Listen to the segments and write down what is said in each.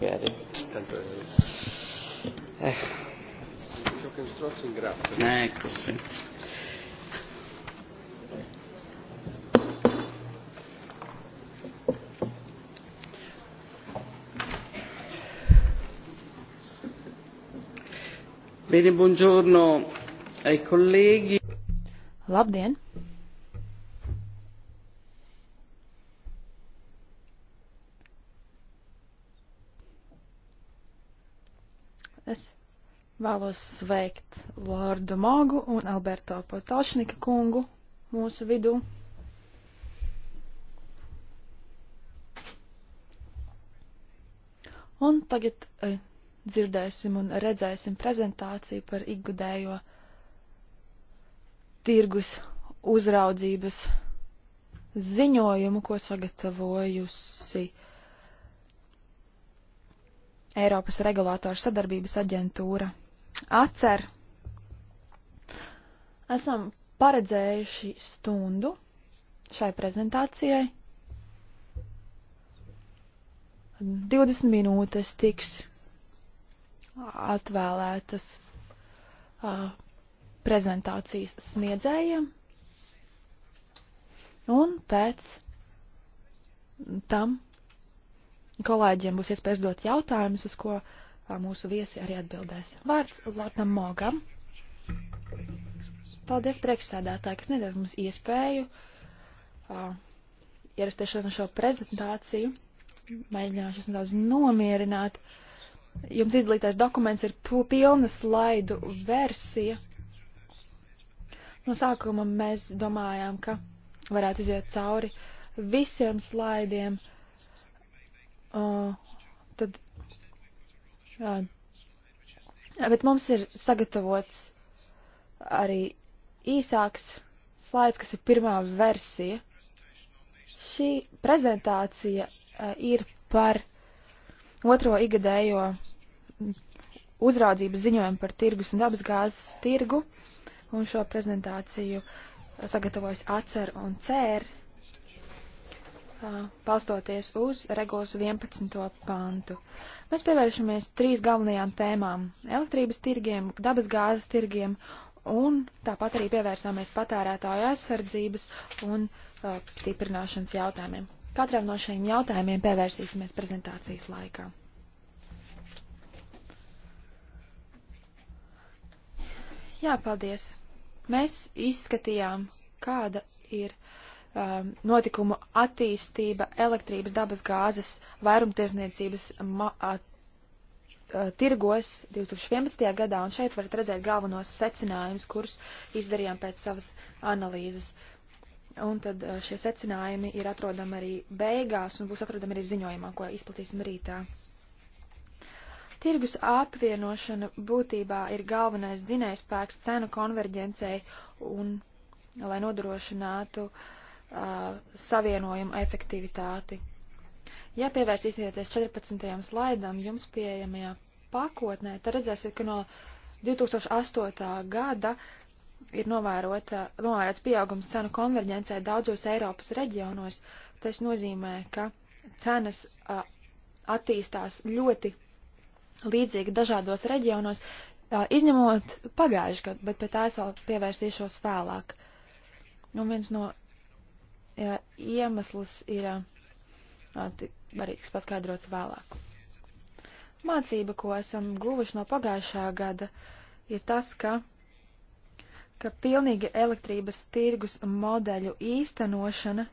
Eh, eh. Ecco, sì. Bene, buongiorno ai colleghi. Labdien! Vēlos sveikt Lordu Mogu un Alberto Potošnika kungu mūsu vidū. Un tagad e, dzirdēsim un redzēsim prezentāciju par ikgadējo tirgus uzraudzības ziņojumu, ko sagatavojusi Eiropas regulātoru sadarbības aģentūra atcer. Esam paredzējuši stundu šai prezentācijai. 20 minūtes tiks atvēlētas uh, prezentācijas sniedzējiem, un pēc tam kolēģiem būs iespējas dot jautājumus, uz ko uh, mūsu viesi arī atbildēs. Vārds Lornam Mogam. Paldies priekšsēdētāji, kas nedēļ mums iespēju uh, ierasties šodien šo prezentāciju. Mēģināšu es nedaudz nomierināt. Jums izdalītais dokuments ir pilna slaidu versija. No sākuma mēs domājām, ka varētu iziet cauri visiem slaidiem. Uh, tad Uh, bet mums ir sagatavots arī īsāks slaids, kas ir pirmā versija. Šī prezentācija uh, ir par otro igadējo uzraudzības ziņojumu par tirgus un dabas gāzes tirgu, un šo prezentāciju sagatavojas ACER un CER balstoties uz regulas 11. pantu. Mēs pievēršamies trīs galvenajām tēmām - elektrības tirgiem, dabasgāzes tirgiem un tāpat arī pievērsāmies patērētāju aizsardzības un uh, stiprināšanas jautājumiem. Katram no šiem jautājumiem pievērsīsimies prezentācijas laikā. Jā, paldies. Mēs izskatījām, kāda ir uh, Um, notikumu attīstība elektrības, dabas gāzes, vairumtiesniecības tirgos 2011. gadā, un šeit varat redzēt galvenos secinājumus, kurus izdarījām pēc savas analīzes. Un tad šie secinājumi ir atrodami arī beigās un būs atrodami arī ziņojumā, ko izplatīsim rītā. Tirgus apvienošana būtībā ir galvenais dzinējspēks cenu konverģencei un lai nodrošinātu uh, Uh, savienojuma efektivitāti. Ja pievērsīsieties 14. slaidam jums pieejamajā pakotnē, tad redzēsiet, ka no 2008. gada ir novērota, novērots pieaugums cenu konverģencē daudzos Eiropas reģionos. Tas nozīmē, ka cenas a, uh, attīstās ļoti līdzīgi dažādos reģionos, a, uh, izņemot pagājušajā gadu, bet pie tā es vēl pievērsīšos vēlāk. Un nu, viens no ja, iemesls ir varīgs paskaidrots vēlāk. Mācība, ko esam guvuši no pagājušā gada, ir tas, ka ka pilnīga elektrības tirgus modeļu īstenošana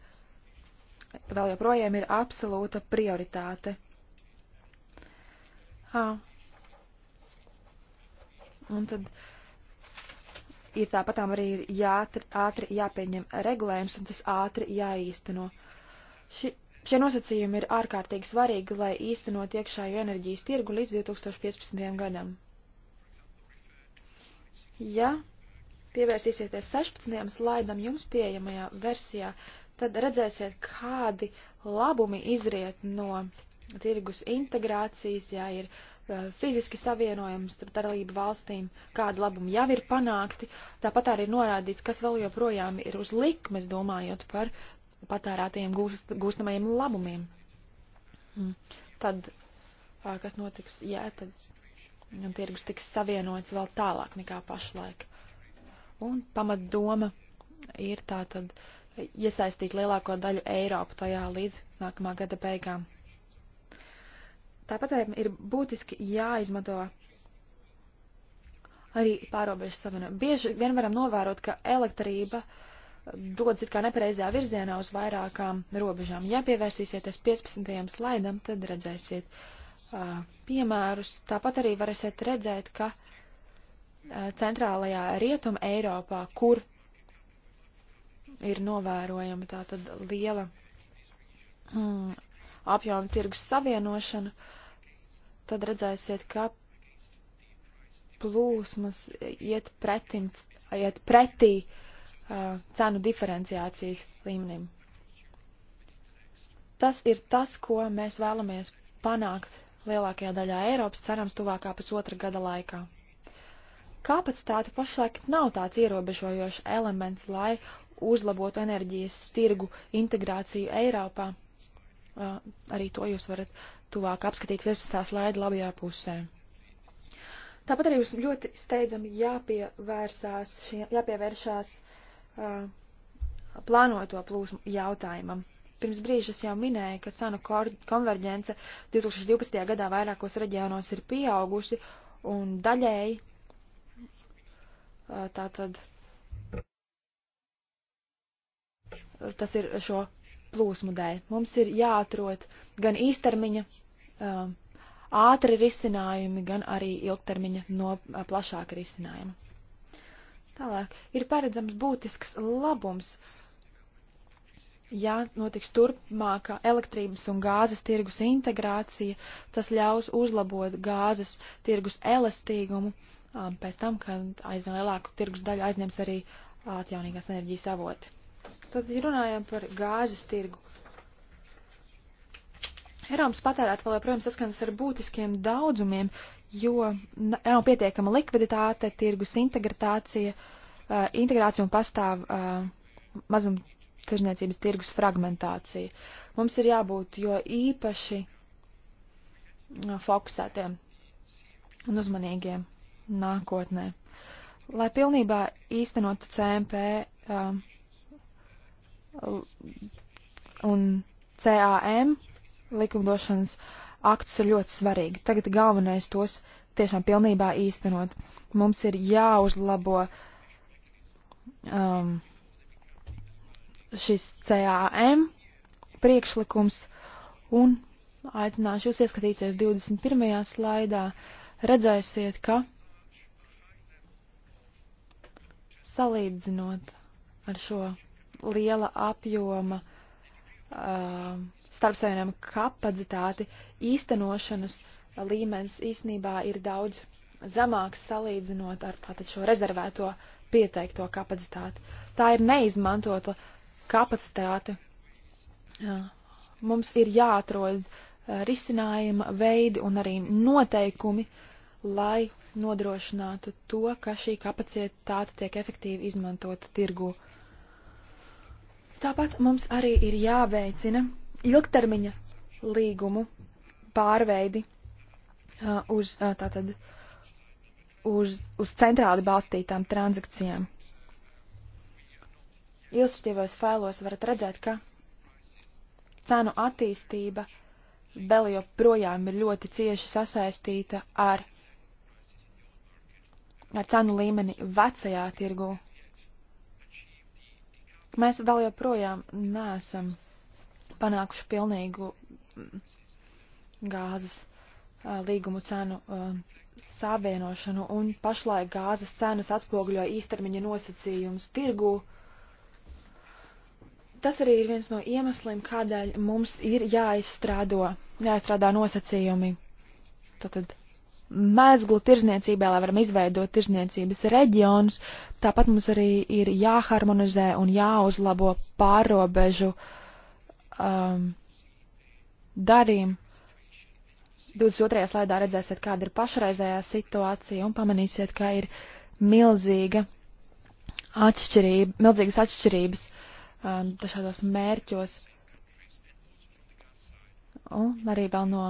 vēl joprojām ir absolūta prioritāte. Ha. Un tad uh, ir tāpatām arī jātri, ātri jāpieņem regulējums un tas ātri jāīsteno. Ši, šie nosacījumi ir ārkārtīgi svarīgi, lai īstenot iekšējo enerģijas tirgu līdz 2015. gadam. Ja pievērsīsieties 16. slaidam jums pieejamajā versijā, tad redzēsiet, kādi labumi izriet no tirgus integrācijas, ja ir uh, Eh, fiziski savienojumi starp dalību valstīm, kāda labuma jau ir panākti. Tāpat arī ir norādīts, kas vēl joprojām ir uz likmes, domājot par patērētajiem gūst, gūstamajiem labumiem. Mm. Tad, eh, kas notiks, jā, tad tirgus tiks savienots vēl tālāk nekā pašlaik. Un pamatdoma ir tā tad iesaistīt lielāko daļu Eiropu tajā līdz nākamā gada beigām. Tāpat ir būtiski jāizmanto arī pārobežu savienojumu. Bieži vien varam novērot, ka elektrība dodas it kā nepareizajā virzienā uz vairākām robežām. Ja pievērsīsieties 15. slaidam, tad redzēsiet uh, piemērus. Tāpat arī varēsiet redzēt, ka uh, centrālajā rietuma Eiropā, kur ir novērojama tātad liela mm, apjomu tirgus savienošanu, tad redzēsiet, ka plūsmas iet, pretim, iet pretī uh, cenu diferenciācijas līmenim. Tas ir tas, ko mēs vēlamies panākt lielākajā daļā Eiropas, cerams, tuvākā pusotra gada laikā. Kapacitāte pašlaik nav tāds ierobežojošs elements, lai uzlabotu enerģijas tirgu integrāciju Eiropā. Arī to jūs varat tuvāk apskatīt 11. slaida labajā pusē. Tāpat arī mums ļoti steidzami jāpievērsās, jāpievēršās uh, plānoto plūsmu jautājumam. Pirms brīža es jau minēju, ka cenu konverģence 2012. gadā vairākos reģionos ir pieaugusi un daļēji uh, tātad tas ir šo plūsmu dēļ. Mums ir jāatrod gan īstermiņa uh, ātri risinājumi, gan arī ilgtermiņa no uh, plašāka risinājuma. Tālāk ir paredzams būtisks labums, ja notiks turpmākā elektrības un gāzes tirgus integrācija, tas ļaus uzlabot gāzes tirgus elastīgumu um, pēc tam, kad aizvien lielāku tirgus daļu aizņems arī atjaunīgās enerģijas avoti. Tad runājam par gāzes tirgu. Eiropas patērētāji vēl joprojām saskanas ar būtiskiem daudzumiem, jo nav pietiekama likviditāte, tirgus integritācija, uh, integrācija un pastāv uh, mazumtirdzniecības tirgus fragmentācija. Mums ir jābūt jo īpaši uh, fokusētiem un uzmanīgiem nākotnē. Lai pilnībā īstenotu CMP, uh, un CAM likumdošanas aktus ir ļoti svarīgi. Tagad galvenais tos tiešām pilnībā īstenot. Mums ir jāuzlabo um, šis CAM priekšlikums un aicināšu jūs ieskatīties 21. slaidā. Redzēsiet, ka salīdzinot ar šo liela apjoma uh, starpsavienojuma kapacitāti īstenošanas līmenis īsnībā ir daudz zemāks salīdzinot ar tātad šo rezervēto pieteikto kapacitāti. Tā ir neizmantota kapacitāte. Jā. Mums ir jāatrod uh, risinājuma veidi un arī noteikumi, lai nodrošinātu to, ka šī kapacitāte tiek efektīvi izmantota tirgu. Uh, Tāpat mums arī ir jāveicina ilgtermiņa līgumu pārveidi uh, uz, uh, tātad, uz, uz centrāli balstītām transakcijām. Ilustratīvos failos varat redzēt, ka cenu attīstība vēl joprojām ir ļoti cieši sasaistīta ar, ar cenu līmeni vecajā tirgū. Mēs vēl joprojām neesam panākuši pilnīgu mm, gāzes līgumu cenu savienošanu, un pašlaik gāzes cenas atspoguļo īstermiņa nosacījums tirgū. Tas arī ir viens no iemesliem, kādēļ mums ir jāizstrādo, jāizstrādā nosacījumi. Tātad mēzglu tirzniecībai, lai varam izveidot tirzniecības reģionus. Tāpat mums arī ir jāharmonizē un jāuzlabo pārobežu um, darījumi. 22. slaidā redzēsiet, kāda ir pašreizējā situācija un pamanīsiet, ka ir milzīga atšķirība, milzīgas atšķirības um, dažādos mērķos. Un arī vēl no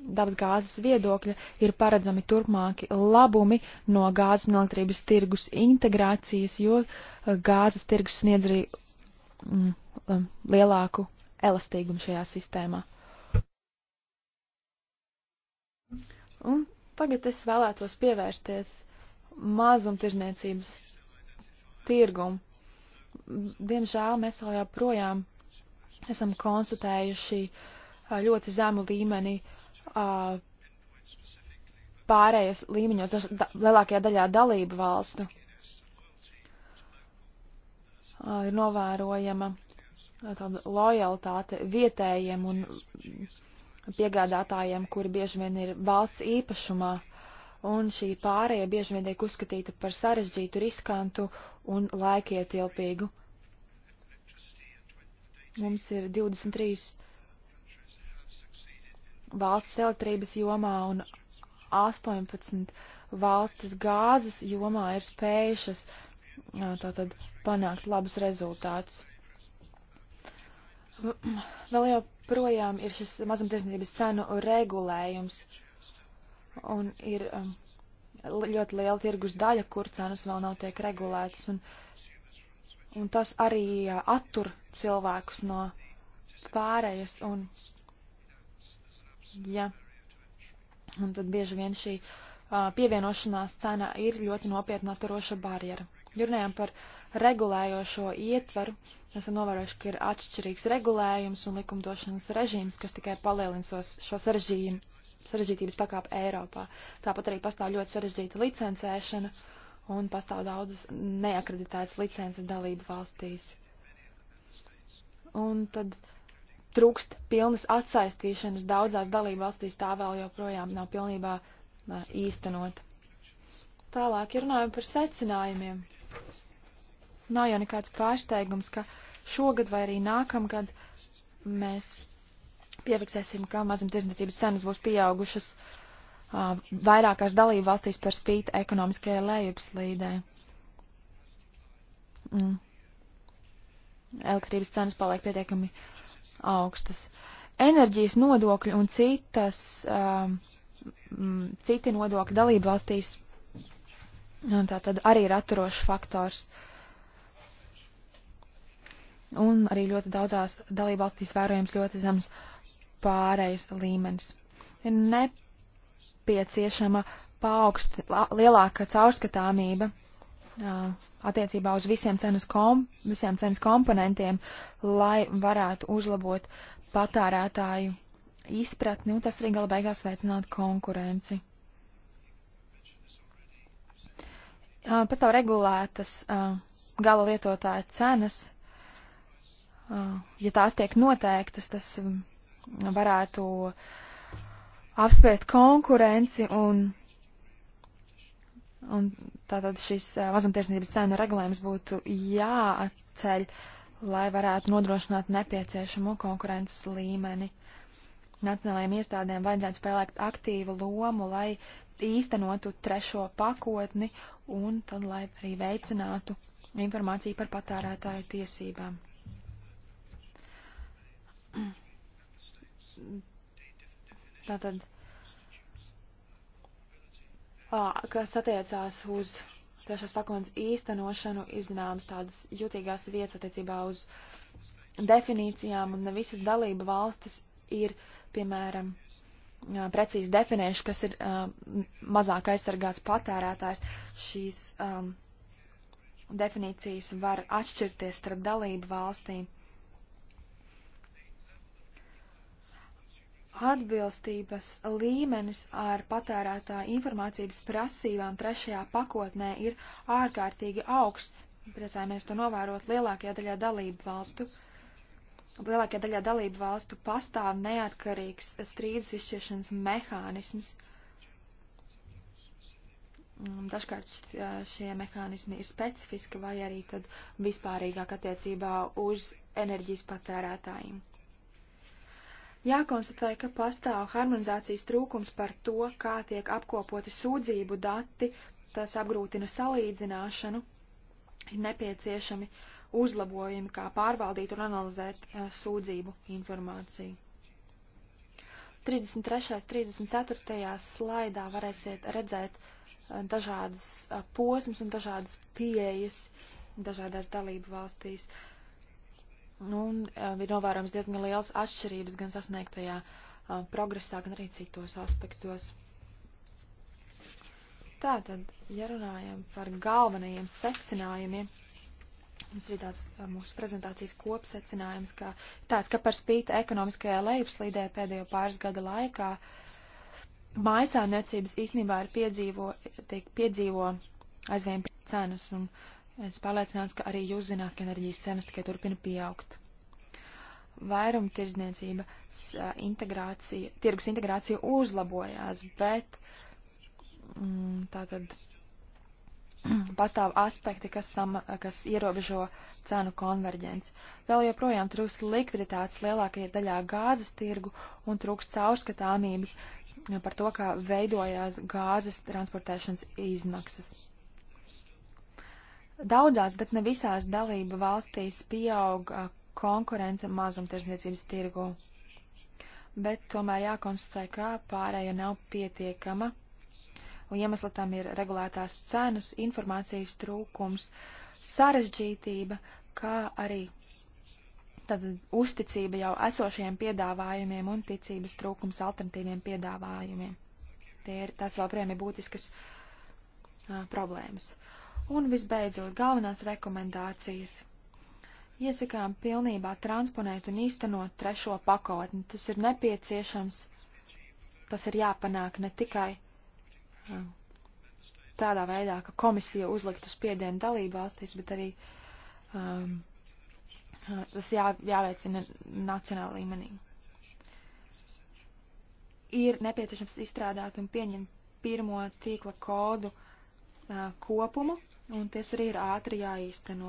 dabasgāzes viedokļa ir paredzami turpmāki labumi no gāzes un elektrības tirgus integrācijas, jo eh, gāzes tirgus sniedz arī mm, eh, lielāku elastīgumu šajā sistēmā. Un tagad es vēlētos pievērsties mazumtirzniecības tirgumu. Diemžēl mēs vēl joprojām esam konstatējuši eh, ļoti zemu līmeni uh, pārējas līmeņos, daž, da, lielākajā daļā dalību valstu uh, ir novērojama tāda lojaltāte vietējiem un piegādātājiem, kuri bieži vien ir valsts īpašumā, un šī pārēja bieži vien tiek uzskatīta par sarežģītu, riskantu un laikietilpīgu. Mums ir 23 valsts elektrības jomā un 18 valstis gāzes jomā ir spējušas tātad panākt labus rezultātus. Vēl joprojām ir šis mazumtirdzniecības cenu regulējums un ir ļoti liela tirgus daļa, kur cenas vēl nav tiek regulētas un, un tas arī attur cilvēkus no pārējas un Ja. Un tad bieži vien šī uh, pievienošanās cena ir ļoti nopietna atturoša barjera. Ja runājam par regulējošo ietvaru, esam novērojuši, ka ir atšķirīgs regulējums un likumdošanas režīms, kas tikai palielinos šo sarežģītības pakāpi Eiropā. Tāpat arī pastāv ļoti sarežģīta licencēšana un pastāv daudzas neakreditētas licences dalību valstīs. Un tad uh, trūkst pilnas atsaistīšanas daudzās dalībvalstīs, tā vēl joprojām nav pilnībā īstenot. Tālāk runājam par secinājumiem. Nav jau nekāds pārsteigums, ka šogad vai arī nākamgad mēs piefiksēsim, ka mazumtirdzniecības cenas būs pieaugušas uh, vairākās dalībvalstīs par spīti ekonomiskajai lejupslīdē. Mm. Elektrības cenas paliek pietiekami uh, augstas. Enerģijas nodokļi un citas, um, mm, citi nodokļi dalību valstīs tā tad arī ir atturošs faktors. Un arī ļoti daudzās dalību valstīs vērojams ļoti zems pārējais līmenis. Ir nepieciešama paaugst, lielāka caurskatāmība uh, attiecībā uz visiem cenas, kom, visiem cenas komponentiem, lai varētu uzlabot patērētāju izpratni, un tas arī gala beigās veicinātu konkurenci. Uh, pastāv regulētas uh, gala lietotāja cenas. Uh, ja tās tiek noteiktas, tas um, varētu apspēst konkurenci un Un tātad šis mazumtiesniecības cenu regulējums būtu jāatceļ, lai varētu nodrošināt nepieciešamo konkurences līmeni. Nacionālajiem iestādēm vajadzētu spēlēt aktīvu lomu, lai īstenotu trešo pakotni un tad, lai arī veicinātu informāciju par patērētāju tiesībām. Tātad kas attiecās uz trešās pakonas īstenošanu, izzināmas tādas jutīgās vietas attiecībā uz definīcijām, un ne visas dalība valstis ir, piemēram, precīzi definējuši, kas ir um, mazāk aizsargāts patērētājs. Šīs um, definīcijas var atšķirties starp dalību valstīm. atbilstības līmenis ar patērētā informācijas prasībām trešajā pakotnē ir ārkārtīgi augsts. Priecājamies to novērot lielākajā daļā dalību valstu. Lielākajā daļā dalību valstu pastāv neatkarīgs strīdus izšķiršanas mehānisms. Mm, Dažkārt šie mehānismi ir specifiski vai arī tad vispārīgāk attiecībā uz enerģijas patērētājiem. Jākonstatē, ka pastāv harmonizācijas trūkums par to, kā tiek apkopoti sūdzību dati, tas apgrūtina salīdzināšanu, ir nepieciešami uzlabojumi, kā pārvaldīt un analizēt uh, sūdzību informāciju. 33. 34. slaidā varēsiet redzēt uh, dažādas uh, posmas un dažādas pieejas dažādās dalību valstīs. Uh, Nu, un ir novērojams diezgan liels atšķirības gan sasniegtajā progresā, gan arī citos aspektos. Tātad, ja runājam par galvenajiem secinājumiem, tas ir tāds mūsu prezentācijas kopsecinājums, ka tāds, ka par spīti ekonomiskajā lejupslīdē pēdējo pāris gada laikā mājasāniecības īstenībā ir piedzīvo, tiek piedzīvo aizvien cenas un uh, Es pārliecināts, ka arī jūs zināt, ka enerģijas cenas tikai turpina pieaugt. Vairumtirdzniecība, integrācija, tirgus integrācija uzlabojās, bet mm, tātad pastāv aspekti, kas, sam, kas ierobežo cenu konverģenci. Vēl joprojām trūkst likviditātes lielākajai daļā gāzes tirgu un trūkst caurskatāmības par to, kā veidojās gāzes transportēšanas izmaksas. Daudzās, bet ne visās dalība valstīs pieaug konkurence mazumtirdzniecības tirgu, bet tomēr jākonstatē, ka pārēja nav pietiekama, un iemesli tam ir regulētās cenas, informācijas trūkums, sarežģītība, kā arī tad uzticība jau esošajiem piedāvājumiem un ticības trūkums alternatīviem piedāvājumiem. Tie ir, tās vēl priem ir būtiskas uh, problēmas. Uh, Un visbeidzot, galvenās rekomendācijas. Iesakām pilnībā transponēt un īstenot trešo pakotni. Tas ir nepieciešams, tas ir jāpanāk ne tikai um, tādā veidā, ka komisija uzliktu spiedienu dalību valstīs, bet arī um, uh, tas jā, jāveicina nacionāla līmenī. Ir nepieciešams izstrādāt un pieņemt pirmo tīkla kodu uh, kopumu, un tas arī ir ātri jāīsteno.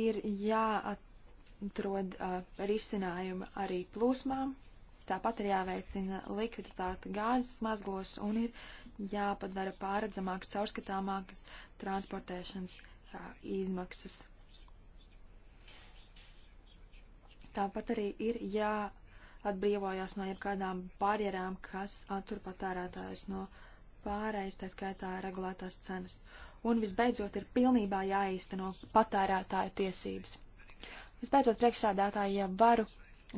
Ir jāatrod uh, risinājumi arī plūsmām, tāpat ir jāveicina likviditāte gāzes mazglos un ir jāpadara pāredzamākas, caurskatāmākas transportēšanas uh, izmaksas. Tāpat arī ir jāatbrīvojās no jebkādām barjerām, kas attur uh, patērētājus no uh, pārējais, tā skaitā regulētās cenas. Un visbeidzot ir pilnībā jāīsteno patērētāju tiesības. Visbeidzot, priekšsādātāji, ja varu,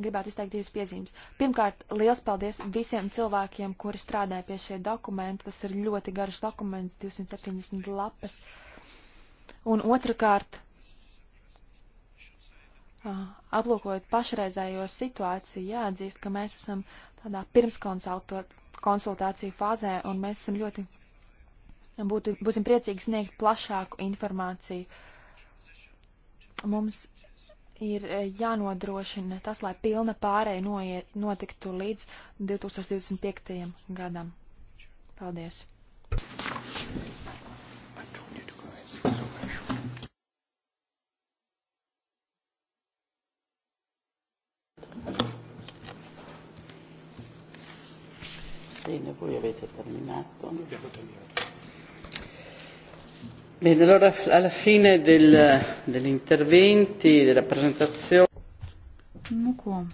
gribētu izteikt divas piezīmes. Pirmkārt, liels paldies visiem cilvēkiem, kuri strādāja pie šie dokumenti. Tas ir ļoti garš dokuments, 270 lapas. Un otrkārt, aplūkojot pašreizējo situāciju, jāatzīst, ka mēs esam tādā pirmskonsultācijā konsultāciju fāzē, un mēs esam ļoti, būtu, būsim priecīgi sniegt plašāku informāciju. Mums ir e, jānodrošina tas, lai pilna pārēja noiet, notiktu līdz 2025. gadam. Paldies! avete terminato. Abbiamo terminato. Bene, allora alla fine del, degli interventi, della presentazione. Nu ko.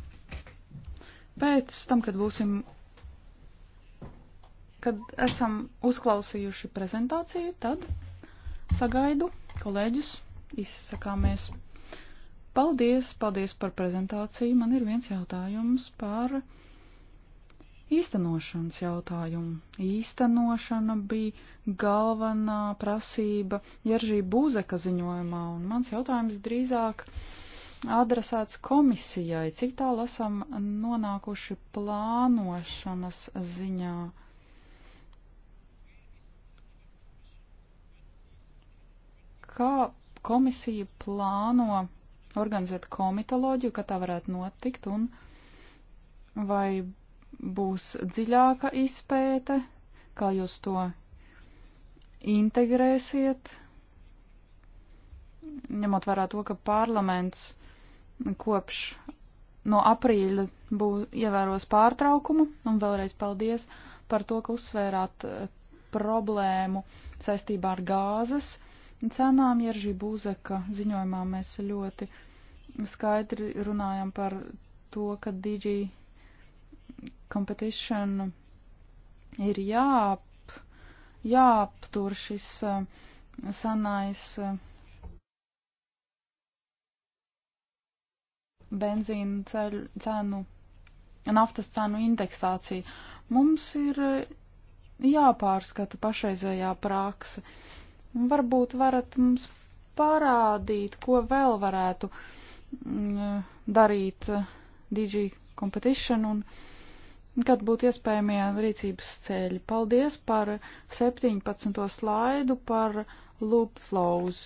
Pēc tam, kad būsim, kad esam uzklausījuši prezentāciju, tad sagaidu kolēģus izsakāmies. Paldies, paldies par prezentāciju. Man ir viens jautājums par īstenošanas jautājumu. Īstenošana bija galvenā prasība Jeržī Būzeka ziņojumā, un mans jautājums drīzāk adresēts komisijai, cik tālu esam nonākuši plānošanas ziņā. Kā komisija plāno organizēt komitoloģiju, ka tā varētu notikt, un vai būs dziļāka izpēte, kā jūs to integrēsiet, ņemot vērā to, ka parlaments kopš no aprīļa būs ievēros pārtraukumu, un vēlreiz paldies par to, ka uzsvērāt eh, problēmu saistībā ar gāzes cenām. Jeržī Būzeka ziņojumā mēs ļoti skaidri runājam par to, ka Digi competition ir jāap, jāaptur šis eh, sanais eh, benzīna ceļu, cenu, naftas cenu indeksācija. Mums ir eh, jāpārskata pašreizējā prakse. Varbūt varat mums parādīt, ko vēl varētu mm, darīt DG Competition un uh, kad būtu iespējamie rīcības ceļi. Paldies par 17. slaidu par loop flows,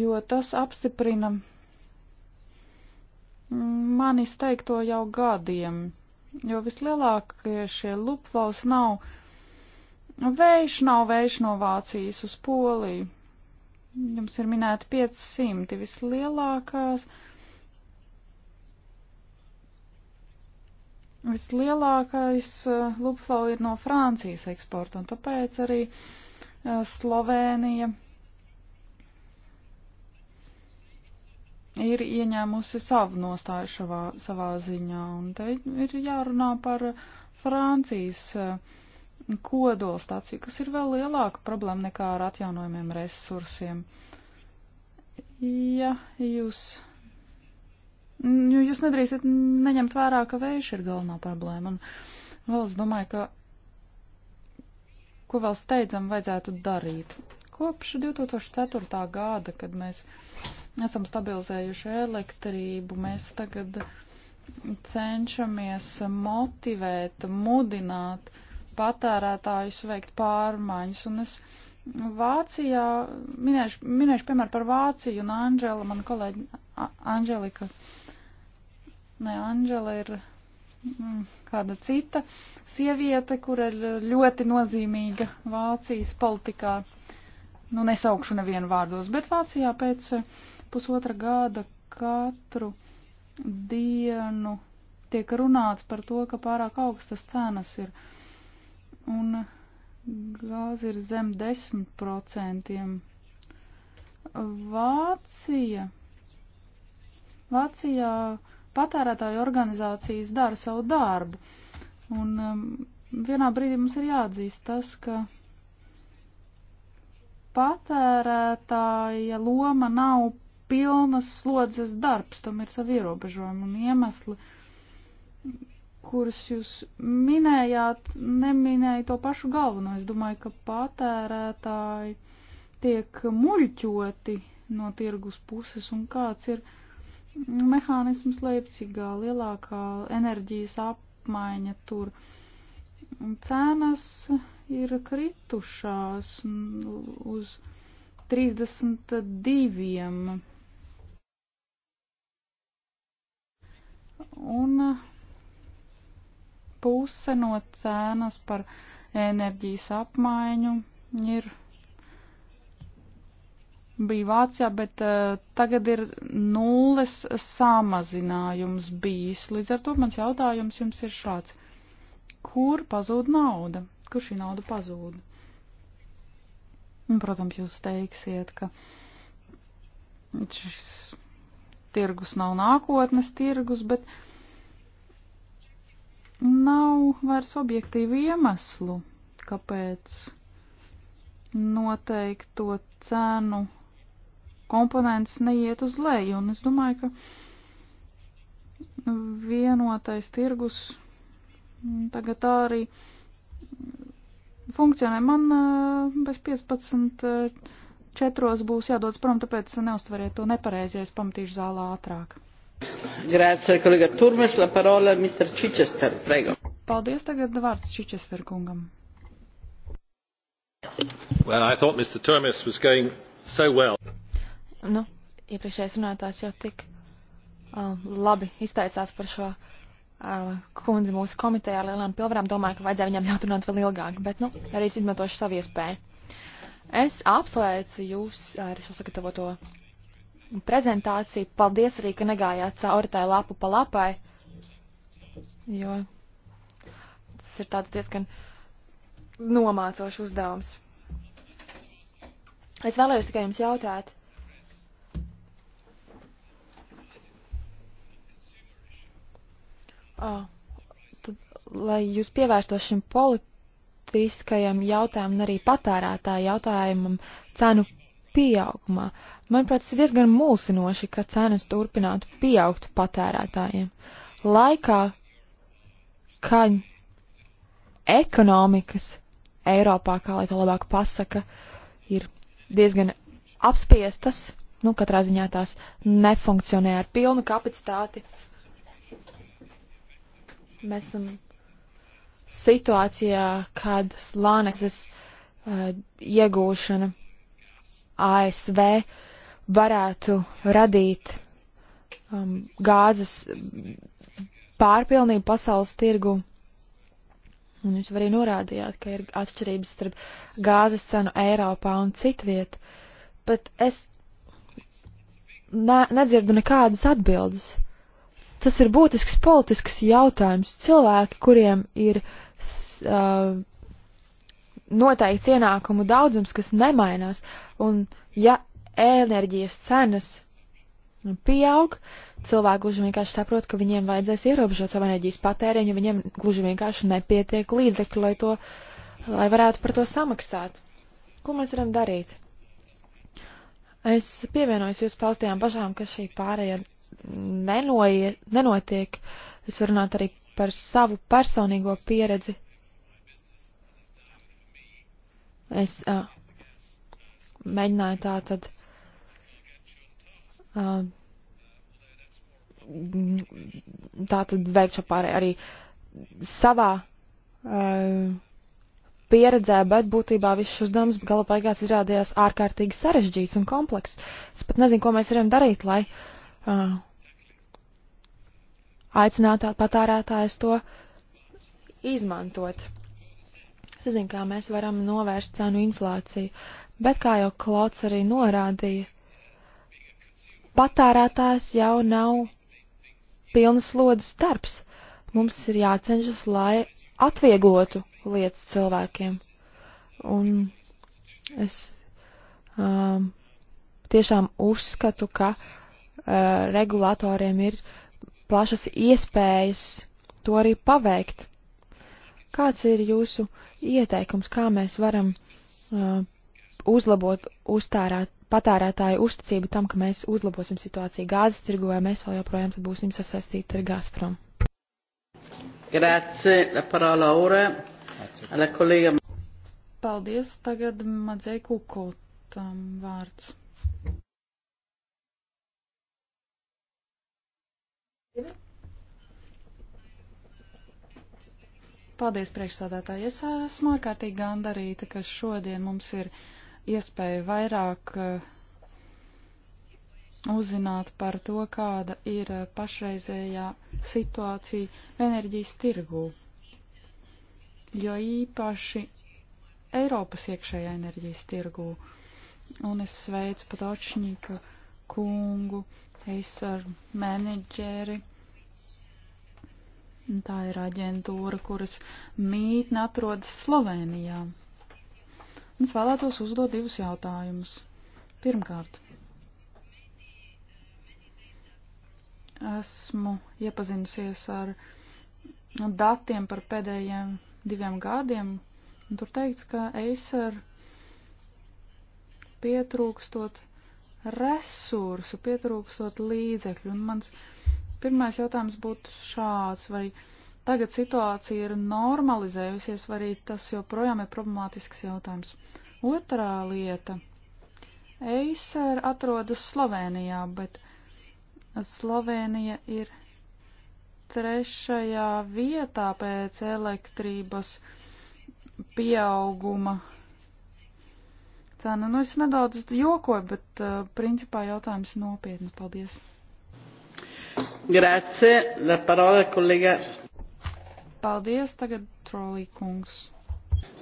jo tas apstiprina manis teikto jau gadiem, jo vislielākie šie loop flows nav vējš, nav vējš no Vācijas uz Poliju. Jums ir minēti 500 vislielākās. Uh, Vislielākais eh, lupflau ir no Francijas eksporta, un tāpēc arī eh, Slovēnija ir ieņēmusi savu nostāju šavā, savā ziņā, un te ir jārunā par Francijas eh, kodolstāciju, kas ir vēl lielāka problēma nekā ar atjaunojumiem resursiem. Ja jūs jo jūs nedrīkstat neņemt vērā, ka vējš ir galvenā problēma. Un vēl es domāju, ka ko vēl steidzam vajadzētu darīt. Kopš 2004. gada, kad mēs esam stabilizējuši elektrību, mēs tagad cenšamies motivēt, mudināt patērētājus veikt pārmaiņas. Un es Vācijā, minēšu, minēšu piemēru par Vāciju, un Anģela, man kolēģi Anģelika ne Anģela ir mm, kāda cita sieviete, kur ir ļoti nozīmīga Vācijas politikā. Nu, nesaukšu nevienu vārdos, bet Vācijā pēc pusotra gada katru dienu tiek runāts par to, ka pārāk augstas cenas ir. Un gāzi ir zem 10%. Vācija. Vācijā patērētāju organizācijas dara savu darbu. Un um, vienā brīdī mums ir jāatzīst tas, ka patērētāja loma nav pilnas slodzes darbs, tam ir savi ierobežojumi un iemesli, kurus jūs minējāt, neminēja to pašu galveno. Es domāju, ka patērētāji tiek muļķoti no tirgus puses un kāds ir uh, mehānisms Leipcigā, lielākā enerģijas apmaiņa tur. Cenas ir kritušās uz 32. Un puse no cenas par enerģijas apmaiņu ir bija Vācijā, bet uh, tagad ir nulles samazinājums bijis. Līdz ar to mans jautājums jums ir šāds. Kur pazūd nauda? Kur šī nauda pazūd? Un, protams, jūs teiksiet, ka šis tirgus nav nākotnes tirgus, bet nav vairs objektīvu iemeslu, kāpēc noteikto cenu komponents neiet uz leju, un es domāju, ka vienotais tirgus tagad tā arī funkcionē. Man eh, bez 15 eh, četros būs jādodas prom, tāpēc neustvariet to nepareizi, ja es pamatīšu zālē ātrāk. Grācija, kolega Turmes, la parola Mr. Chichester, prego. Paldies, tagad vārds Chichester kungam. Well, I thought Mr. Turmes was going so well. Nu, iepriekšējais runātājs jau tik uh, labi izteicās par šo uh, kundzi mūsu komitejā ar lielām pilvarām. Domāju, ka vajadzēja viņam ļaut runāt vēl ilgāk, bet, nu, arī es izmantošu savu iespēju. Es apsveicu jūs ar šo sagatavoto prezentāciju. Paldies arī, ka negājāt cauri tai lapu pa lapai, jo tas ir tāds diezgan nomācošs uzdevums. Es vēlējos tikai jums jautāt, uh, tad, lai jūs pievērstos šim politiskajam jautājumam un arī patērētāju jautājumam cenu pieaugumā. Manuprāt, tas ir diezgan mulsinoši, ka cenas turpinātu pieaugt patērētājiem. Laikā, kad ekonomikas Eiropā, kā lai to labāk pasaka, ir diezgan apspiestas, nu, katrā ziņā tās nefunkcionē ar pilnu kapacitāti, Mēs esam situācijā, kad slānekses uh, iegūšana ASV varētu radīt um, gāzes pārpilnību pasaules tirgu. Un jūs arī norādījāt, ka ir atšķirības starp gāzes cenu Eiropā un citviet, bet es ne, nedzirdu nekādas atbildes. Uh, Tas ir būtisks politisks jautājums. Cilvēki, kuriem ir uh, noteikts ienākumu daudzums, kas nemainās, un ja enerģijas cenas pieaug, cilvēki gluži vienkārši saprot, ka viņiem vajadzēs ierobežot savu enerģijas patēriņu, viņiem gluži vienkārši nepietiek līdzekļu, lai, to, lai varētu par to samaksāt. Ko mēs varam darīt? Es pievienojos jūsu paustajām bažām, ka šī pārēja nenoie, nenotiek. Es varu runāt arī par savu personīgo pieredzi. Es uh, mēģināju tā tad uh, tā tad veikt šo pārēju arī savā uh, pieredzē, bet būtībā viss šis uzdevums gala beigās izrādījās ārkārtīgi sarežģīts un komplekss. Es pat nezinu, ko mēs varam darīt, lai uh, aicināt patērētājus to izmantot. Es zinu, kā mēs varam novērst cenu inflāciju, bet kā jau Klauds arī norādīja, patērētājs jau nav pilnas slodzes darbs. Mums ir jācenšas, lai atvieglotu lietas cilvēkiem. Un es um, tiešām uzskatu, ka uh, regulatoriem ir uh, plašas iespējas to arī paveikt. Kāds ir jūsu ieteikums, kā mēs varam uh, uzlabot uztārāt, patērētāju uzticību tam, ka mēs uzlabosim situāciju gāzes tirgu, vai mēs vēl joprojām būsim sasaistīti ar Gazprom? Grazie, la parola ora alla collega. Paldies, tagad Madzei Kukotam vārds. Paldies, priekšsādātāji. Es esmu ārkārtīgi gandarīta, ka šodien mums ir iespēja vairāk uh, uzzināt par to, kāda ir uh, pašreizējā situācija enerģijas tirgū, jo īpaši Eiropas iekšējā enerģijas tirgū. Un es sveicu Patočņika kungu, es ar menedžeri Tā ir aģentūra, kuras mītne atrodas Slovenijā. Es vēlētos uzdot divus jautājumus. Pirmkārt, esmu iepazinusies ar datiem par pēdējiem diviem gadiem, un tur teikts, ka Acer pietrūkstot resursu, pietrūkstot līdzekļu, un mans Pirmais jautājums būtu šāds, vai tagad situācija ir normalizējusies, vai arī tas joprojām ir problemātisks jautājums. Otrā lieta. Eiser atrodas Slovenijā, bet Slovenija ir trešajā vietā pēc elektrības pieauguma. Tā, nu, nu es nedaudz jokoju, bet uh, principā jautājums nopietni. Paldies! Grazie, la parola kolēga. Paldies, tagad Trolī kungs.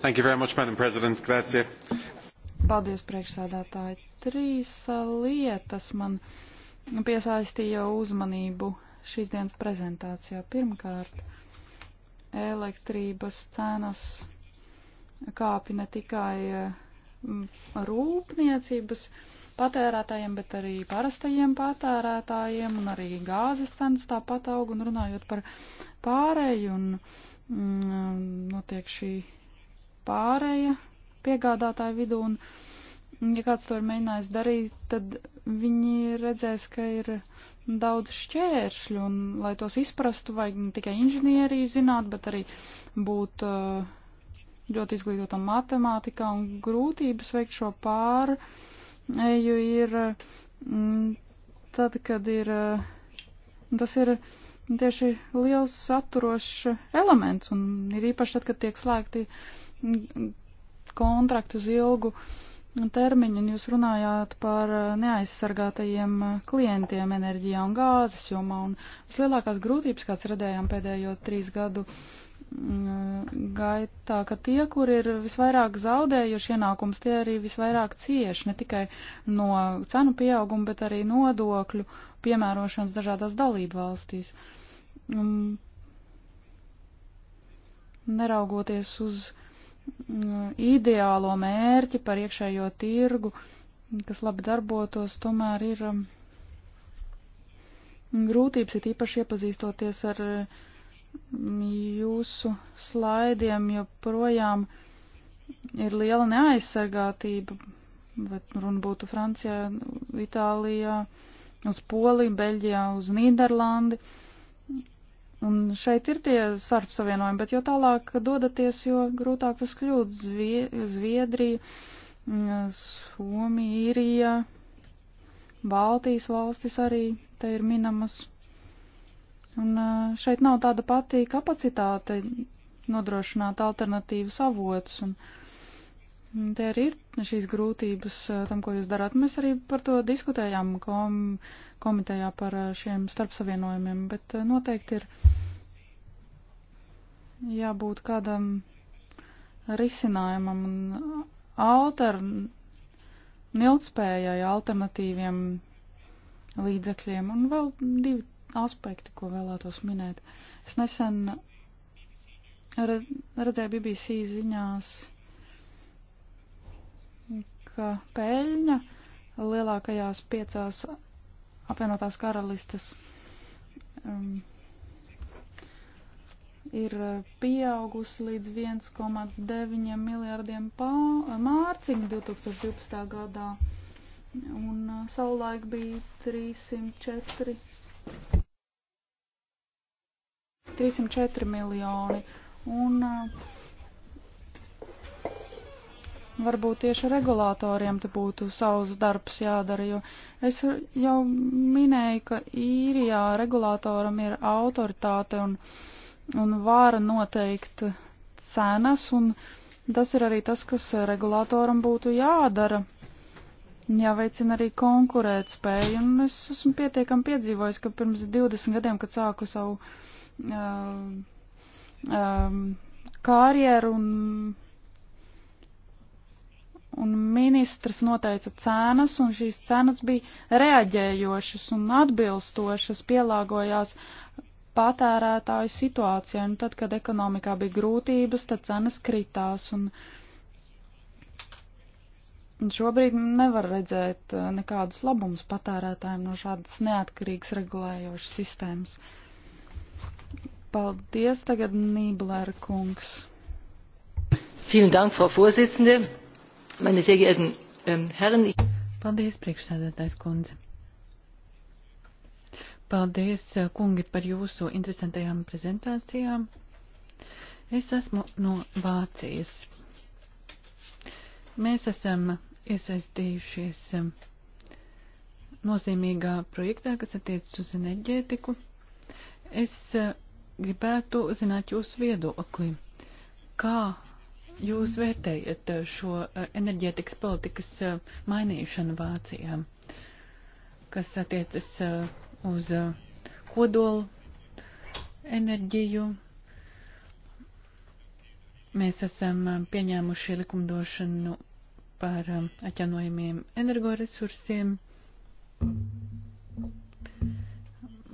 Thank you very much, Madam President. Grazie. Paldies, priekšsēdētāji. Trīs uh, lietas man piesaistīja uzmanību šīs dienas prezentācijā. Pirmkārt, elektrības cenas kāpi ne tikai uh, rūpniecības, uh, patērētājiem, bet arī parastajiem patērētājiem, un arī gāzes cenas tāpat aug, un runājot par pārēju, un mm, notiek šī pārēja piegādātāju vidū, un ja kāds to ir mēģinājis darīt, tad viņi redzēs, ka ir daudz šķēršļu, un lai tos izprastu, vajag ne tikai inženieriju zināt, bet arī būt uh, ļoti izglītotam matemātikā un grūtības veikt šo pārēju jo ir mm, tad, kad ir, eh, tas ir tieši liels saturošs elements, un ir īpaši tad, kad tiek slēgti mm, kontrakti uz ilgu termiņu, un jūs runājāt par eh, neaizsargātajiem klientiem enerģijā un gāzes jomā, un vislielākās grūtības, kāds redzējām pēdējo trīs gadu Mm, gaitā, ka tie, kur ir visvairāk zaudējuši ienākums, tie arī visvairāk cieši ne tikai no cenu pieauguma, bet arī nodokļu piemērošanas dažādās dalību valstīs. Um, neraugoties uz um, ideālo mērķi par iekšējo tirgu, kas labi darbotos, tomēr ir um, grūtības, ir īpaši iepazīstoties ar uh, jūsu slaidiem joprojām ir liela neaizsargātība, bet runa būtu Francijā, Itālijā, uz Poliju, Beļģijā, uz Nīderlandi. Un šeit ir tie sarp savienojumi, bet jo tālāk dodaties, jo grūtāk tas kļūt. Zvie, Zviedrija, Somija, Īrija, Baltijas valstis arī te ir minamas. Un šeit nav tāda pati kapacitāte nodrošināt alternatīvas avotus. Un te arī ir šīs grūtības tam, ko jūs darāt. Mēs arī par to diskutējām kom komitejā par šiem starpsavienojumiem, bet noteikti ir jābūt kādam risinājumam un altern, ilgspējai alternatīviem līdzekļiem. Un vēl divi aspekti, ko vēlētos minēt. Es nesen redzēju BBC ziņās, ka peļņa lielākajās piecās apvienotās karalistes um, ir pieaugusi līdz 1,9 miljārdiem mārciņu 2012. gadā, un uh, savulaik bija 304 304 miljoni. Un uh, varbūt tieši regulātoriem te būtu savs darbs jādara, jo es jau minēju, ka īrijā regulātoram ir autoritāte un, un vāra noteikt cenas, un tas ir arī tas, kas regulātoram būtu jādara jāveicina arī konkurēt spēja. Un es esmu pietiekami piedzīvojis, ka pirms 20 gadiem, kad sāku savu um, um, karjeru un, un ministrs noteica cenas, un šīs cenas bija reaģējošas un atbilstošas, pielāgojās patērētāju situācijai, un tad, kad ekonomikā bija grūtības, tad cenas kritās, un uh, Šobrīd nevar redzēt eh, nekādus labumus patērētājiem no šādas neatkarīgas regulējošas sistēmas. Paldies tagad Nīblēra kungs. Vielen Dank, Frau Vorsitzende, meine sehr geehrten ähm, Herren. Paldies, priekšsēdētājs kundze. Paldies, äh, kungi, par jūsu interesantajām prezentācijām. Es esmu no Vācijas. Mēs esam iesaistījušies um, nozīmīgā projektā, kas attiecas uz enerģētiku. Es uh, gribētu zināt jūsu viedokli. Kā jūs vērtējat uh, šo uh, enerģētikas politikas mainīšanu Vācijā, kas attiecas uz kodolu enerģiju? Mēs esam um, pieņēmuši likumdošanu par um, atjaunojumiem energoresursiem.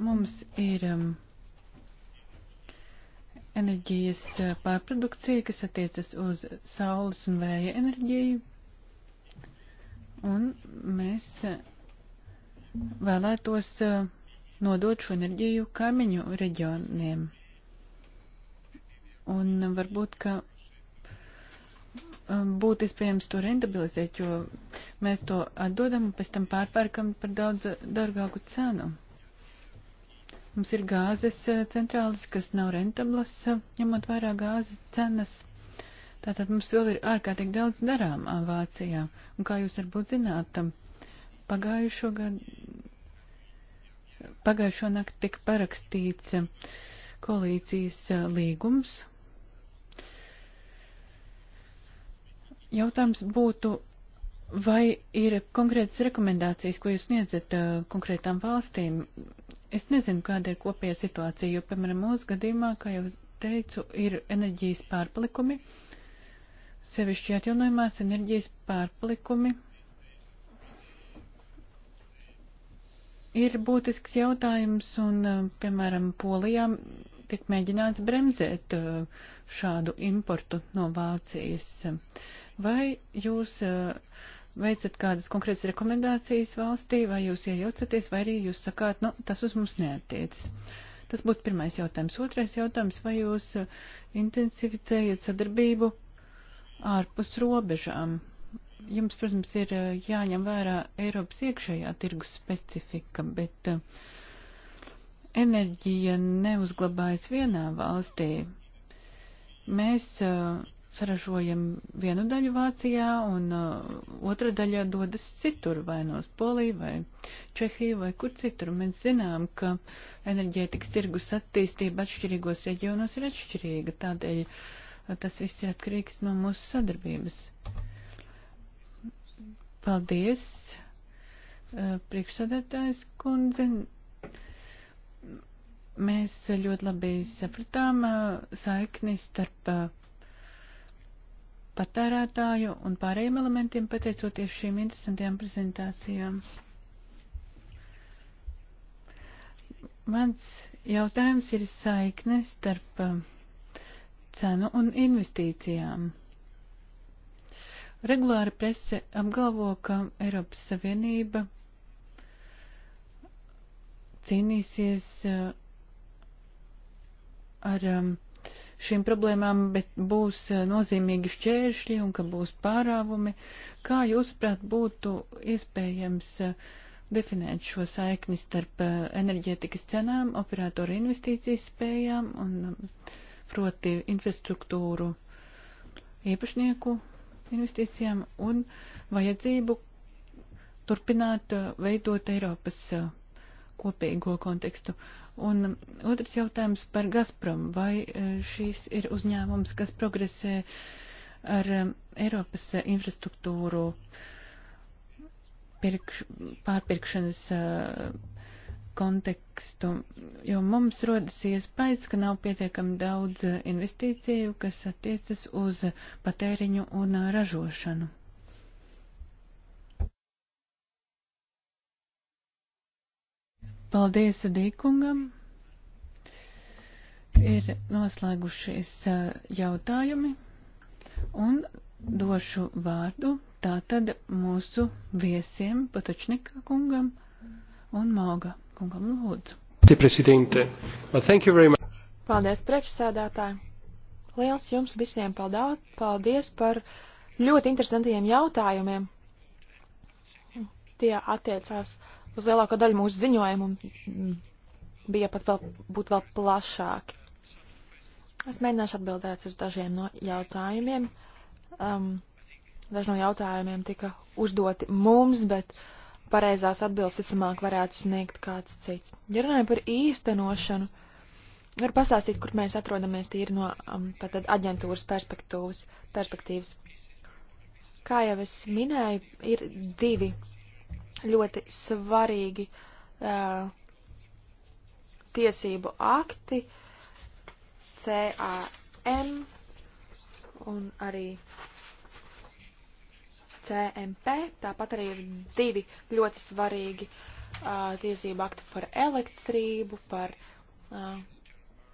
Mums ir um, enerģijas uh, pārprodukcija, kas attiecas uz saules un vēja enerģiju. Un mēs uh, vēlētos uh, nodot šo enerģiju kaimiņu reģioniem. Un varbūt, ka Um, būtu iespējams to rentabilizēt, jo mēs to atdodam un pēc tam pārpērkam par daudz dārgāku cenu. Mums ir gāzes uh, centrālis, kas nav rentablas, uh, ņemot vairāk gāzes cenas. Tātad mums vēl ir ārkārtīgi daudz darām uh, Vācijā. Un kā jūs varbūt zināt, um, pagājušo gadu, pagājušo nakti tika parakstīts um, koalīcijas līgums, Jautājums būtu, vai ir konkrētas rekomendācijas, ko jūs sniedzat uh, konkrētām valstīm? Es nezinu, kāda ir kopējā situācija, jo, piemēram, mūsu gadījumā, kā jau teicu, ir enerģijas pārpalikumi, sevišķi atjaunojumās enerģijas pārpalikumi. Ir būtisks jautājums, un, uh, piemēram, Polijā tiek mēģināts bremzēt uh, šādu importu no Vācijas. Uh, Vai jūs eh, veicat kādas konkrētas rekomendācijas valstī, vai jūs iejaucaties, vai arī jūs sakāt, nu, tas uz mums neatiecas? Tas būtu pirmais jautājums. Otrais jautājums, vai jūs eh, intensificējat sadarbību ārpus robežām? Jums, protams, ir eh, jāņem vērā Eiropas iekšējā tirgus specifika, bet enerģija neuzglabājas vienā valstī. Mēs uh, saražojam vienu daļu Vācijā un uh, otra daļa dodas citur, vai no Poliju, vai Čehiju, vai kur citur. Mēs zinām, ka enerģētikas tirgus attīstība atšķirīgos reģionos ir atšķirīga, tādēļ uh, tas viss ir atkarīgs no mūsu sadarbības. Paldies, uh, priekšsādātājs kundze mēs ļoti labi sapratām uh, saikni starp uh, patērētāju un pārējiem elementiem, pateicoties šīm interesantajām prezentācijām. Mans jautājums ir saikne starp um, cenu un investīcijām. Regulāra prese apgalvo, ka Eiropas Savienība cīnīsies uh, ar um, šīm problēmām, bet būs eh, nozīmīgi šķēršļi un ka būs pārāvumi. Kā jūsuprāt būtu iespējams eh, definēt šo saikni starp eh, enerģētikas cenām, operātoru investīcijas spējām un mm, proti infrastruktūru īpašnieku investīcijām un vajadzību turpināt veidot Eiropas kopīgo kontekstu. Un um, otrs jautājums par Gazprom. Vai eh, šīs ir uzņēmums, kas progresē ar um, Eiropas eh, infrastruktūru pirkš, pārpirkšanas eh, kontekstu, jo mums rodas iespējas, ka nav pietiekami daudz investīciju, kas attiecas uz patēriņu un ražošanu. Paldies Dīkungam. Ir noslēgušies jautājumi un došu vārdu tātad mūsu viesiem Patačnika kungam un Mauga kungam lūdzu. Paldies, priekšsēdētāji! Liels jums visiem paldā, paldies par ļoti interesantiem jautājumiem. Tie attiecās uh, uz lielāko daļu mūsu ziņojumu bija pat vēl, būt vēl plašāki. Es mēģināšu atbildēt uz dažiem no jautājumiem. Um, daži no jautājumiem tika uzdoti mums, bet pareizās atbildes, ticamāk, varētu sniegt kāds cits. Ja runājam par īstenošanu, var pasāstīt, kur mēs atrodamies tīri no um, tātad aģentūras perspektīvas. perspektīvas. Kā jau es minēju, ir divi ļoti svarīgi uh, tiesību akti, CAM un arī CMP, tāpat arī ir divi ļoti svarīgi uh, tiesību akti par elektrību, par uh,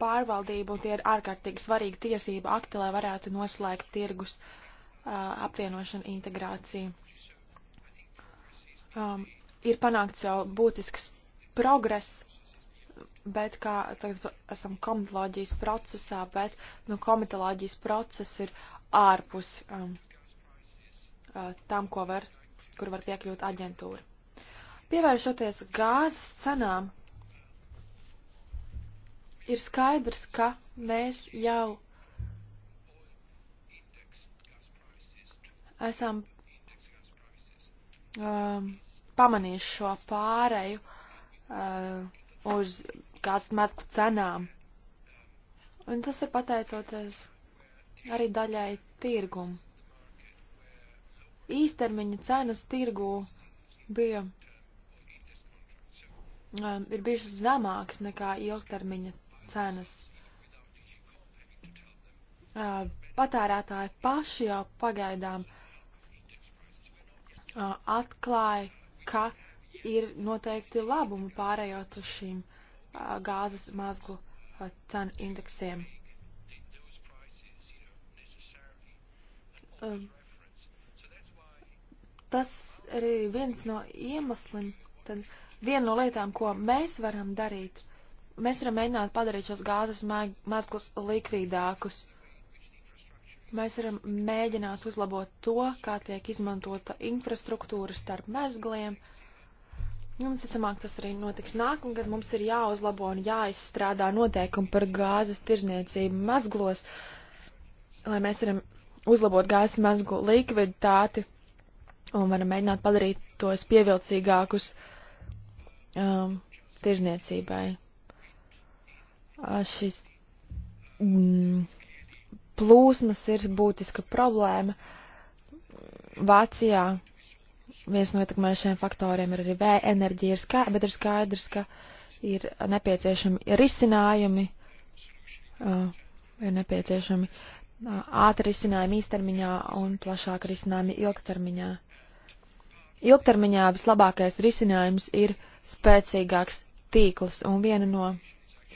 pārvaldību, un tie ir ārkārtīgi svarīgi tiesību akti, lai varētu noslēgt tirgus uh, apvienošanu integrāciju um, ir panākts jau būtisks progress, bet kā tagad esam komitoloģijas procesā, bet nu, komitoloģijas process ir ārpus um, uh, tam, ko var, kur var piekļūt aģentūra. Pievēršoties gāzes cenām, ir skaidrs, ka mēs jau esam um, pamanīs šo pāreju uh, uz gāzes metku cenām. Un tas ir pateicoties arī daļai tirgumu. Īstermiņa cenas tirgū bija, um, ir bijušas zemākas nekā ilgtermiņa cenas. Uh, patērētāji paši jau pagaidām uh, atklāja, ka ir noteikti labumi pārējot uz šīm gāzes mazglu cenu indeksiem. Tas arī viens no iemesliem, tad viena no lietām, ko mēs varam darīt, mēs varam mēģināt padarīt šos gāzes mazglus likvīdākus. Uh, Mēs varam mēģināt uzlabot to, kā tiek izmantota infrastruktūra starp mezgliem. Mums, nu, ticamāk, tas arī notiks nākamgad. Mums ir jāuzlabo un jāizstrādā noteikumi par gāzes tirzniecību mezglos, lai mēs varam uzlabot gāzes mezglu likviditāti un varam mēģināt padarīt tos pievilcīgākus um, tirzniecībai. Uh, šis, mm, plūsmas ir būtiska problēma. Vācijā viens no ietekmējušiem faktoriem ir arī vēja enerģija, ir skaidrs, bet ir skaidrs, ka ir nepieciešami risinājumi, uh, ir nepieciešami uh, ātri risinājumi īstermiņā un plašāki risinājumi ilgtermiņā. Ilgtermiņā vislabākais risinājums ir spēcīgāks tīkls un viena no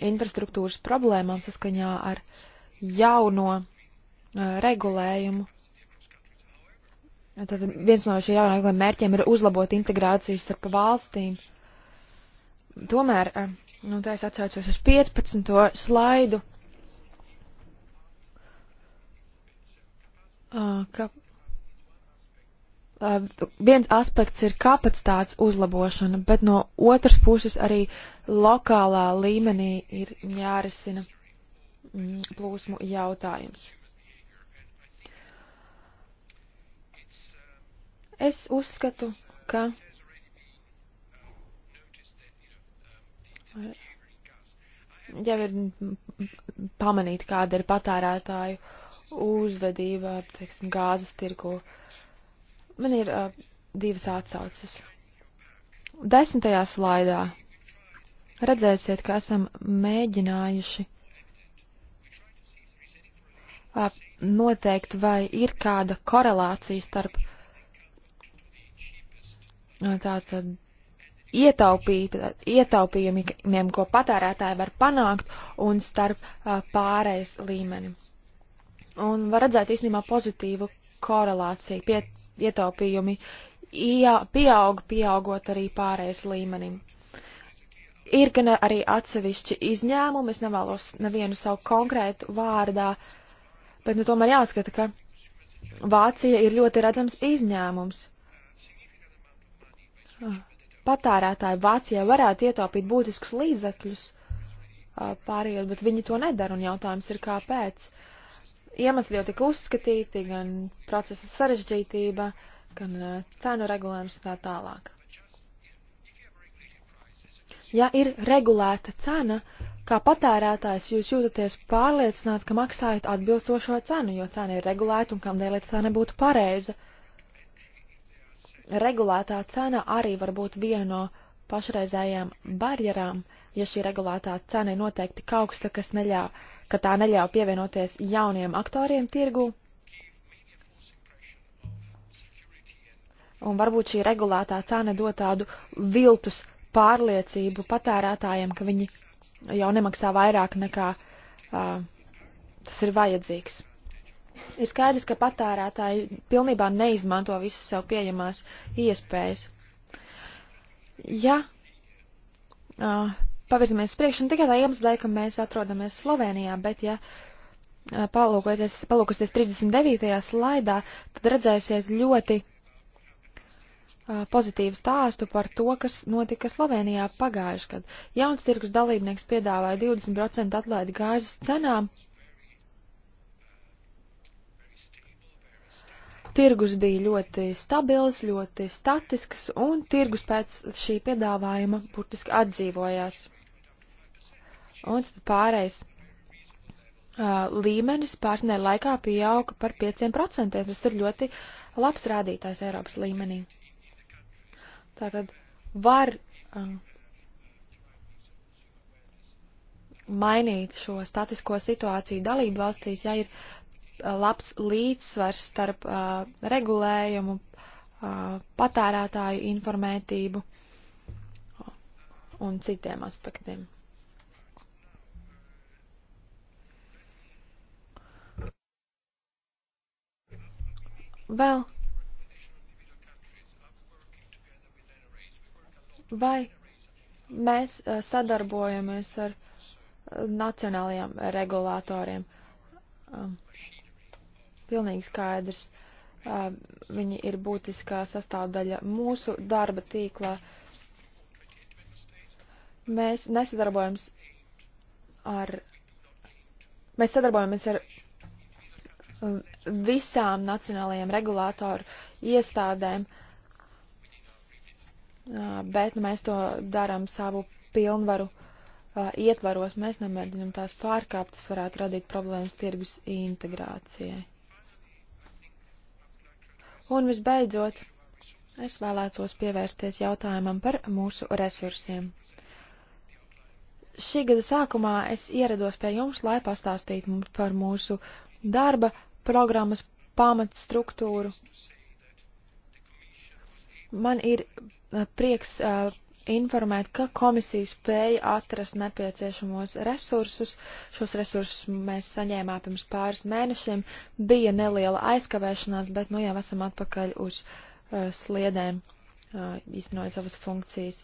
infrastruktūras problēmām saskaņā ar jauno Uh, regulējumu. Tad viens no šī jaunā regulējuma mērķiem ir uzlabot integrāciju starp valstīm. Tomēr, uh, nu, tā es atsaucos uz 15. slaidu, uh, ka viens aspekts ir kapacitātes uzlabošana, bet no otras puses arī lokālā līmenī ir jārisina mm, plūsmu jautājums. Es uzskatu, ka jau ir pamanīt, kāda ir patērētāju uzvedība, teiksim, gāzes tirgu. Man ir uh, divas atsauces. Desmitajā slaidā redzēsiet, ka esam mēģinājuši uh, noteikt, vai ir kāda korelācija starp Nu, tātad ietaupīt, ietaupījumiem, ko patērētāji var panākt, un starp pārējais līmeni. Un var redzēt īstenībā pozitīvu korelāciju. Pie, ietaupījumi jā, pieaug, pieaugot arī pārējais līmenim. Ir gan arī atsevišķi izņēmumi, es nevēlos nevienu savu konkrētu vārdā, bet nu tomēr jāskata, ka Vācija ir ļoti redzams izņēmums patērētāji Vācijā varētu ietaupīt būtiskus līdzekļus pārējot, bet viņi to nedara, un jautājums ir, kāpēc. Iemesli jau tika uzskatīti, gan procesa sarežģītība, gan cenu regulējums un tā tālāk. Ja ir regulēta cena, kā patērētājs jūs jūtaties pārliecināts, ka maksājat atbilstošo cenu, jo cena ir regulēta un kam dēļ tā nebūtu pareiza. Uh, regulētā cena arī var būt viena no pašreizējām barjerām, ja šī regulētā cena ir noteikti augsta, kas neļauj, ka tā neļauj pievienoties jauniem aktoriem tirgu. Un varbūt šī regulētā cena dod tādu viltus pārliecību patērētājiem, ka viņi jau nemaksā vairāk nekā uh, tas ir vajadzīgs ir skaidrs, ka patērētāji pilnībā neizmanto visas sev pieejamās iespējas. Ja uh, pavirzamies uz priekšu, ne tikai tā iemesla, ka mēs atrodamies Slovenijā, bet ja uh, palūkosties 39. slaidā, tad redzēsiet ļoti uh, pozitīvu stāstu par to, kas notika Slovenijā pagājušajā gadā. Jauns tirgus dalībnieks piedāvāja 20% atlaidi gāzes cenām, uh, Tirgus bija ļoti stabils, ļoti statisks, un tirgus pēc šī piedāvājuma burtiski atdzīvojās. Un tad pārējais uh, līmenis pārsnē laikā pieauga par 5%. Tas ir ļoti labs rādītājs Eiropas līmenī. Tātad var uh, mainīt šo statisko situāciju dalību valstīs, ja ir labs līdzsvars starp uh, regulējumu, uh, patērētāju informētību un citiem aspektiem. Vēl vai mēs sadarbojamies ar nacionālajiem regulātoriem? Um, pilnīgi skaidrs. Uh, viņi ir būtiskā sastāvdaļa mūsu darba tīklā. Mēs nesadarbojamies ar. Mēs sadarbojamies ar um, visām nacionālajiem regulātoru iestādēm, uh, bet nu, mēs to darām savu pilnvaru uh, ietvaros. Mēs nemēģinam tās pārkāpt, tas varētu radīt problēmas tirgus integrācijai. Un visbeidzot, es vēlētos pievērsties jautājumam par mūsu resursiem. Šī gada sākumā es ierados pie jums, lai pastāstītu par mūsu darba programmas pamatstruktūru. Man ir eh, prieks uh, informēt, ka komisija spēja atrast nepieciešamos resursus. Šos resursus mēs saņēmām pirms pāris mēnešiem. Bija neliela aizkavēšanās, bet nu jau esam atpakaļ uz uh, sliedēm, uh, īstenojot savas funkcijas.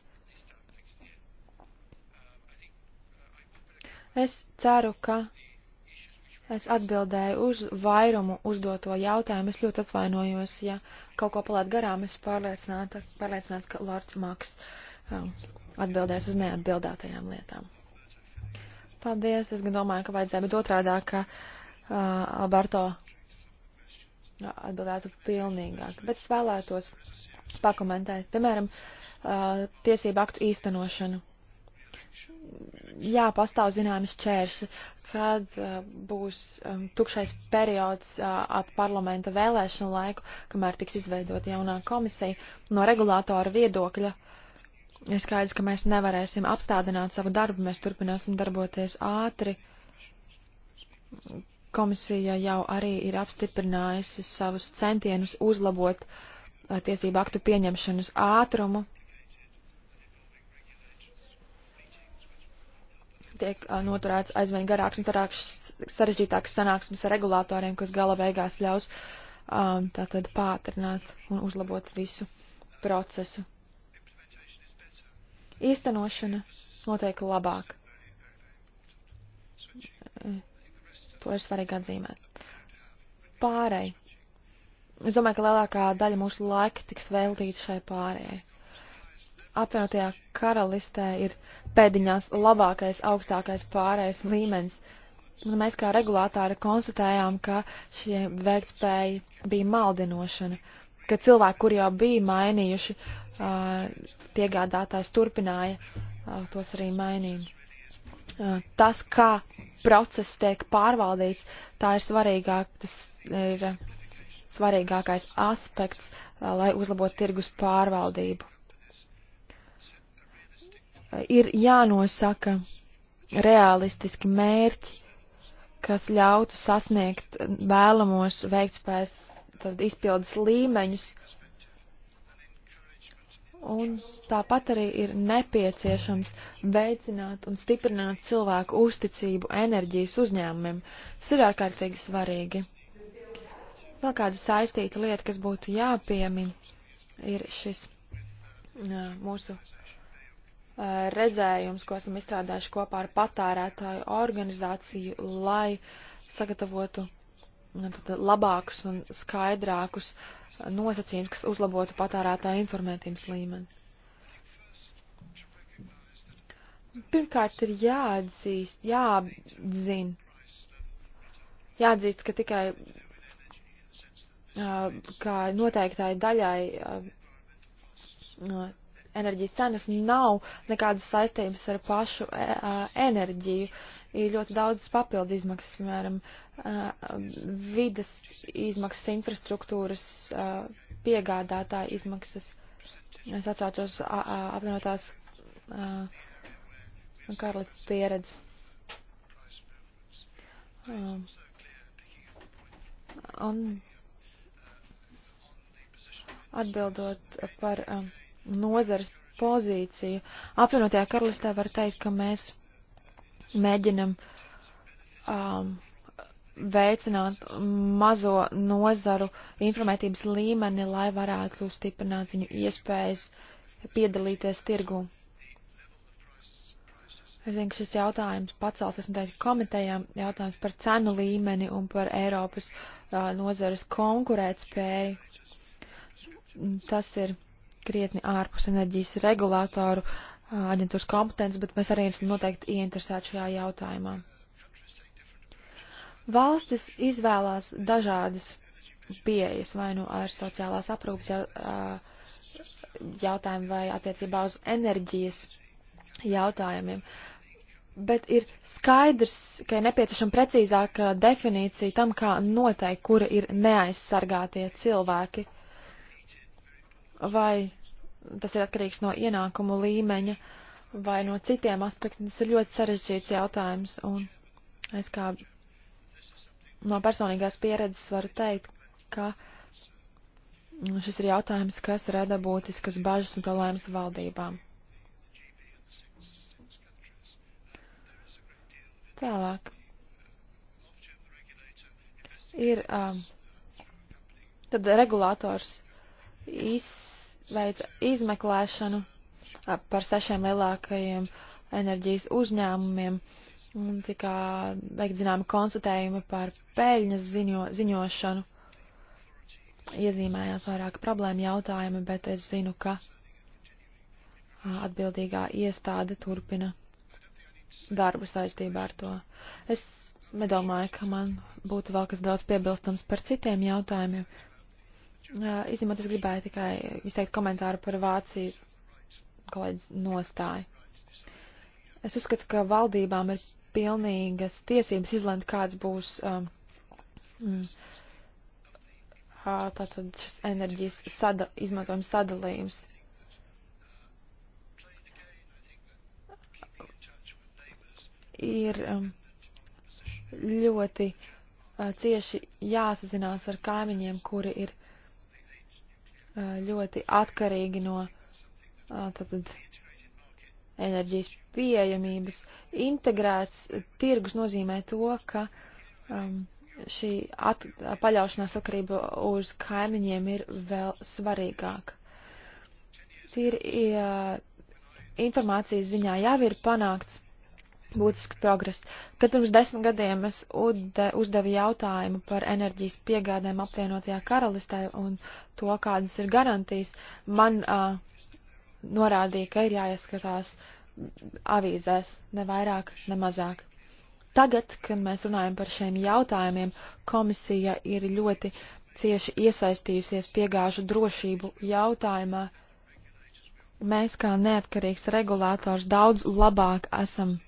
Es ceru, ka es atbildēju uz vairumu uzdoto jautājumu. Es ļoti atvainojos, ja kaut ko palēt garām. Es pārliecināta, pārliecināts, ka Lārds Maks. Uh, atbildēs uz neatbildētajām lietām. Paldies, es gan domāju, ka vajadzēja, bet otrādā, ka uh, Alberto atbildētu pilnīgāk, bet es vēlētos pakomentēt, piemēram, uh, tiesību aktu īstenošanu. Jā, pastāv zināmas čēršļi, kad uh, būs um, tukšais periods uh, ap parlamenta vēlēšanu laiku, kamēr tiks izveidota jaunā komisija. No regulātora viedokļa uh, Ir skaidrs, ka mēs nevarēsim apstādināt savu darbu, mēs turpināsim darboties ātri. Komisija jau arī ir apstiprinājusi savus centienus uzlabot uh, tiesību aktu pieņemšanas ātrumu. Tiek uh, noturēts aizvien garāks un tarāks, sarežģītāks sanāksmes ar regulātoriem, kas gala beigās ļaus um, tātad pātrināt un uzlabot visu procesu īstenošana notiek labāk. To ir svarīgi atzīmēt. Pārēj. Es domāju, ka lielākā daļa mūsu laika tiks veltīta šai pārējai. Apvienotajā karalistē ir pēdiņās labākais, augstākais pārējais līmenis. Un mēs kā regulātāri konstatējām, ka šie veiktspēji bija maldinošana. Uh, ka cilvēki, kur jau bija mainījuši uh, piegādātājs, turpināja uh, tos arī mainīt. Uh, tas, kā process tiek pārvaldīts, tā ir svarīgāk, tas ir svarīgākais aspekts, lai uzlabotu tirgus pārvaldību. Ir jānosaka realistiski mērķi, kas ļautu sasniegt vēlamos veiktspējas tad izpildes līmeņus. Un tāpat arī ir nepieciešams veicināt un stiprināt cilvēku uzticību enerģijas uzņēmumiem. Tas ir ārkārtīgi svarīgi. Vēl kāda saistīta lieta, kas būtu jāpiemin, ir šis jā, mūsu redzējums, ko esam izstrādājuši kopā ar patērētāju organizāciju, lai sagatavotu Nu, labākus un skaidrākus uh, nosacījumus, kas uzlabotu patērētāju informētības līmeni. Pirmkārt, ir jāatzīst, jāapzin, jāatzīst, ka tikai uh, kā noteiktai daļai uh, enerģijas cenas nav nekādas saistības ar pašu e, enerģiju ir ļoti daudz papildu izmaksas, piemēram, vidas izmaksas, infrastruktūras piegādātāja izmaksas. Es atcaucos apvienotās karalistas pieredzi. Un atbildot par nozares pozīciju, apvienotajā karalistē var teikt, ka mēs mēģinam um, veicināt mazo nozaru informētības līmeni, lai varētu stiprināt viņu iespējas piedalīties tirgū. Es zinu, ka šis jautājums pacels, es teicu, komitejām jautājums par cenu līmeni un par Eiropas uh, nozares konkurētspēju. Tas ir krietni ārpus enerģijas regulātoru aģentūras kompetences, bet mēs arī esam noteikti ieinteresēti šajā jautājumā. Valstis izvēlās dažādas pieejas, vai nu ar sociālās aprūpas jautājumu vai attiecībā uz enerģijas jautājumiem. Bet ir skaidrs, ka ir nepieciešama precīzāka definīcija tam, kā noteikt, kura ir neaizsargātie cilvēki. Vai tas ir atkarīgs no ienākumu līmeņa vai no citiem aspektiem. Tas ir ļoti sarežģīts jautājums, un es kā no personīgās pieredzes varu teikt, ka šis ir jautājums, kas rada būtiskas bažas un problēmas valdībām. Tālāk. Ir, um, tad regulators iz, veica izmeklēšanu par sešiem lielākajiem enerģijas uzņēmumiem un tika veikt zināmi konstatējumi par peļņas ziņo, ziņošanu. Iezīmējās vairāk problēma jautājumi, bet es zinu, ka atbildīgā iestāde turpina darbu saistībā ar to. Es nedomāju, ka man būtu vēl kas daudz piebilstams par citiem jautājumiem. Īsumā es gribēju tikai izteikt komentāru par Vācijas kolēģis nostāju. Es uzskatu, ka valdībām ir pilnīgas tiesības izlemt, kāds būs um, mm, tātad šis enerģijas sada, izmantojums sadalījums. Ir um, ļoti uh, cieši jāsazinās ar kaimiņiem, kuri ir ļoti atkarīgi no tātad, enerģijas pieejamības. Integrēts tirgus nozīmē to, ka um, šī at, paļaušanās atkarība uz kaimiņiem ir vēl svarīgāka. Tīri ja, informācijas ziņā jau ir panākts būtisku progresu. Kad pirms desmit gadiem es ude, uzdevu jautājumu par enerģijas piegādēm apvienotajā karalistē un to, kādas ir garantijas, man uh, norādīja, ka ir jāieskatās avīzēs, ne vairāk, ne mazāk. Tagad, kad mēs runājam par šiem jautājumiem, komisija ir ļoti cieši iesaistījusies piegāžu drošību jautājumā. Mēs kā neatkarīgs regulātors daudz labāk esam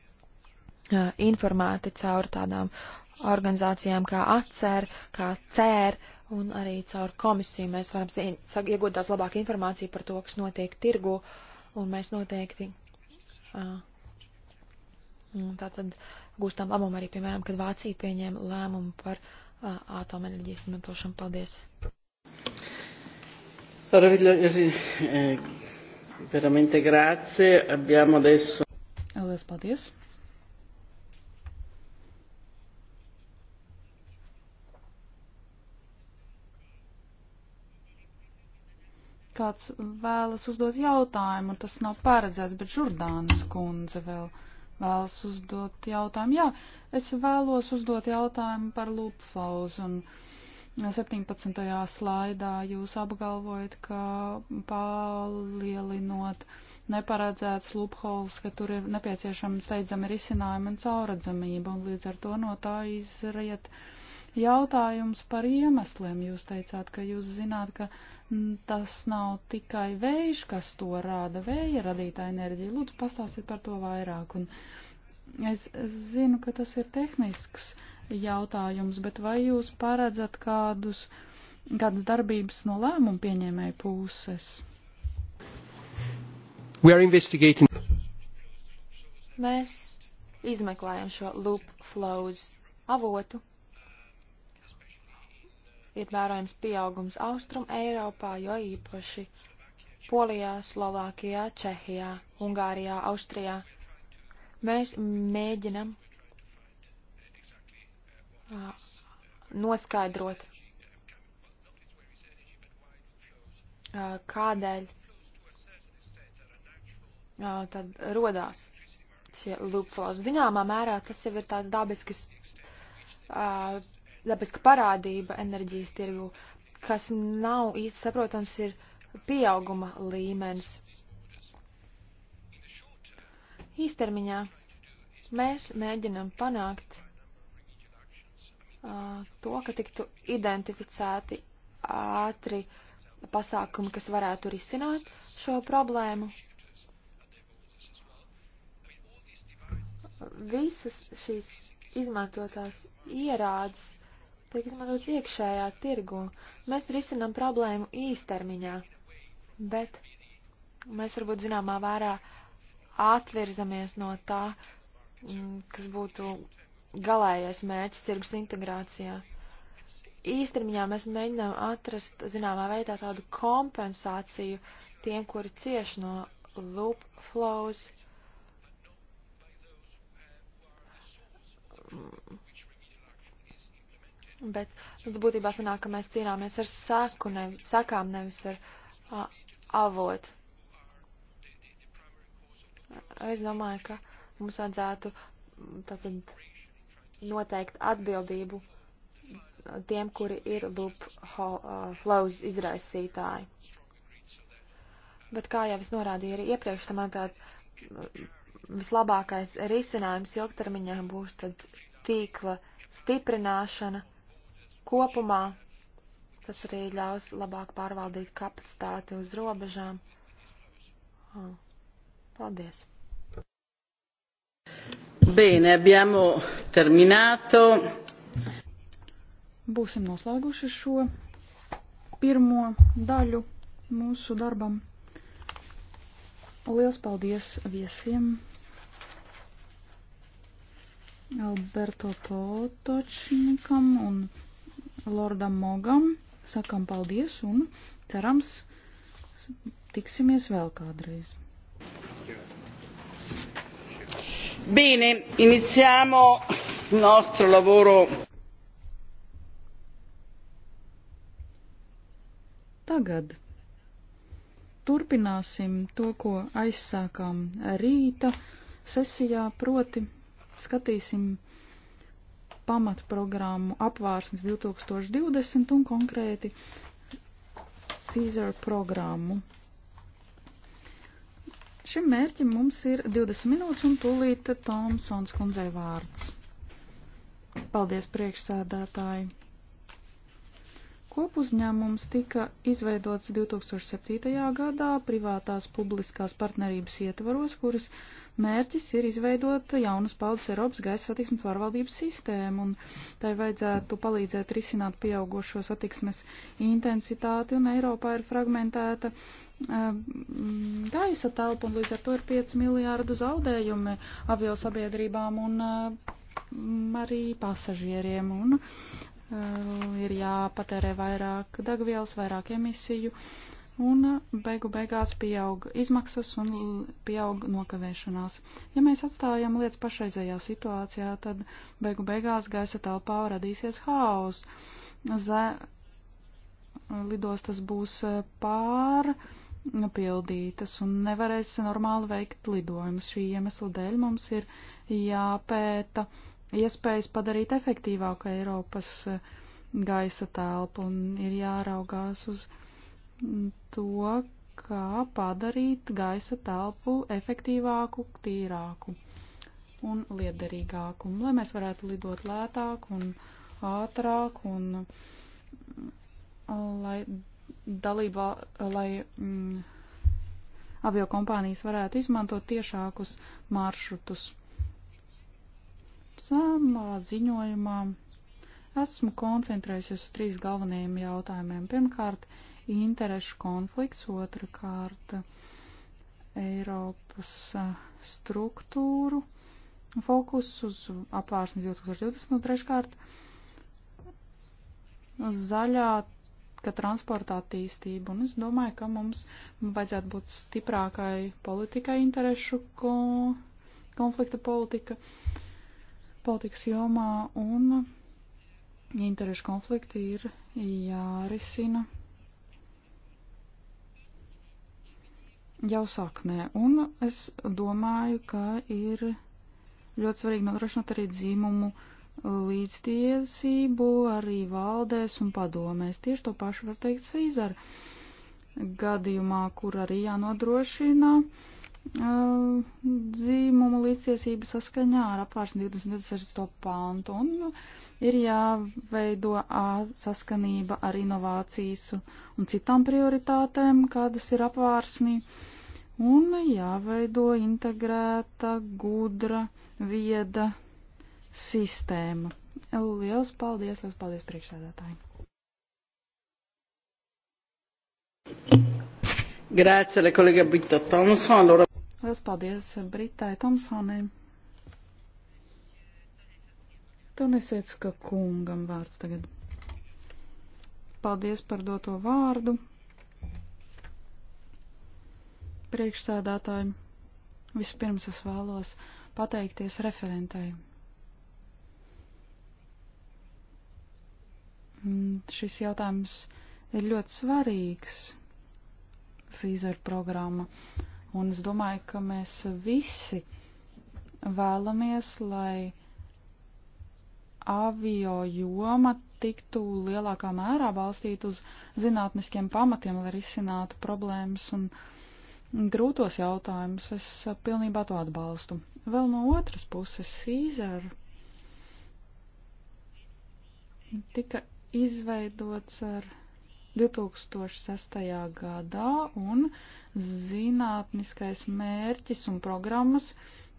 informēti caur tādām organizācijām kā ACER, kā CER, un arī caur komisiju mēs varam iegūt daudz labāku informāciju par to, kas notiek tirgu, un mēs noteikti tātad gūstam labumu arī, piemēram, kad Vācija pieņēma lēmumu par ātomenerģijas izmantošanu. Paldies! Veramente grazie, abbiamo adesso. Allora, paldies. kāds vēlas uzdot jautājumu, tas nav paredzēts, bet Žurdānas kundze vēl vēlas uzdot jautājumu. Jā, es vēlos uzdot jautājumu par lūpflauz un 17. slaidā jūs apgalvojat, ka palielinot neparedzēts lūphols, ka tur ir nepieciešama steidzami risinājumi un cauradzamība, un līdz ar to no tā izriet. Uh, Jautājums par iemesliem. Jūs teicāt, ka jūs zināt, ka mm, tas nav tikai vējš, kas to rāda, vēja radītā enerģija. Lūdzu, pastāstiet par to vairāk. Un es zinu, ka tas ir tehnisks jautājums, bet vai jūs paredzat kādus, kādas darbības no lēmumu pieņēmēju puses? Mēs izmeklējam šo loop flows avotu ir vērojams pieaugums Austrum Eiropā, jo īpaši Polijā, Slovākijā, Čehijā, Ungārijā, Austrijā. Mēs mēģinam uh, noskaidrot, uh, kādēļ uh, tad rodās šie lūpflos. Zināmā mērā tas jau ir tāds dabisks dabiska parādība enerģijas tirgu, kas nav īsti saprotams, ir pieauguma līmenis. Īstermiņā mēs mēģinam panākt uh, to, ka tiktu identificēti ātri pasākumi, kas varētu risināt šo problēmu. Visas šīs izmantotās ierādes tiek izmantots iekšējā tirgu. Mēs risinam problēmu īstermiņā, bet mēs varbūt zināmā vērā atvirzamies no tā, mm, kas būtu galējais mērķis tirgus integrācijā. Īstermiņā mēs mēģinām atrast zināmā veidā tādu kompensāciju tiem, kuri cieši no loop flows. Mm Bet nu, būtībā sanāk, ka mēs cīnāmies ar saku, nevi, sakām, nevis ar a, avotu. Es domāju, ka mums vajadzētu tātad noteikt atbildību tiem, kuri ir loop flows izraisītāji. Bet kā jau es norādīju arī iepriekš, tam, manuprāt, vislabākais risinājums ilgtermiņā būs tad tīkla stiprināšana kopumā. Tas arī ļaus labāk pārvaldīt kapacitāti uz robežām. Paldies. Bene, abbiamo terminato. Būsim noslēguši šo pirmo daļu mūsu darbam. Liels paldies viesiem! Alberto Potočnikam un Lordam Mogam. Sakam paldies un cerams tiksimies vēl kādreiz. Bene, iniziamo il nostro lavoro. Tagad turpināsim to, ko aizsākām rīta sesijā, proti skatīsim pamatprogrammu apvārsnes 2020 un konkrēti Caesar programmu. Šim mērķim mums ir 20 minūtes un tūlīt Tomsons kundzei vārds. Paldies priekšsēdētāji! Kopuzņēmums tika izveidots 2007. gadā privātās publiskās partnerības ietvaros, kuras mērķis ir izveidot jaunas paudzes Eiropas gaisa satiksmes pārvaldības sistēmu, un tai vajadzētu palīdzēt risināt pieaugušo satiksmes intensitāti, un Eiropā ir fragmentēta eh, gaisa telpa, un līdz ar to ir 5 miljārdu zaudējumi aviosabiedrībām un eh, arī pasažieriem. Un Eh, ir jāpatērē vairāk degvielas, vairāk emisiju, un beigu beigās pieaug izmaksas un pieaug nokavēšanās. Ja mēs atstājam lietas pašreizējā situācijā, tad beigu beigās gaisa telpā radīsies haoss. Ze lidostas būs eh, pār pildītas un nevarēs normāli veikt lidojumus. Šī iemesla dēļ mums ir jāpēta. Uh, iespējas padarīt efektīvāku Eiropas eh, gaisa telpu un ir jāraugās uz mm, to, kā padarīt gaisa telpu efektīvāku, tīrāku un liederīgāku, un lai mēs varētu lidot lētāk un ātrāk un mm, lai dalībā, lai mm, avio kompānijas varētu izmantot tiešākus maršrutus. Samā ziņojumā esmu koncentrējusies uz trīs galvenajiem jautājumiem. Pirmkārt, interešu konflikts, otrkārt, Eiropas struktūru fokus uz apvārsnes 2020 un treškārt uz zaļā, ka transporta attīstība. Un es domāju, ka mums vajadzētu būt stiprākai politikai interešu ko, konflikta politika. Uh, politikas jomā un interešu konflikti ir jārisina jau saknē. Un es domāju, ka ir ļoti svarīgi nodrošināt arī dzīmumu līdztiesību arī valdēs un padomēs. Tieši to pašu var teikt Cīzara gadījumā, kur arī jānodrošina uh, Uh, dzīmumu līdztiesību saskaņā ar apvārsni 2026. pāntu un uh, ir jāveido uh, saskanība ar inovācijas un citām prioritātēm, kādas ir apvārsnī, un jāveido integrēta, gudra, vieda sistēma. Liels paldies, liels paldies priekšsēdētājiem! Grazie alla collega Britta Thomson. Allora... Liels paldies Britai Tomsonai. Tunisiecka kungam vārds tagad. Paldies par doto vārdu. Priekšsēdētāji, vispirms es vēlos pateikties referentai. Mm, šis jautājums ir ļoti svarīgs. Sīzer programma. Uh, Un es domāju, ka mēs visi vēlamies, lai avio joma tiktu lielākā mērā balstīt uz zinātniskiem pamatiem, lai risinātu problēmas un grūtos jautājumus. Es pilnībā to atbalstu. Vēl no otras puses, Cīzara tika izveidots ar 2006. gadā, un zinātniskais mērķis un programmas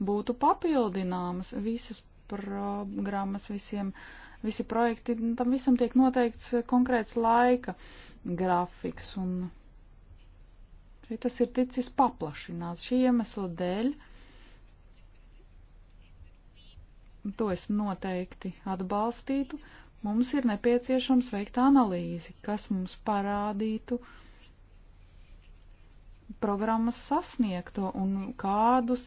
būtu papildināmas. Visas programmas, visiem, visi projekti, tam visam tiek noteikts konkrēts laika grafiks, un tas ir ticis paplašināts šī iemesla dēļ. To es noteikti atbalstītu, Mums ir nepieciešams veikt analīzi, kas mums parādītu programmas sasniegto un kādus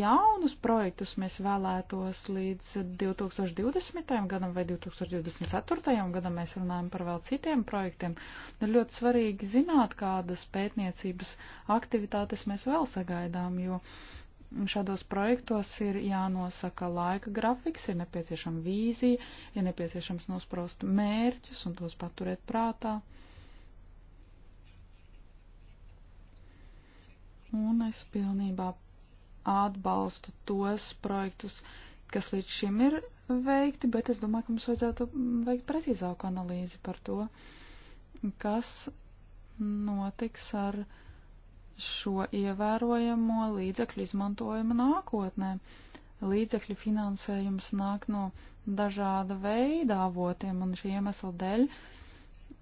jaunus projektus mēs vēlētos līdz 2020. gadam vai 2024. gadam. Mēs runājam par vēl citiem projektiem. Ir ļoti svarīgi zināt, kādas pētniecības aktivitātes mēs vēl sagaidām, jo Šādos projektos ir jānosaka laika grafiks, ir nepieciešama vīzija, ir nepieciešams nospraust mērķus un tos paturēt prātā. Un es pilnībā atbalstu tos projektus, kas līdz šim ir veikti, bet es domāju, ka mums vajadzētu veikt precīzāku analīzi par to, kas notiks ar uh, šo ievērojamo līdzekļu izmantojumu nākotnē. Līdzekļu finansējums nāk no dažāda veida avotiem, un šī iemesla dēļ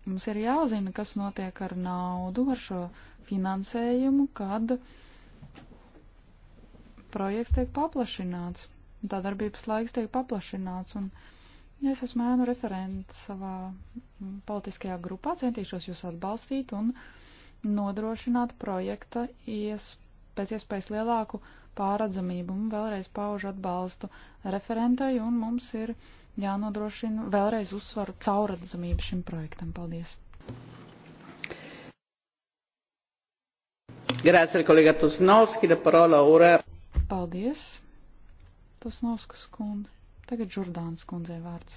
mums ir jāzina, kas notiek ar naudu, ar šo finansējumu, kad projekts tiek paplašināts, tā darbības laiks tiek paplašināts, un es esmu ēnu referents savā politiskajā grupā, centīšos jūs atbalstīt un uh, nodrošināt projekta ies, pēc iespējas lielāku pārredzamību. Un vēlreiz paužu atbalstu referentai, un mums ir jānodrošina vēlreiz uzsvaru caurredzamību šim projektam. Paldies! Grazie, kolega Tusnovski, la parola ora. Paldies, Tusnovskas kundze. Tagad Žurdāns kundzei vārds.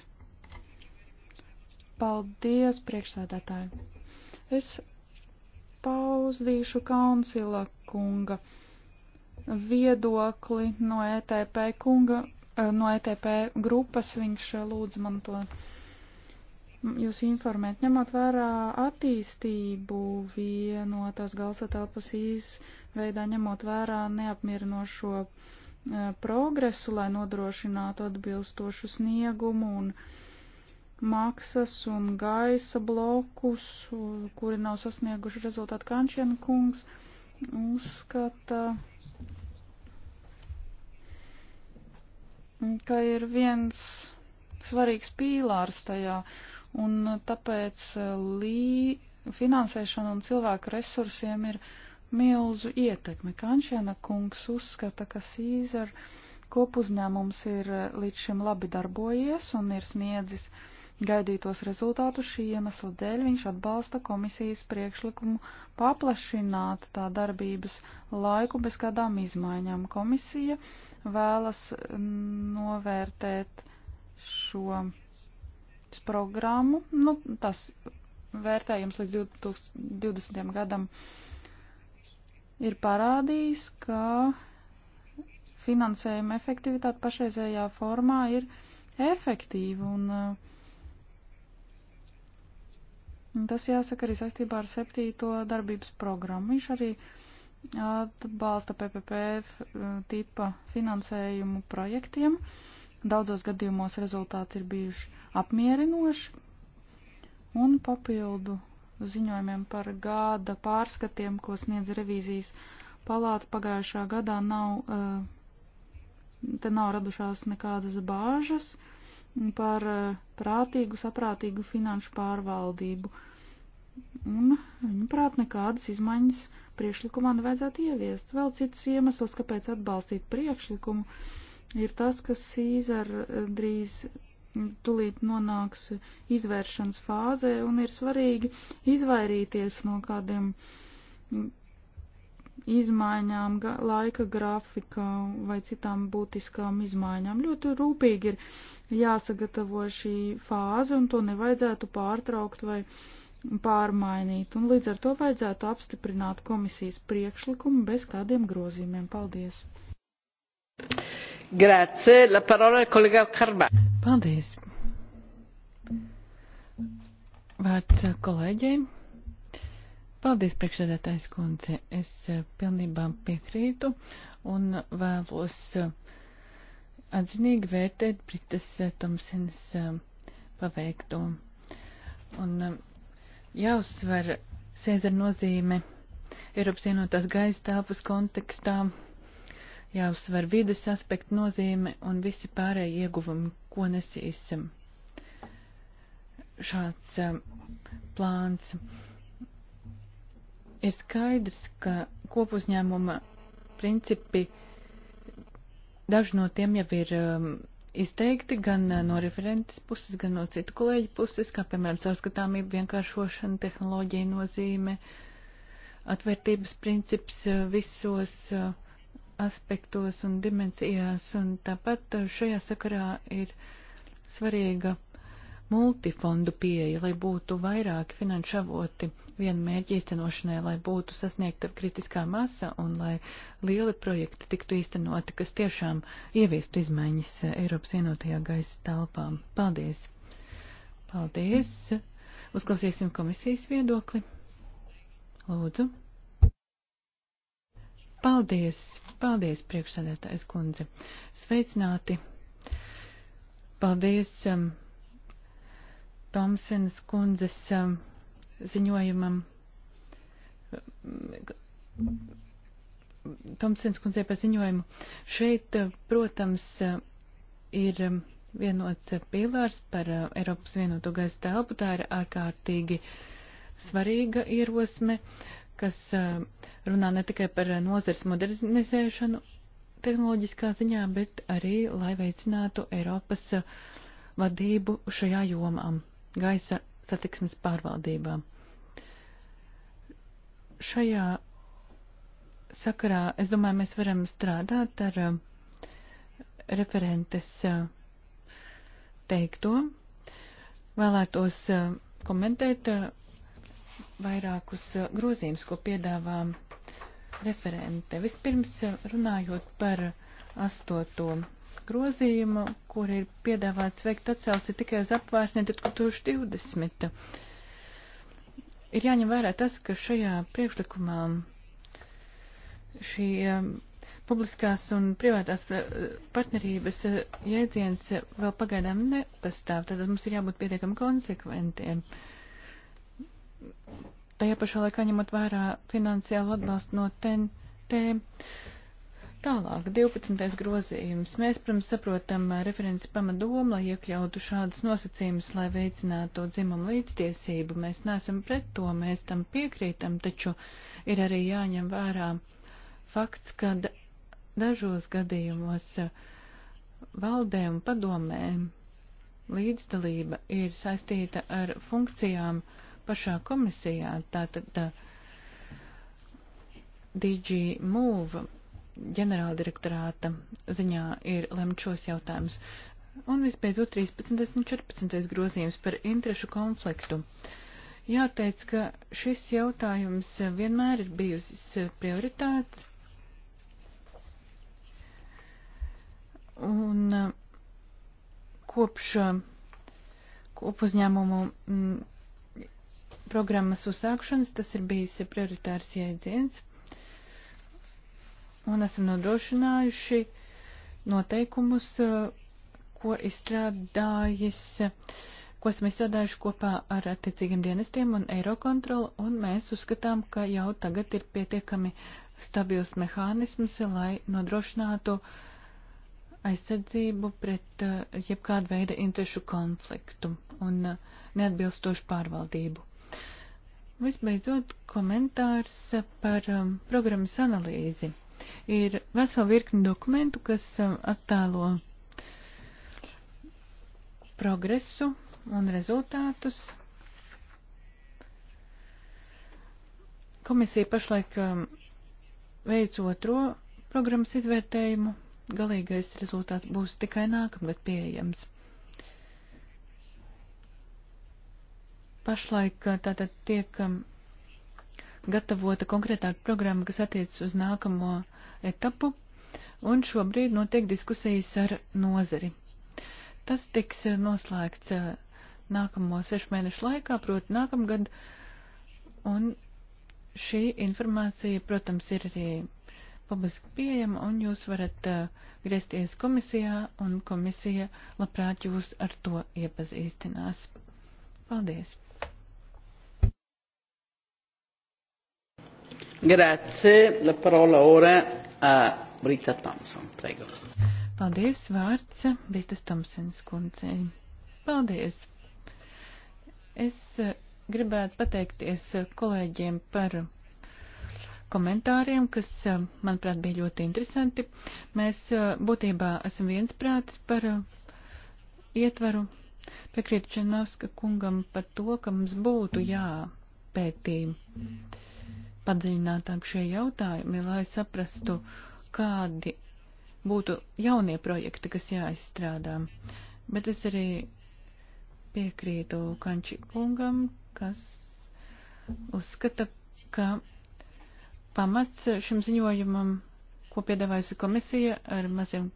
Paldies, priekšsēdētāji. Es pauzdīšu kancila kunga viedokli no ETP kunga, eh, no ETP grupas. Viņš eh, lūdz man to jūs informēt, ņemot vērā attīstību vienotās galsatelpas izveidā, ņemot vērā neapmierinošo uh, progresu, lai nodrošinātu atbilstošu sniegumu un uh, maksas un gaisa blokus, kuri nav sasnieguši rezultātu. Kančiena kungs uzskata, ka ir viens svarīgs pīlārs tajā, un tāpēc e, lī, finansēšana un cilvēku resursiem ir milzu ietekme. Kančiena kungs uzskata, ka Sīzara kopuzņēmums ir e, līdz šim labi darbojies un ir sniedzis uh, gaidītos rezultātus šī iemesla dēļ viņš atbalsta komisijas priekšlikumu paplašināt tā darbības laiku bez kādām izmaiņām. Komisija vēlas mm, novērtēt šo programmu, nu, tas vērtējums līdz 2020. gadam ir parādījis, ka finansējuma efektivitāte pašreizējā formā ir efektīva un uh, Tas jāsaka arī saistībā ar septīto darbības programmu. Viņš arī atbalsta PPP tipa finansējumu projektiem. Daudzos gadījumos rezultāti ir bijuši apmierinoši un papildu ziņojumiem par gada pārskatiem, ko sniedz revīzijas palāta pagājušā gadā, nav, eh, te nav radušās nekādas bāžas par eh, prātīgu, saprātīgu finanšu pārvaldību. Un, viņuprāt, nekādas izmaiņas priekšlikumā nevajadzētu ieviest. Vēl cits iemesls, kāpēc atbalstīt priekšlikumu, ir tas, ka Sīzer eh, drīz tulīt nonāks izvēršanas fāzē un ir svarīgi izvairīties no kādiem mm, izmaiņām laika grafikā vai citām būtiskām izmaiņām. Ļoti rūpīgi ir jāsagatavo šī fāze un to nevajadzētu pārtraukt vai pārmainīt, un līdz ar to vajadzētu apstiprināt komisijas priekšlikumu bez kādiem grozījumiem. Paldies! Grazie, la parola kolega Karba. Paldies! Vārds eh, kolēģiem. Paldies, priekšsēdētājs kundze. Es eh, pilnībā piekrītu un vēlos eh, atzinīgi vērtēt Britas Tomsins paveikto. Un Jāuzsver Sēzara nozīme Eiropas vienotās gaisa telpas kontekstā, jāuzsver vides aspektu nozīme un visi pārējie ieguvumi, ko nesīs šāds um, plāns. Ir skaidrs, ka kopuzņēmuma principi daži no tiem jau ir um, izteikti gan eh, no referentes puses, gan no citu kolēģu puses, kā piemēram caurskatāmība, vienkāršošana, tehnoloģija nozīme, atvērtības princips eh, visos eh, aspektos un dimensijās, un tāpat šajā sakarā ir svarīga multifondu pieeja, lai būtu vairāki finanšu avoti vienu mērķu īstenošanai, lai būtu sasniegta kritiskā masa un lai lieli projekti tiktu īstenoti, kas tiešām ieviestu izmaiņas Eiropas vienotajā gaisa telpā. Paldies! Paldies! Uzklausīsim komisijas viedokli. Lūdzu. Paldies, paldies, priekšsēdētājs kundze. Sveicināti. Paldies um, Tomsenas kundzes um, ziņojumam. Tomsens kundzei par ziņojumu. Šeit, uh, protams, uh, ir um, vienots uh, pīlārs par Eiropas vienoto gaisa telpu. Tā ir ārkārtīgi svarīga ierosme, kas runā ne tikai par nozars modernizēšanu tehnoloģiskā ziņā, bet arī, lai veicinātu Eiropas vadību šajā jomām gaisa satiksmes pārvaldībā. Šajā sakarā, es domāju, mēs varam strādāt ar uh, referentes uh, teikto. Vēlētos uh, komentēt vairākus grozījumus, ko piedāvā referente. Vispirms runājot par astoto grozījumu, kur ir piedāvāts veikt atsauci tikai uz apvērsni 2020. Ir jāņem vērā tas, ka šajā priekšlikumā šī um, publiskās un privātās uh, partnerības uh, jēdziens vēl pagaidām nepastāv, tad mums ir jābūt pietiekami konsekventiem. Tajā pašā laikā ņemot vērā finansiālu atbalstu no TNT. Ten Tālāk, 12. grozījums. Mēs, protams, saprotam referents pamadomu, lai iekļautu šādus nosacījumus, lai veicinātu dzimumu līdztiesību. Mēs neesam pret to, mēs tam piekrītam, taču ir arī jāņem vērā fakts, ka dažos gadījumos valdē un padomē līdzdalība ir saistīta ar funkcijām pašā komisijā, tātad DG Move ģenerāldirektorāta ziņā ir lemt šos jautājumus. Un vispēcot 13. un 14. grozījums par interešu konfliktu. Jāteic, ka šis jautājums vienmēr ir bijusi prioritāts. Un eh, kopš eh, kopuzņēmumu mm, programmas uzsākšanas tas ir bijis prioritārs jēdziens un esam nodrošinājuši noteikumus, eh, ko izstrādājis, ko esam izstrādājuši kopā ar attiecīgiem dienestiem un Eirokontrolu, un mēs uzskatām, ka jau tagad ir pietiekami stabils mehānisms, lai nodrošinātu aizsardzību pret eh, jebkādu veidu interešu konfliktu un eh, neatbilstošu pārvaldību. Visbeidzot, komentārs par um, programmas analīzi. Ir vesela virkni dokumentu, kas eh, attēlo progresu un rezultātus. Komisija pašlaik eh, veic otro programmas izvērtējumu. Galīgais rezultāts būs tikai nākamgad pieejams. Pašlaik eh, tātad tiek gatavota konkrētāka programma, kas attiecas uz nākamo uh, etapu, un šobrīd notiek diskusijas ar nozari. Tas tiks eh, noslēgts eh, nākamo sešu mēnešu laikā, proti nākamgad, un šī informācija, protams, ir arī publiski pieejama, un jūs varat eh, griezties komisijā, un komisija labprāt jūs ar to iepazīstinās. Paldies! Grazie, la parola ora Uh, Brita Thompson, prego. Paldies, vārds Britas Tomsens kundzei. Paldies. Es uh, gribētu pateikties uh, kolēģiem par komentāriem, kas, uh, manuprāt, bija ļoti interesanti. Mēs būtībā esam viensprātis par ietvaru. Piekrītu Černovska kungam par to, ka mums būtu jāpētī. Mm padziļinātāk šie jautājumi, lai saprastu, kādi būtu jaunie projekti, kas jāizstrādā. Bet es arī piekrītu Kanči kungam, kas uzskata, ka pamats šim ziņojumam, ko piedāvājusi komisija ar maziem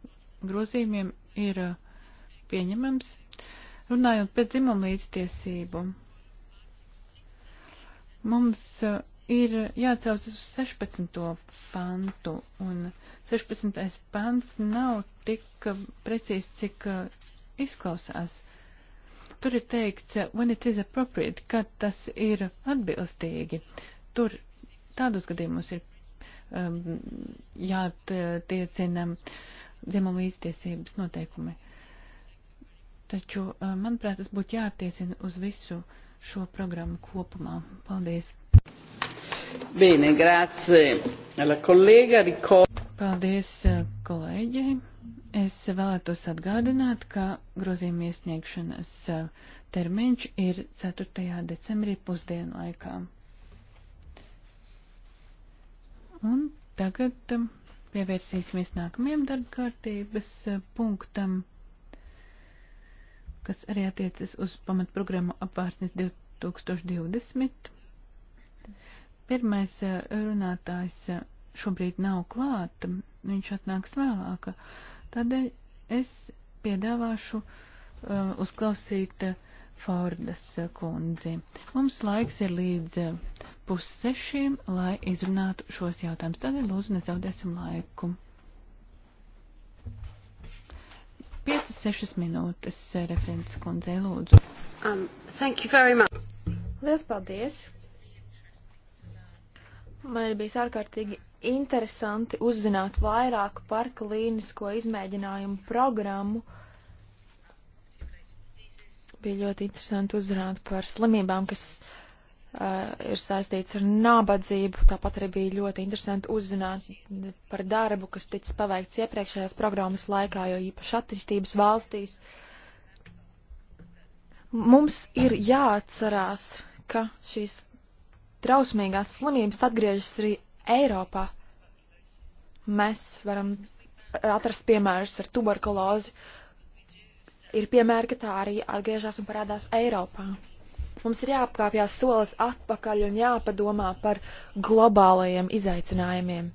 grozījumiem, ir pieņemams. Runājot par dzimumu līdztiesību, mums uh, ir jāatcauc uz 16. pantu, un 16. pants nav tik precīzi, cik uh, izklausās. Tur ir teikts, uh, when it is appropriate, kad tas ir atbilstīgi. Tur tādos gadījumos ir um, jātiecina dzimumu līdztiesības noteikumi. Taču, uh, manuprāt, tas būtu jātiecina uz visu šo programmu kopumā. Paldies! Bene, grazie alla collega. Paldies kolēģei. Es vēlētos atgādināt, ka grozījuma iesniegšanas termiņš ir 4. decembrī pusdienu laikā. Un tagad pievērsīsimies nākamajam darbkārtības punktam, kas arī attiecas uz pamatprogrammu apvārsnes 2020. Pirmais eh, runātājs eh, šobrīd nav klāt, viņš atnāks vēlāk. Tādēļ es piedāvāšu uh, uzklausīt Fordas kundzi. Mums laiks ir līdz pussešiem, lai izrunātu šos jautājumus. Tādēļ lūdzu nezaudēsim laiku. 5-6 minūtes referents kundzei lūdzu. Um, thank you very much. Liels paldies. Man bija ārkārtīgi interesanti uzzināt vairāk par klīnisko izmēģinājumu programmu. Bija ļoti interesanti uzzināt par slimībām, kas uh, ir saistīts ar nabadzību. Tāpat arī bija ļoti interesanti uzzināt par darbu, kas ticis paveikts iepriekšējās programmas laikā, jo īpaši attīstības valstīs. Mums ir jāatcerās, ka šīs trausmīgās slimības atgriežas arī Eiropā. Mēs varam atrast piemērus ar tuberkulozi. Ir piemēri, ka tā arī atgriežas un parādās Eiropā. Mums ir jāapkāpjas solis atpakaļ un jāpadomā par globālajiem izaicinājumiem.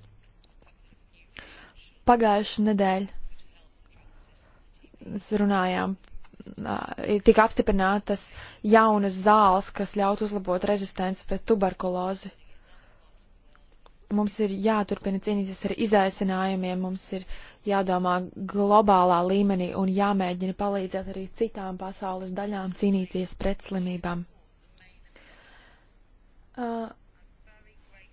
Pagājuši nedēļ runājām tika apstiprinātas jaunas zāles, kas ļaut uzlabot rezistenci pret tuberkulozi. Mums ir jāturpina cīnīties ar izaicinājumiem, mums ir jādomā globālā līmenī un jāmēģina palīdzēt arī citām pasaules daļām cīnīties pret slimībām. Uh,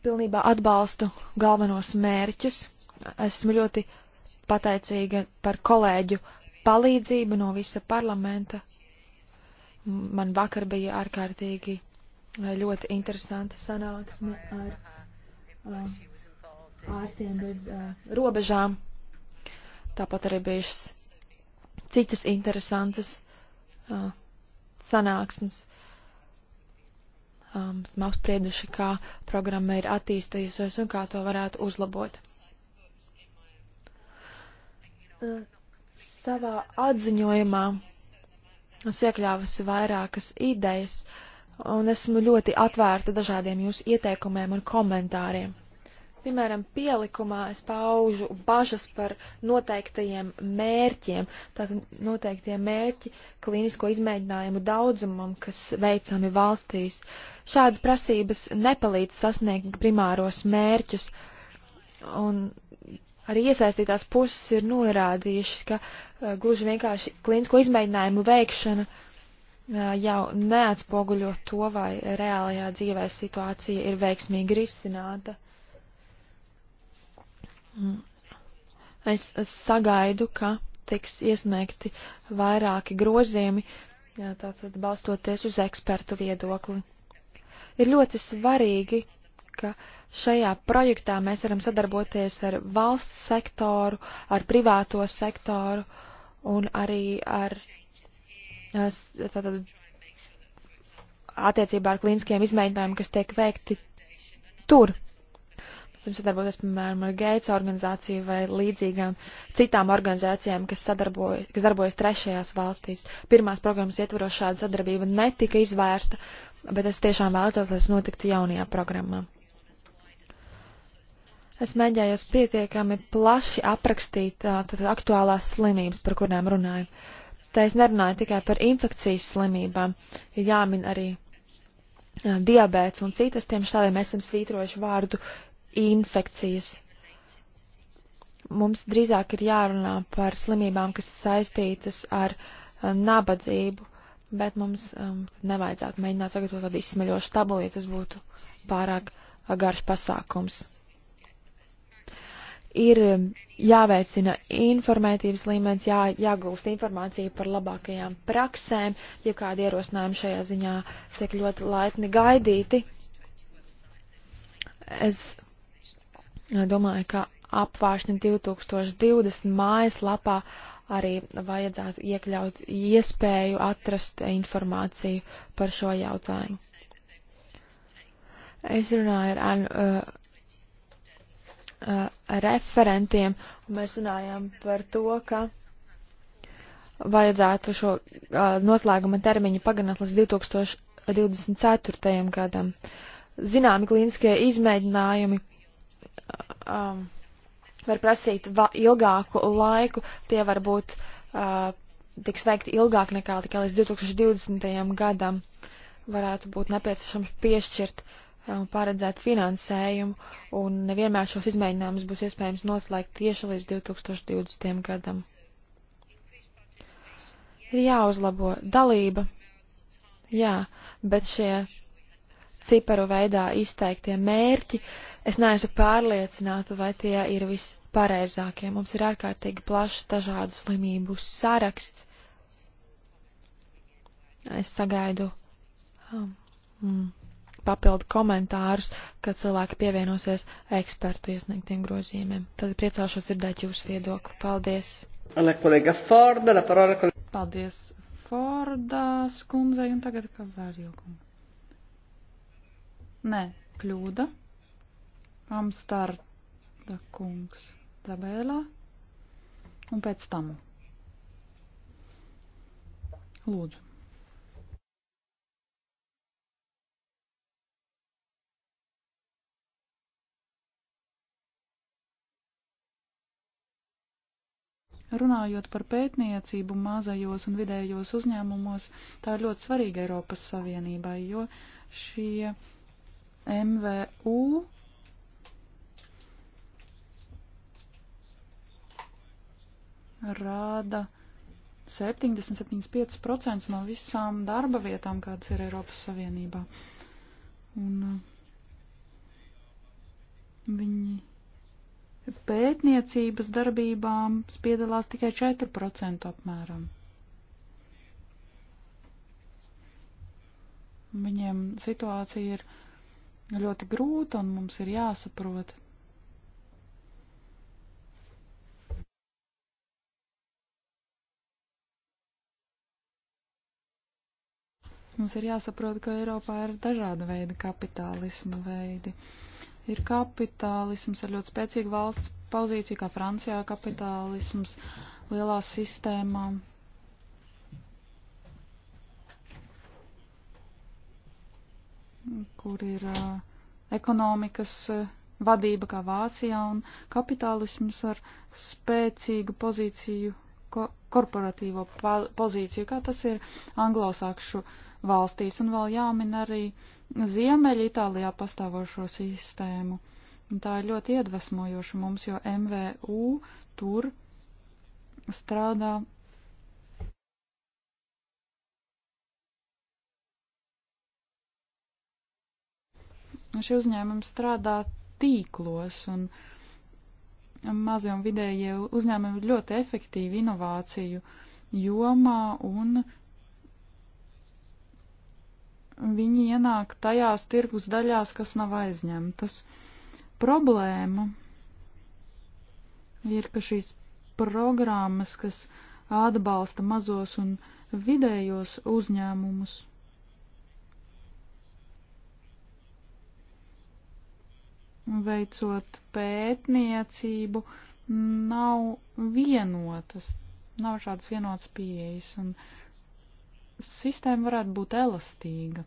pilnībā atbalstu galvenos mērķus. Esmu ļoti pateicīga par kolēģu palīdzību no visa parlamenta. Man vakar bija ārkārtīgi eh, ļoti interesanta sanāksme ar uh, ārstiem bez uh, robežām. Tāpat arī bijušas citas interesantas uh, sanāksmes. Um, esmu apsprieduši, kā programma ir attīstījusies un kā to varētu uzlabot. Uh, Savā atziņojumā es iekļāvusi vairākas idejas, un esmu ļoti atvērta dažādiem jūsu ieteikumiem un komentāriem. Piemēram, pielikumā es paužu bažas par noteiktajiem mērķiem, tātad noteiktie mērķi klīnisko izmēģinājumu daudzumam, kas veicami valstīs. Šādas prasības nepalīdz sasniegt primāros mērķus, un arī iesaistītās puses ir norādījušas, ka uh, gluži vienkārši klīnisko izmēģinājumu veikšana uh, jau neatspoguļo to, vai reālajā dzīvē situācija ir veiksmīgi risināta. Mm. Es, es sagaidu, ka tiks iesniegti vairāki grozījumi, eh, tātad balstoties uz ekspertu viedokli. Ir ļoti svarīgi ka šajā projektā mēs varam sadarboties ar valsts sektoru, ar privāto sektoru un arī ar eh, tātad, attiecībā ar klīniskiem izmēģinājumiem, kas tiek veikti tur. Mēs varam sadarboties, piemēram, ar Geits organizāciju vai līdzīgām citām organizācijām, kas, kas darbojas trešajās valstīs. Pirmās programmas ietvaros šāda sadarbība netika izvērsta, bet es tiešām vēlētos, lai tas notiktu jaunajā programmā. Es mēģinājos pietiekami plaši aprakstīt tātad, aktuālās slimības, par kurām runāju. Te es nerunāju tikai par infekcijas slimībām, ir jāmin arī diabēts un citas, tiem šādai mēs esam svītrojuši vārdu infekcijas. Mums drīzāk ir jārunā par slimībām, kas saistītas ar nabadzību, bet mums um, nevajadzētu mēģināt sagatavot tādu izsmeļošu tabulu, ja tas būtu pārāk garš pasākums ir um, jāveicina informētības līmenis, jā, jāgūst informācija par labākajām praksēm, ja kādi ierosinājumi šajā ziņā tiek ļoti laipni gaidīti. Es uh, domāju, ka apvāršņa 2020 mājaslapā arī vajadzētu iekļaut iespēju atrast informāciju par šo jautājumu. Es runāju ar ēnu uh, uh, referentiem, un mēs runājām par to, ka vajadzētu šo uh, noslēguma termiņu pagarināt līdz 2024. gadam. Zināmi klīniskie izmēģinājumi uh, um, var prasīt va ilgāku laiku, tie var būt uh, tiks veikti ilgāk nekā tikai līdz 2020. gadam. Varētu būt nepieciešams piešķirt uh, Um, paredzēt finansējumu, un nevienmēr šos izmēģinājumus būs iespējams noslēgt tieši līdz 2020. gadam. Ir jāuzlabo dalība, jā, bet šie ciparu veidā izteiktie mērķi, es neesmu pārliecināta, vai tie ir vispareizākie. Mums ir ārkārtīgi plašs dažādu slimību saraksts. Es sagaidu. Um, mm papildu komentārus, kad cilvēki pievienosies ekspertu iesniegtiem grozījumiem. Tad priecāšos dzirdēt jūsu viedokli. Paldies! Forda, parola... Paldies Forda skundzei un tagad kā vērjūkumu. Nē, kļūda. Amstarda kungs Zabēlā un pēc tam. Lūdzu. Runājot par pētniecību mazajos un vidējos uzņēmumos, tā ir ļoti svarīga Eiropas Savienībai, jo šie MVU rāda 70-75% no visām darba vietām, kādas ir Eiropas Savienībā. Un uh, viņi pētniecības darbībām piedalās tikai 4% apmēram. Viņiem situācija ir ļoti grūta un mums ir jāsaprot. Mums ir jāsaprot, ka Eiropā ir dažāda veida kapitālisma veidi. Uh, ir kapitālisms ar ļoti spēcīgu valsts pozīciju, kā Francijā kapitālisms lielā sistēmā. kur ir uh, ekonomikas uh, vadība kā Vācijā un kapitālisms ar spēcīgu pozīciju, ko, korporatīvo pozīciju, kā tas ir anglosākšu uh, valstīs, un vēl jāmin arī Ziemeļa Itālijā pastāvošo sistēmu. Un tā ir ļoti iedvesmojoša mums, jo MVU tur strādā šie uzņēmumi strādā tīklos, un mazie un vidējie uzņēmumi ir ļoti efektīvi inovāciju jomā, un viņi ienāk tajās tirgus daļās, kas nav aizņemtas. Problēma ir, ka šīs programmas, kas atbalsta mazos un vidējos uzņēmumus, veicot pētniecību, nav vienotas, nav šādas vienotas pieejas, un sistēma varētu būt elastīga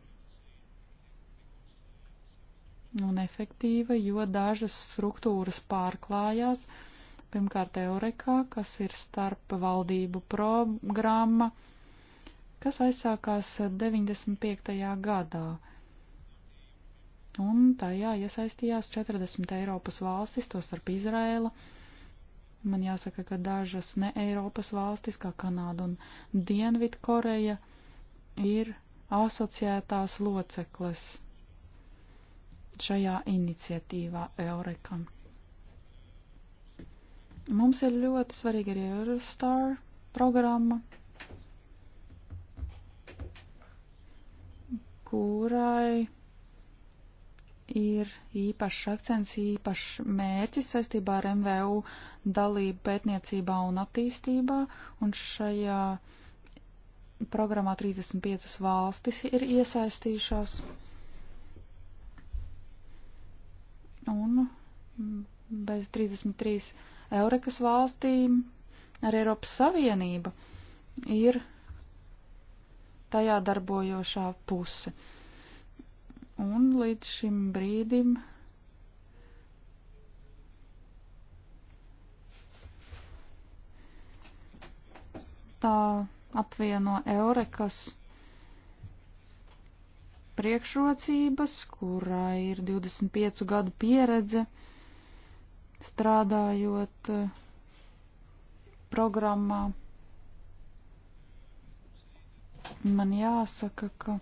un efektīva, jo dažas struktūras pārklājās. Pirmkārt, Eurekā, kas ir starp valdību programma, kas aizsākās 95. gadā. Un tajā iesaistījās 40 Eiropas valstis, to starp Izraela. Man jāsaka, ka dažas ne Eiropas valstis, kā Kanāda un Dienvidkoreja, Koreja ir asociētās locekles šajā iniciatīvā Eureka. Mums ir ļoti svarīga arī Eurostar programma, kurai ir īpašs akcents, īpašs mērķis saistībā ar MVU dalību pētniecībā un attīstībā, un šajā uh, programmā 35 valstis ir iesaistījušās. Un bez 33 Eurekas valstīm arī Eiropas Savienība ir tajā darbojošā puse. Un līdz šim brīdim tā apvieno Eurekas priekšrocības, kurai ir 25 gadu pieredze strādājot eh, programmā. Man jāsaka, ka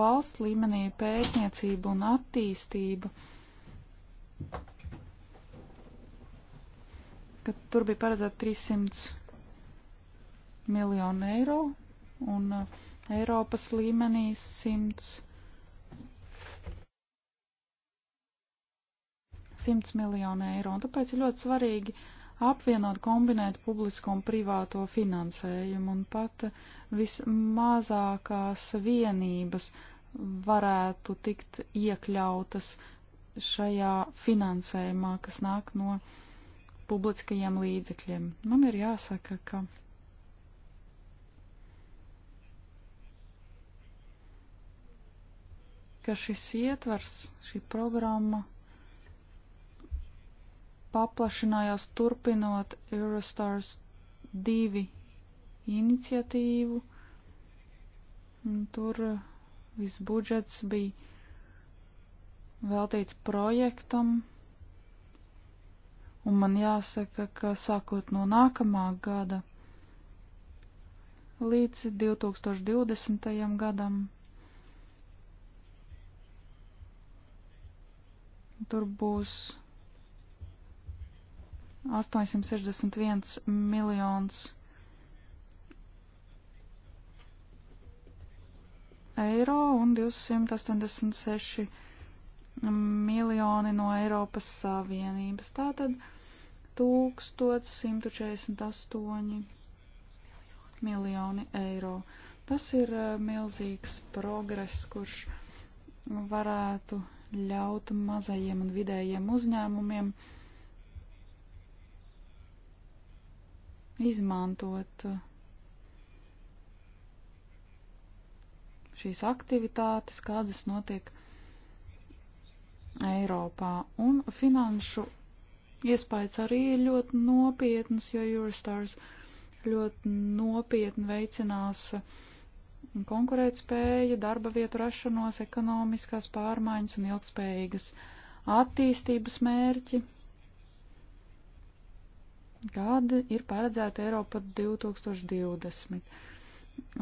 valsts līmenī pētniecība un attīstība, ka tur bija paredzēta 300 miljonu eiro un uh, Eiropas līmenī 100, 100 miljonu eiro. Un tāpēc ir ļoti svarīgi apvienot, kombinēt publisko un privāto finansējumu un pat vismazākās vienības varētu tikt iekļautas šajā finansējumā, kas nāk no publiskajiem līdzekļiem. Man ir jāsaka, ka ka šis ietvers, šī programma paplašinājās turpinot Eurostars 2 iniciatīvu. Tur uh, viss budžets bija veltīts projektam, un man jāsaka, ka sākot no nākamā gada līdz 2020. gadam Tur būs 861 miljons eiro un 286 miljoni no Eiropas Savienības. Tātad 1148 miljoni eiro. Tas ir eh, milzīgs progress, kurš varētu ļaut mazajiem un vidējiem uzņēmumiem izmantot uh, šīs aktivitātes, kādas notiek Eiropā. Un finanšu iespējas arī ir ļoti nopietnas, jo Eurostars ļoti nopietni veicinās uh, konkurētspēja, darba vietu rašanos, ekonomiskās pārmaiņas un ilgspējīgas attīstības mērķi, kāda ir paredzēta Eiropa 2020.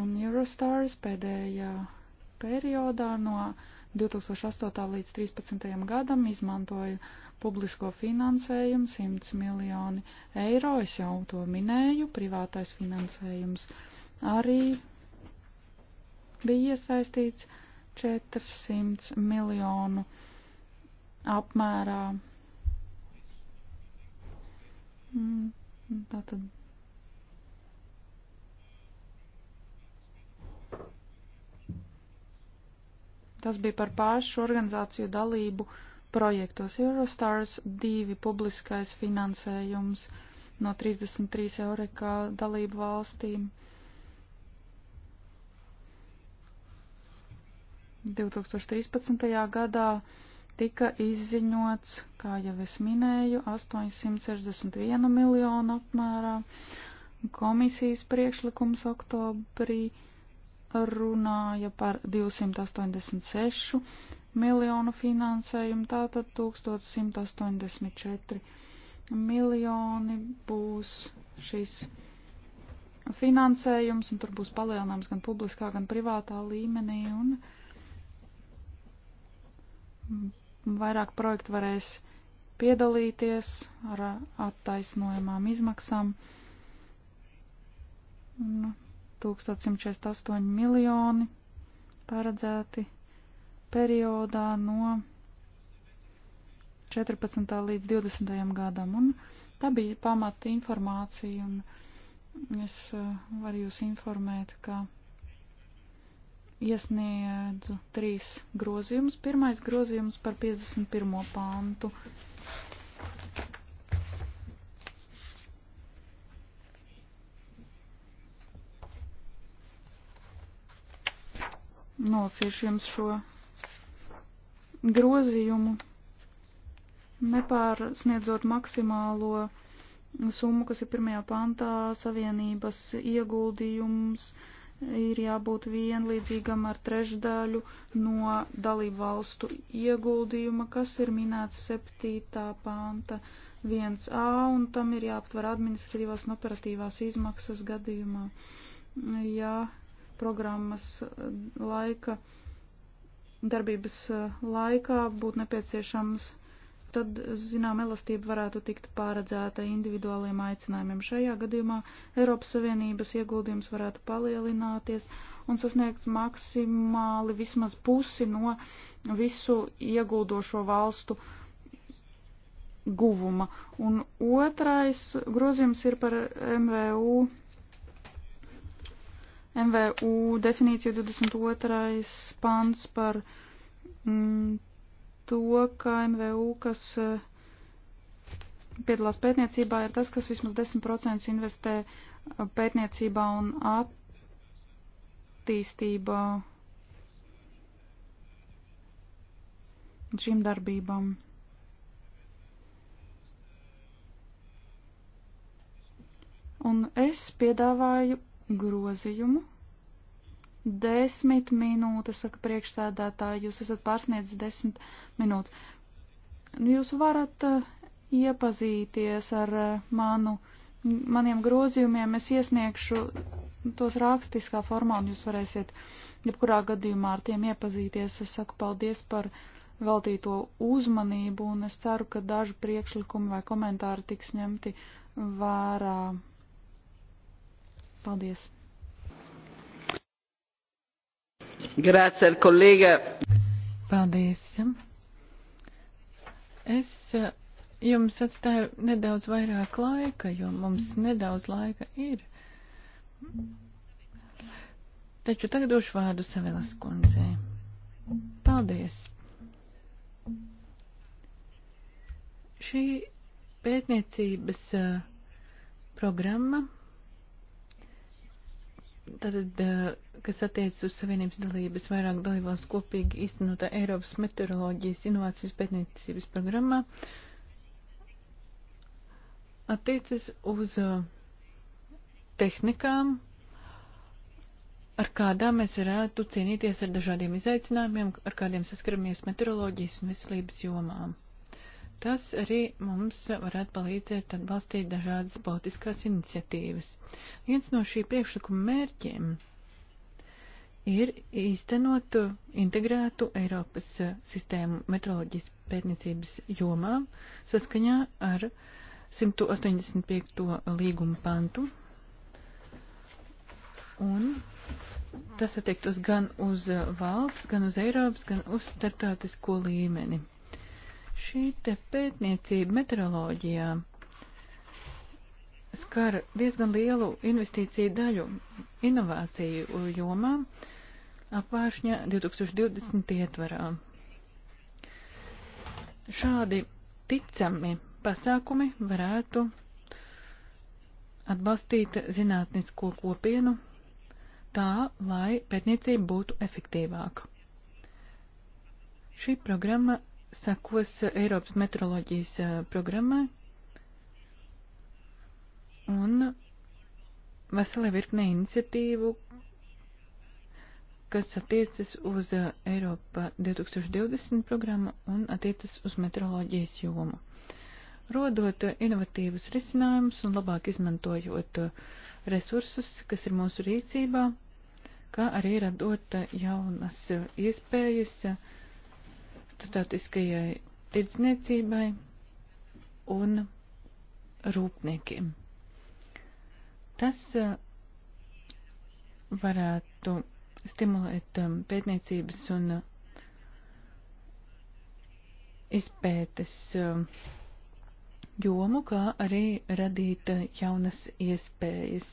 Un Eurostars pēdējā periodā no 2008. līdz 2013. gadam izmantoja publisko finansējumu 100 miljoni eiro, es jau to minēju, privātais finansējums arī bija iesaistīts 400 miljonu apmērā. Mm, tātad. Tas bija par pašu organizāciju dalību projektos Eurostars 2 publiskais finansējums no 33 euro kā dalību valstīm. 2013. gadā tika izziņots, kā jau es minēju, 861 miljonu apmērā. Komisijas priekšlikums oktobrī runāja par 286 miljonu finansējumu, tātad 1184 miljoni būs šis finansējums, un tur būs palielinājums gan publiskā, gan privātā līmenī. Un, uh, Mm, vairāk projektu varēs piedalīties ar attaisnojumām izmaksām. 1148 miljoni paredzēti periodā no 14. līdz 20. gadam. Un tā bija pamata informācija, un es eh, varu jūs informēt, ka iesniedzu trīs grozījumus. Pirmais grozījums par 51. pāntu. Nolasīšu jums šo grozījumu, nepārsniedzot maksimālo summu, kas ir pirmajā pantā, savienības ieguldījums, uh, ir jābūt vienlīdzīgam ar trešdaļu no dalību valstu ieguldījuma, kas ir minēts 7. panta 1a, un tam ir jāaptver administratīvās un operatīvās izmaksas gadījumā, ja programmas eh, laika, darbības eh, laikā būtu nepieciešams tad, zinām, elastība varētu tikt pāredzēta individuāliem aicinājumiem. Šajā gadījumā Eiropas Savienības ieguldījums varētu palielināties un sasniegt maksimāli vismaz pusi no visu ieguldošo valstu guvuma. Un otrais grozījums ir par MVU. MVU definīciju 22. pants par mm, to, ka MVU, kas eh, piedalās pētniecībā, ir tas, kas vismaz 10% investē eh, pētniecībā un attīstībā šīm darbībām. Un es piedāvāju grozījumu Desmit minūtes, saka priekšsēdētāji, jūs esat pārsniedzis desmit minūtes. Nu, jūs varat eh, iepazīties ar eh, manu, maniem grozījumiem, es iesniegšu tos rakstiskā formā, un jūs varēsiet jebkurā gadījumā ar tiem iepazīties. Es saku paldies par veltīto uzmanību, un es ceru, ka daži priekšlikumi vai komentāri tiks ņemti vērā. Paldies! Grāts ar kolēģa. Paldies. Es eh, jums atstāju nedaudz vairāk laika, jo mums nedaudz laika ir. Taču tagad došu vārdu Savelas kundzei. Paldies! Šī pētniecības eh, programma Tātad, eh, kas attiecas uz Savienības dalības vairāk dalībvalstu kopīgi īstenotā Eiropas meteoroloģijas inovācijas pētniecības programmā, attiecas uz eh, tehnikām, ar kādām mēs varētu cīnīties ar dažādiem izaicinājumiem, ar kādiem saskaramies meteoroloģijas un veselības jomām. Tas arī mums varētu palīdzēt atbalstīt dažādas politiskās iniciatīvas. Viens no šī priekšlikuma mērķiem ir īstenot integrētu Eiropas sistēmu metroloģijas pētniecības jomā saskaņā ar 185. līguma pantu. Un tas attiektos gan uz valsts, gan uz Eiropas, gan uz starptautisko līmeni. Šī te pētniecība meteoroloģijā skar diezgan lielu investīciju daļu inovāciju jomā apvāršņa 2020 ietvarā. Šādi ticami pasākumi varētu atbalstīt zinātnisko kopienu tā, lai pētniecība būtu efektīvāka. Šī programma sakos Eiropas metroloģijas eh, programmai un vesela virkne iniciatīvu, kas attiecas uz eh, Eiropa 2020 programmu un attiecas uz metroloģijas jomu. Rodot eh, inovatīvus risinājumus un labāk izmantojot resursus, kas ir mūsu rīcībā, kā arī radot jaunas iespējas, uh, starptautiskajai tirdzniecībai un rūpniekiem. Tas eh, varētu stimulēt eh, pētniecības un eh, izpētes jomu, kā arī radīt jaunas iespējas.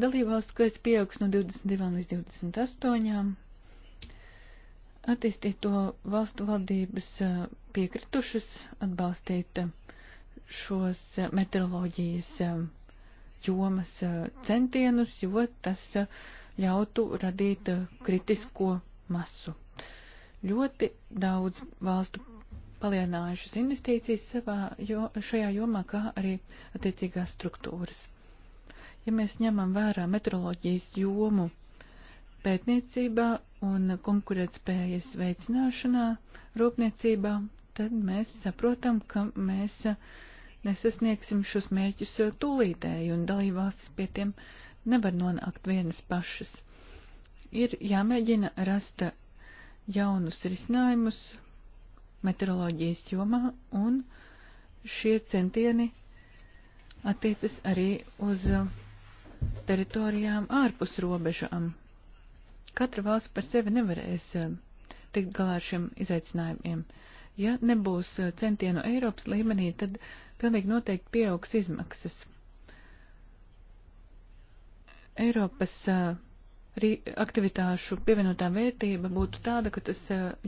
Dalībvalstu skaits pieaugs no 22 līdz 28 attīstīto valstu valdības piekritušas atbalstīt šos meteoroloģijas jomas centienus, jo tas ļautu radīt kritisko masu. Ļoti daudz valstu palielinājušas investīcijas savā, jo, šajā jomā, kā arī attiecīgās struktūras. Ja mēs ņemam vērā meteoroloģijas jomu pētniecībā, un konkurētspējas veicināšanā rūpniecībā, tad mēs saprotam, ka mēs nesasniegsim šos mērķus tūlītēji, un dalībvalstis pie tiem nevar nonākt vienas pašas. Ir jāmēģina rast jaunus risinājumus meteoroloģijas jomā, un šie centieni attiecas arī uz teritorijām ārpus robežām. Katra valsts par sevi nevarēs eh, tikt galā ar šiem izaicinājumiem. Ja nebūs eh, centienu Eiropas līmenī, tad pilnīgi noteikti pieaugs izmaksas. Eiropas eh, aktivitāšu pievienotā vērtība būtu tāda, ka tas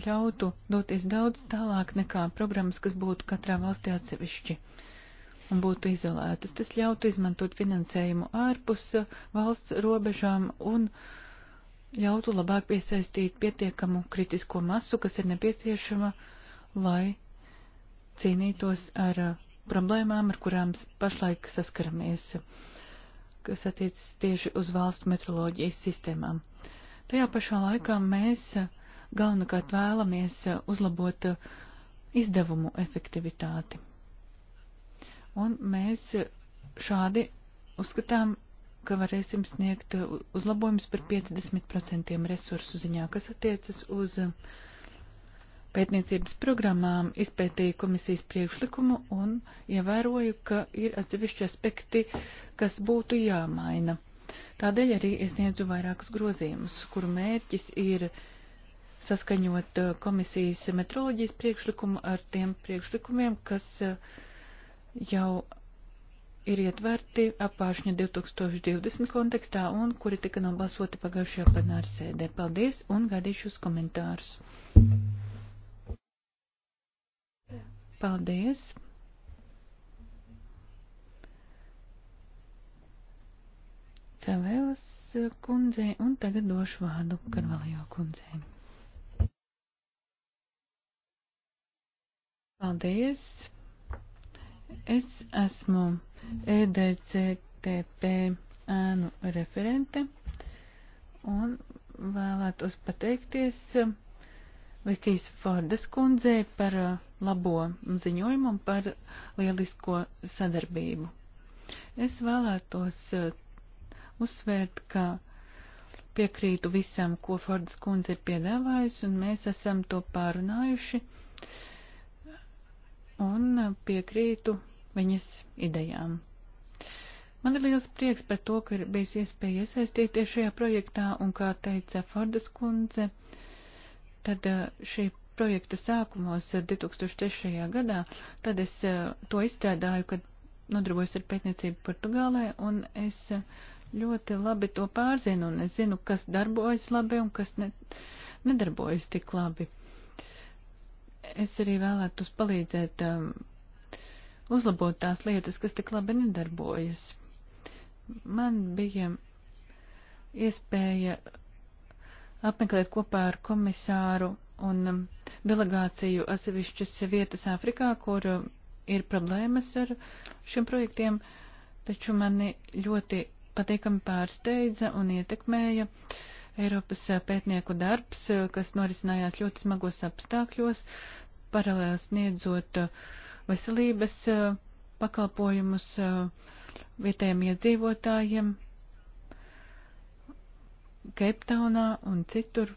ļautu doties daudz tālāk nekā programmas, kas būtu katrā valstī atsevišķi un būtu izolētas. Tas ļautu izmantot finansējumu ārpus valsts robežām un uh, ļautu labāk piesaistīt pietiekamu kritisko masu, kas ir nepieciešama, lai cīnītos ar uh, problēmām, ar kurām pašlaik saskaramies, kas attiecas tieši uz valstu metroloģijas sistēmām. Tajā pašā laikā mēs uh, galvenokārt vēlamies uh, uzlabot izdevumu efektivitāti. Un mēs šādi uzskatām ka varēsim sniegt uh, uzlabojumus par 50% resursu ziņā, kas attiecas uz uh, pētniecības programmām, izpētīju komisijas priekšlikumu un ievēroju, ka ir atsevišķi aspekti, kas būtu jāmaina. Tādēļ arī iesniedzu vairākus grozījumus, kuru mērķis ir saskaņot uh, komisijas metroloģijas priekšlikumu ar tiem priekšlikumiem, kas jau ir ietverti apvāršņa 2020 kontekstā un kuri tika nobalsoti pagājušajā plenārsēdē. Paldies un gaidīšu uz komentārus. Paldies. Cavēlas kundzei un tagad došu vārdu Karvalajo kundzei. Paldies. Es esmu EDCTP ēnu referente un vēlētos pateikties Vikijas Fordas kundzei par uh, labo ziņojumu un par lielisko sadarbību. Es vēlētos uh, uzsvērt, ka piekrītu visam, ko Fordas kundze ir piedāvājusi, un mēs esam to pārunājuši. Uh, un piekrītu viņas idejām. Man ir liels prieks par to, ka ir bijusi iespēja iesaistīties šajā projektā, un kā teica Fordas kundze, tad eh, šī projekta sākumos 2003. Eh, gadā, tad es eh, to izstrādāju, kad nodarbojos ar pētniecību Portugālē, un es ļoti labi to pārzinu, un es zinu, kas darbojas labi un kas ne, nedarbojas tik labi. Es arī vēlētos palīdzēt um, uzlabot tās lietas, kas tik labi nedarbojas. Man bija iespēja apmeklēt kopā ar komisāru un um, delegāciju atsevišķas vietas Āfrikā, kur um, ir problēmas ar šiem projektiem, taču mani ļoti patīkami pārsteidza un ietekmēja uh, Eiropas eh, pētnieku darbs, eh, kas norisinājās ļoti smagos apstākļos, paralēli sniedzot eh, veselības pakalpojumus vietējiem iedzīvotājiem Keiptaunā un citur.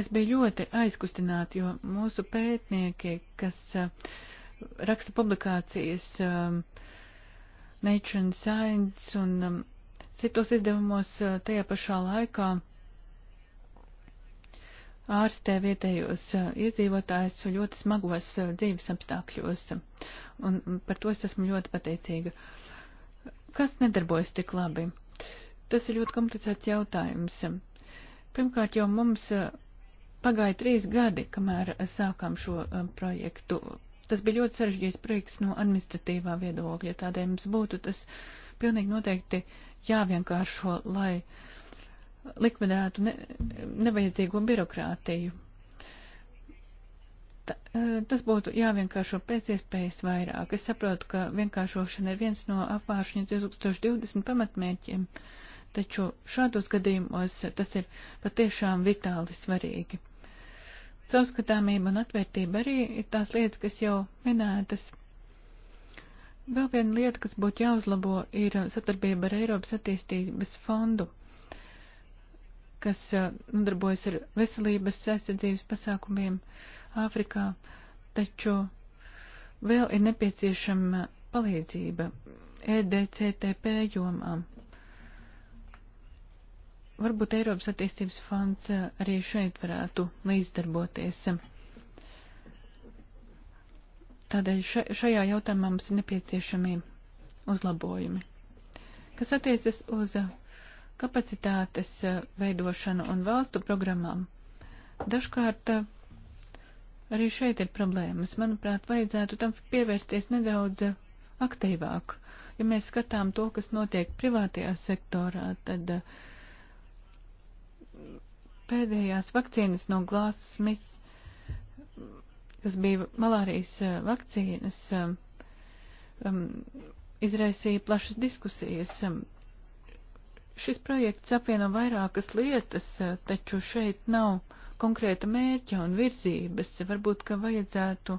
Es biju ļoti aizkustināta, jo mūsu pētnieki, kas raksta publikācijas Nature and Science un citos izdevumos eh, tajā pašā laikā ārstē vietējos eh, iedzīvotājus ļoti smagos eh, dzīves apstākļos. Un par to es esmu ļoti pateicīga. Kas nedarbojas tik labi? Tas ir ļoti komplicēts jautājums. Pirmkārt, jau mums pagāja trīs gadi, kamēr sākām šo projektu. Tas bija ļoti sarežģīts projekts no administratīvā viedokļa, tādēļ mums būtu tas uh, pilnīgi noteikti jāvienkāršo, lai likvidētu ne, nevajadzīgo birokrātiju. Ta, e, tas būtu jāvienkāršo pēc iespējas vairāk. Es saprotu, ka vienkāršošana ir viens no apvāršņa 2020 pamatmērķiem, taču šādos gadījumos tas ir patiešām vitāli svarīgi. Caurskatāmība un atvērtība arī ir tās lietas, kas jau minētas Vēl viena lieta, kas būtu jāuzlabo, ir sadarbība ar Eiropas attīstības fondu, kas nodarbojas ar veselības aizsardzības pasākumiem Āfrikā, taču vēl ir nepieciešama palīdzība EDCTP jomā. Varbūt Eiropas attīstības fonds arī šeit varētu līdzdarboties. Tādēļ šajā jautājumā mums ir nepieciešami uzlabojumi. Kas attiecas uz kapacitātes veidošanu un valstu programmām, dažkārt arī šeit ir problēmas. Manuprāt, vajadzētu tam pievērsties nedaudz aktīvāk. Ja mēs skatām to, kas notiek privātajā sektorā, tad pēdējās vakcīnas no glāzes mis kas bija malārijas eh, vakcīnas, eh, um, izraisīja plašas diskusijas. Um, šis projekts apvieno vairākas lietas, eh, taču šeit nav konkrēta mērķa un virzības. Varbūt, ka vajadzētu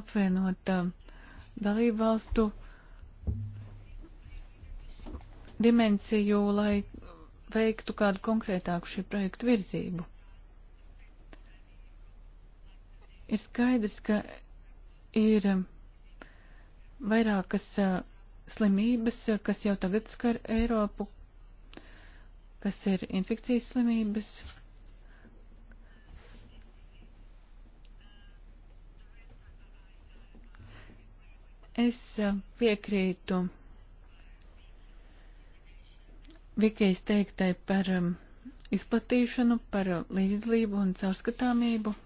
apvienot dalību valstu dimensiju, lai veiktu kādu konkrētāku šī projekta virzību. Ir skaidrs, ka ir um, vairākas uh, slimības, uh, kas jau tagad skar Eiropu, kas ir infekcijas slimības. Es uh, piekrītu Vikijas teiktai par um, izplatīšanu, par līdzdalību un caurskatāmību.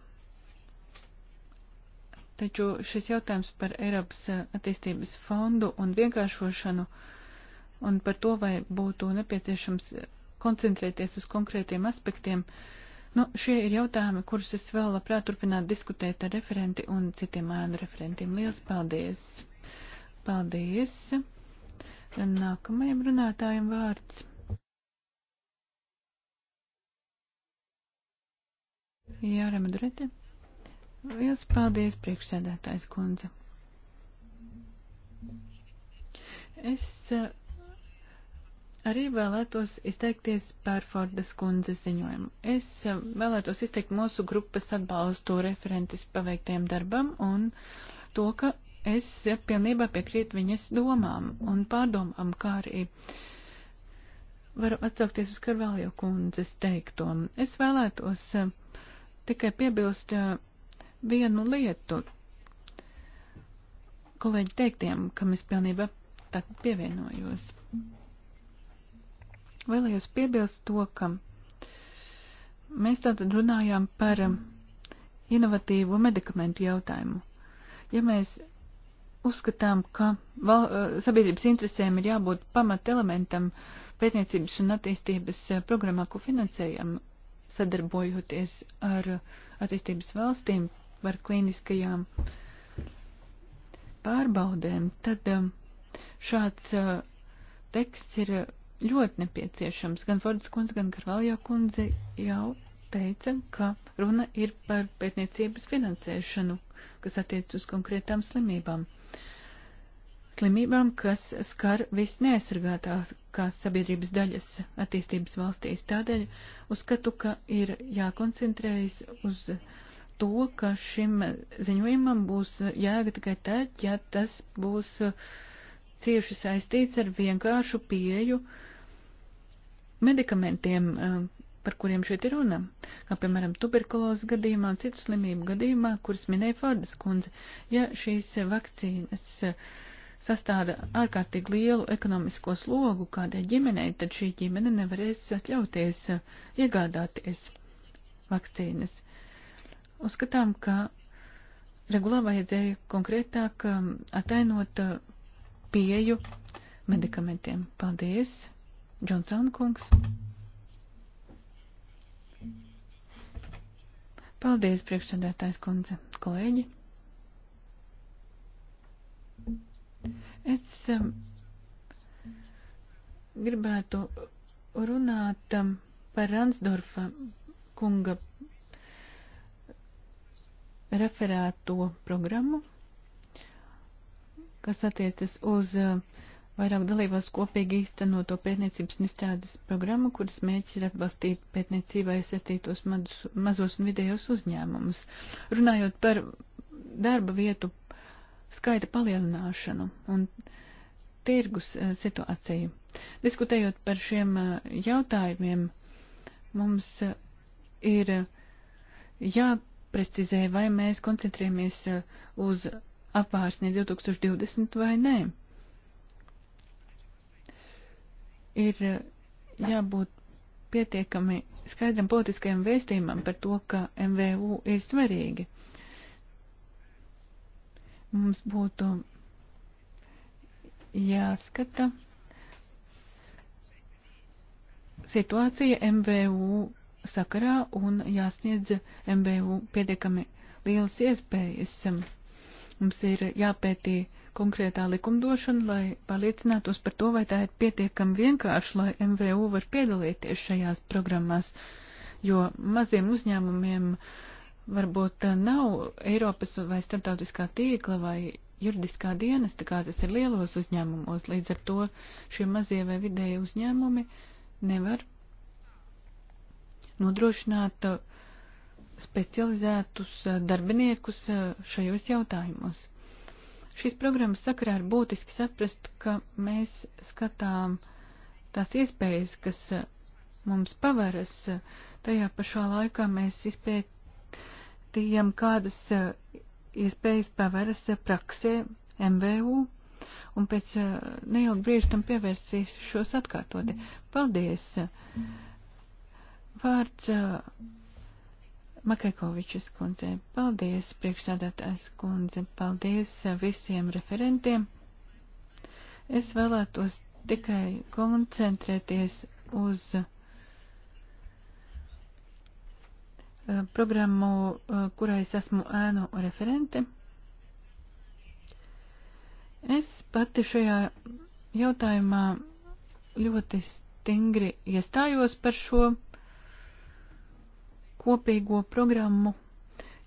Taču šis jautājums par Eiropas eh, attīstības fondu un vienkāršošanu un par to, vai būtu nepieciešams eh, koncentrēties uz konkrētiem aspektiem, nu, šie ir jautājumi, kurus es vēl labprāt turpināt diskutēt ar referenti un citiem ēnu referentiem. Lielas paldies! Paldies! Nākamajam runātājam vārds. Jāra Madurete. Liels paldies, priekšsēdētājs kundze. Es eh, arī vēlētos izteikties par Fordas kundzes ziņojumu. Es eh, vēlētos izteikt mūsu grupas atbalstu referentis paveiktajam darbam un to, ka es eh, pilnībā piekrītu viņas domām un pārdomām, kā arī varu atsaukties uz Karvaljo kundzes teikto. Es vēlētos tikai piebilst vienu lietu kolēģi teiktiem, kam es pilnībā tā pievienojos. Vēlējos piebilst to, ka mēs tātad runājām par um, inovatīvu medikamentu jautājumu. Ja mēs uzskatām, ka val, uh, sabiedrības interesēm ir jābūt pamat elementam pētniecības un attīstības uh, programmā, ko finansējam, sadarbojoties ar attīstības valstīm, par klīniskajām pārbaudēm, tad um, šāds uh, teksts ir uh, ļoti nepieciešams. Gan Fordas kundze, gan Karvaljo kundze jau teica, ka runa ir par pētniecības finansēšanu, kas attiec uz konkrētām slimībām. Slimībām, kas skar visneaizsargātākās sabiedrības daļas attīstības valstīs. Tādēļ uzskatu, ka ir jākoncentrējas uz to, ka šim ziņojumam būs jēga tikai tad, ja tas būs cieši saistīts ar vienkāršu pieju medikamentiem, eh, par kuriem šeit ir runa, kā piemēram tuberkulozes gadījumā un citu slimību gadījumā, kuras minēja Fordas kundze, ja šīs vakcīnas sastāda ārkārtīgi lielu ekonomisko slogu kādai ģimenei, tad šī ģimene nevarēs atļauties eh, iegādāties vakcīnas uzskatām, ka regulā vajadzēja konkrētāk um, atainot uh, pieju medikamentiem. Paldies, Džonsona kungs. Paldies, priekšsēdētājs kundze, kolēģi. Es um, gribētu runāt um, par Ransdorfa kunga referēto programmu, kas attiecas uz eh, vairāk dalībās kopīgi īstenoto pētniecības un izstrādes programmu, kuras mērķis ir atbalstīt pētniecībai saistītos mazos un vidējos uzņēmumus. Runājot par darba vietu skaita palielināšanu un tirgus eh, situāciju. Diskutējot par šiem eh, jautājumiem, mums ir jākonstatē, jāprecizē, vai mēs koncentrējamies uh, uz apvārsni 2020 vai nē. Ir uh, jābūt pietiekami skaidram politiskajam vēstījumam par to, ka MVU ir svarīgi. Mums būtu jāskata situācija MVU sakarā un jāsniedz MBU pietiekami lielas iespējas. Mums ir jāpētī konkrētā likumdošana, lai pārliecinātos par to, vai tā ir pietiekami vienkārši, lai MVU var piedalīties šajās programmās, jo maziem uzņēmumiem varbūt nav Eiropas vai starptautiskā tīkla vai juridiskā dienesta, kā tas ir lielos uzņēmumos, līdz ar to šie mazie vai vidēji uzņēmumi nevar nodrošināt uh, specializētus uh, darbiniekus uh, šajos jautājumos. Šīs programmas sakarā ir būtiski saprast, ka mēs skatām tās iespējas, kas mums paveras. Tajā pašā laikā mēs izpētījam, kādas iespējas paveras praksē MVU, un pēc neilga brīža tam pievērsīšos atkārtoti. Paldies! Mm. Vārds uh, Makakovičas kundze. Paldies, priekšsādātājs kundze. Paldies uh, visiem referentiem. Es vēlētos tikai koncentrēties uz uh, programmu, uh, kurai es esmu ēnu referente. Es pati šajā jautājumā ļoti stingri iestājos par šo kopīgo programmu,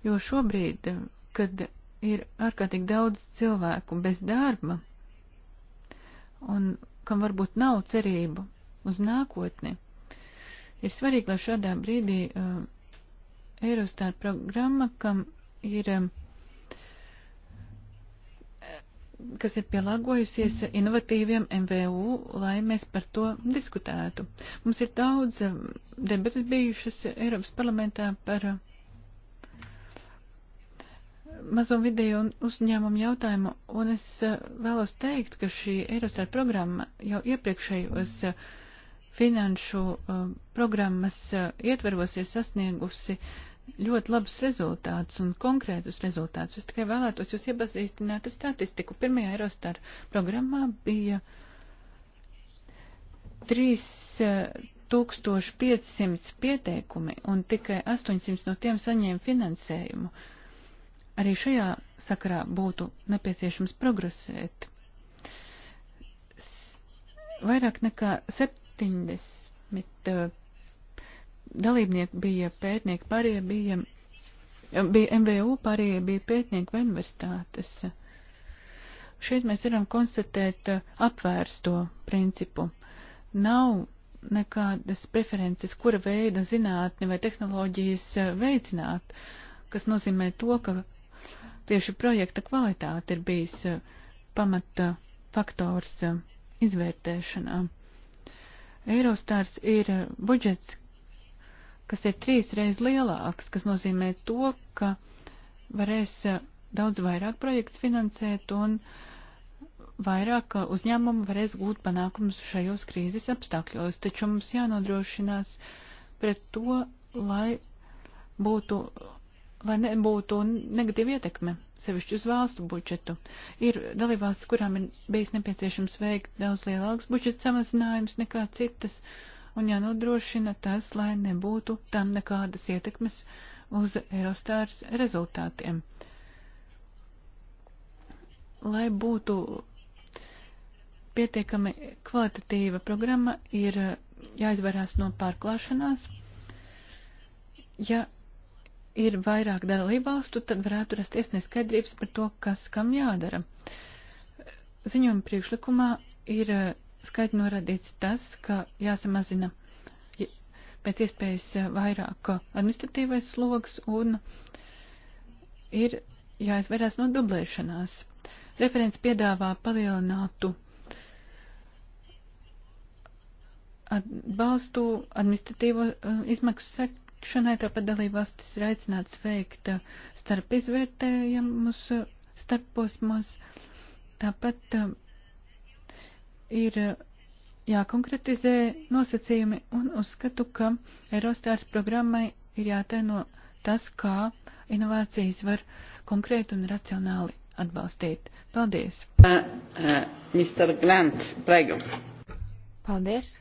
jo šobrīd, kad ir ārkārtīgi daudz cilvēku bez darba un kam varbūt nav cerību uz nākotni, ir svarīgi, lai šādā brīdī uh, Eurostar programma, kam ir um, kas ir pielāgojusies inovatīviem MVU, lai mēs par to diskutētu. Mums ir daudz um, debatas bijušas Eiropas parlamentā par um, mazo video un uzņēmumu jautājumu, un es uh, vēlos teikt, ka šī Eirostar programma jau iepriekšējos uh, finanšu uh, programmas ietveros ir sasniegusi uh, ļoti labus rezultātus un konkrētus rezultātus. Es tikai vēlētos jūs iepazīstināt ar statistiku. Pirmajā Eurostar programmā bija 3500 pieteikumi un tikai 800 no tiem saņēma finansējumu. Arī šajā sakarā būtu nepieciešams progresēt. Vairāk nekā 70 dalībnieki bija pētnieki, pārējie bija, bija MVU, pārējie bija pētnieki vai universitātes. Šeit mēs varam konstatēt uh, apvērsto principu. Nav nekādas preferences, kura veida zinātni vai tehnoloģijas uh, veicināt, kas nozīmē to, ka tieši projekta kvalitāte ir bijis uh, pamata faktors izvērtēšanā. Eurostars ir budžets, kas ir trīsreiz lielāks, kas nozīmē to, ka varēs eh, daudz vairāk projekts finansēt un vairāk eh, uzņēmumu varēs gūt panākumus šajos krīzes apstākļos. Taču mums jānodrošinās pret to, lai būtu lai nebūtu negatīva ietekme, sevišķi uz valstu budžetu. Ir dalībvalstis, kurām ir bijis nepieciešams veikt daudz lielāks budžeta samazinājums nekā citas. Uh, un jānodrošina tas, lai nebūtu tam nekādas ietekmes uz Eurostārs rezultātiem. Lai būtu pietiekami kvalitatīva programma, ir jāizvairās no pārklāšanās. Ja ir vairāk dalībvalstu, tad varētu rasties neskaidrības par to, kas kam jādara. Ziņojuma priekšlikumā ir skaidri norādīts tas, ka jāsamazina pēc iespējas e, vairāk administratīvais sloks un ir jāizvairās no dublēšanās. Referents piedāvā palielinātu atbalstu administratīvo e, izmaksu sekšanai, tāpat dalībvalstis ir aicināts veikt e, starp izvērtējumus, starp posmos, tāpat ir eh, jākonkretizē nosacījumi un uzskatu, ka Eurostārs programmai ir jātaino tas, kā inovācijas var konkrēti un racionāli atbalstīt. Paldies! Uh, eh, uh, eh, Mr. Glants, prego. Paldies!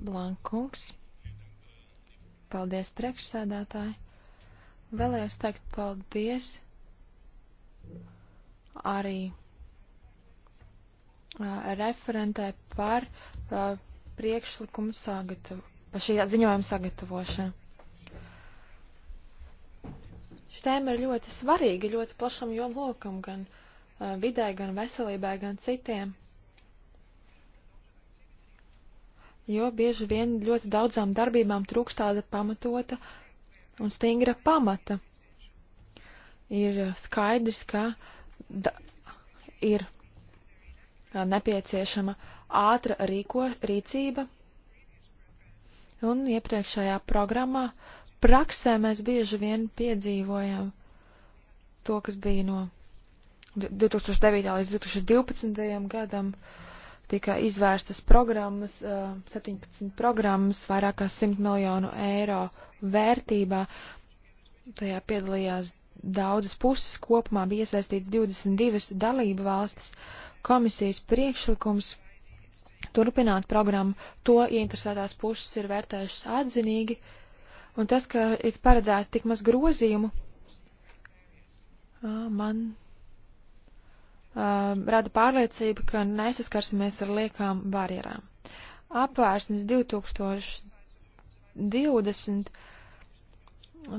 Blankungs. Paldies, priekšsēdētāji. Vēlējos teikt paldies arī referentē par priekšlikumu sagatavo, par šī ziņojuma sagatavošanu. Šī tēma ir ļoti svarīga, ļoti plašam jomlokam, gan vidē, gan veselībai, gan citiem. Jo bieži vien ļoti daudzām darbībām trūkst tāda pamatota un stingra pamata. Ir skaidrs, ka da, ir nepieciešama ātra rīko, rīcība. Un iepriekšējā programmā praksē mēs bieži vien piedzīvojam to, kas bija no 2009. līdz 2012. gadam. Tika izvērstas programmas, 17 programmas, vairāk kā 100 miljonu eiro vērtībā. Tajā piedalījās daudzas puses, kopumā bija iesaistīts 22 dalību valstis. Uh, komisijas priekšlikums turpināt programmu, to ieinteresētās puses ir vērtējušas atzinīgi, un tas, ka ir paredzēta tik maz grozījumu, man uh, rada pārliecība, ka nesaskarsimies ar liekām barjerām. Apvērsnes 2020,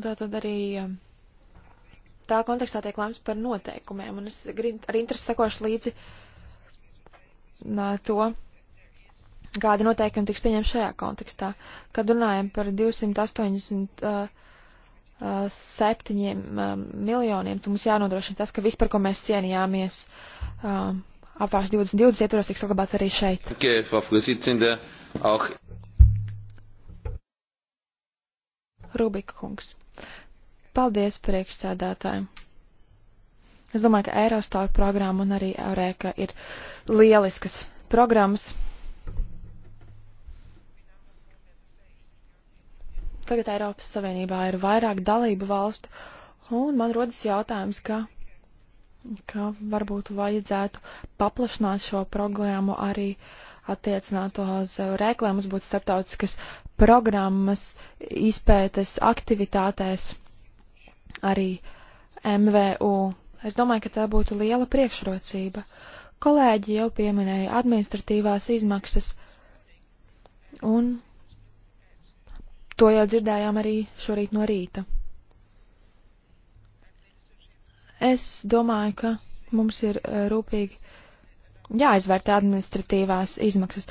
tātad arī uh, tā kontekstā tiek lēmts par noteikumiem, un es arī interesēkošu līdzi uh, to, kādi noteikumi tiks pieņemti šajā kontekstā. Kad runājam par 287 miljoniem, tad mums jānodrošina tas, ka viss, par ko mēs cienījāmies, apvārš 2020 ietvaros tiks saglabāts arī šeit. Rubika kungs. Paldies priekšsēdētājiem. Es domāju, ka Eurostāla programma un arī Eureka ir lieliskas programmas. Tagad Eiropas Savienībā ir vairāk dalību valstu, un man rodas jautājums, ka, ka varbūt vajadzētu paplašināt šo programmu arī attiecināt uz rēkliem, mums būtu starptautiskas programmas, izpētes aktivitātēs, arī MVU Es domāju, ka tā būtu liela priekšrocība. Kolēģi jau pieminēja administratīvās izmaksas, un to jau dzirdējām arī šorīt no rīta. Es domāju, ka mums ir e, rūpīgi jāizvērtē administratīvās izmaksas.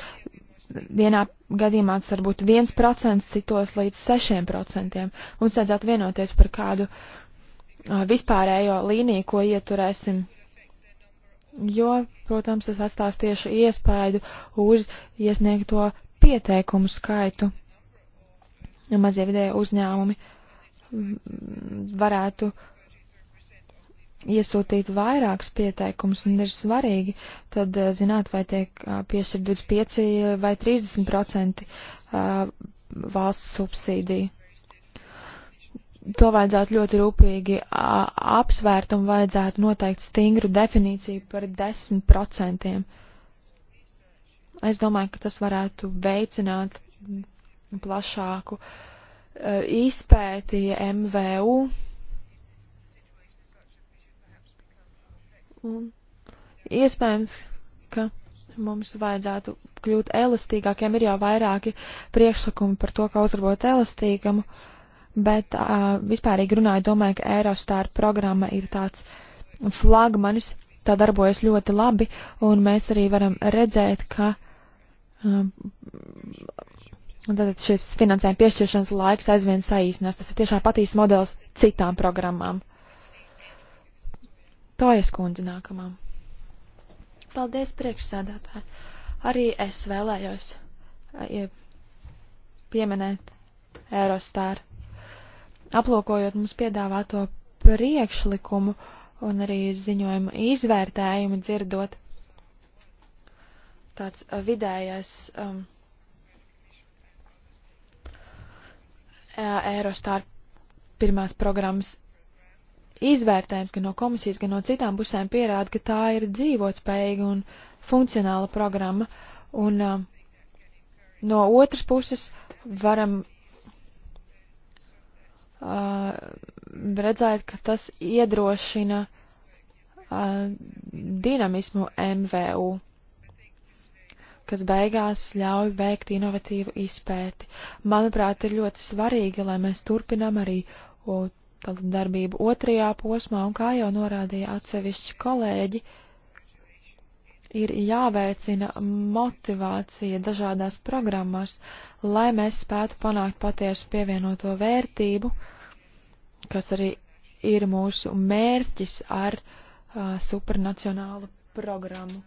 Vienā gadījumā tas var būt 1%, citos līdz 6%, un sēdzētu vienoties par kādu uh, vispārējo līniju, ko ieturēsim. Jo, protams, tas atstās tieši iespaidu uz iesniegto pieteikumu skaitu. Mazie vidēji uzņēmumi varētu iesūtīt vairākus pieteikumus un ir svarīgi tad zināt, vai tiek piešķirt 25 vai 30 procenti valsts subsīdiju to vajadzētu ļoti rūpīgi apsvērt un vajadzētu noteikt stingru definīciju par 10%. Es domāju, ka tas varētu veicināt plašāku uh, izpēti MVU. Un iespējams, ka mums vajadzētu kļūt elastīgākiem. Ir jau vairāki priekšlikumi par to, kā uzlabot elastīgumu. Uh, bet uh, vispārīgi runāju, domāju, ka Eurostar programma ir tāds flagmanis, tā darbojas ļoti labi, un mēs arī varam redzēt, ka uh, tātad šis finansējuma piešķiršanas laiks aizvien saīsinās. Tas ir tiešām patīs modelis citām programmām. Tojas kundze nākamā. Paldies, priekšsēdētāji. Arī es vēlējos pieminēt Eurostāru aplūkojot mums piedāvāto priekšlikumu un arī ziņojumu izvērtējumu dzirdot tāds uh, vidējais um, e, Eurostar pirmās programmas izvērtējums gan no komisijas, gan no citām pusēm pierāda, ka tā ir dzīvotspējīga un funkcionāla programma. Un um, no otras puses varam uh, redzēt, ka tas iedrošina uh, dinamismu MVU, kas beigās ļauj veikt inovatīvu izpēti. Manuprāt, ir ļoti svarīgi, lai mēs turpinām arī uh, darbību otrajā posmā, un kā jau norādīja atsevišķi kolēģi, uh, ir jāveicina motivācija dažādās programmās, lai mēs spētu panākt patiesu pievienoto vērtību, kas arī ir mūsu mērķis ar uh, supranacionālu programmu.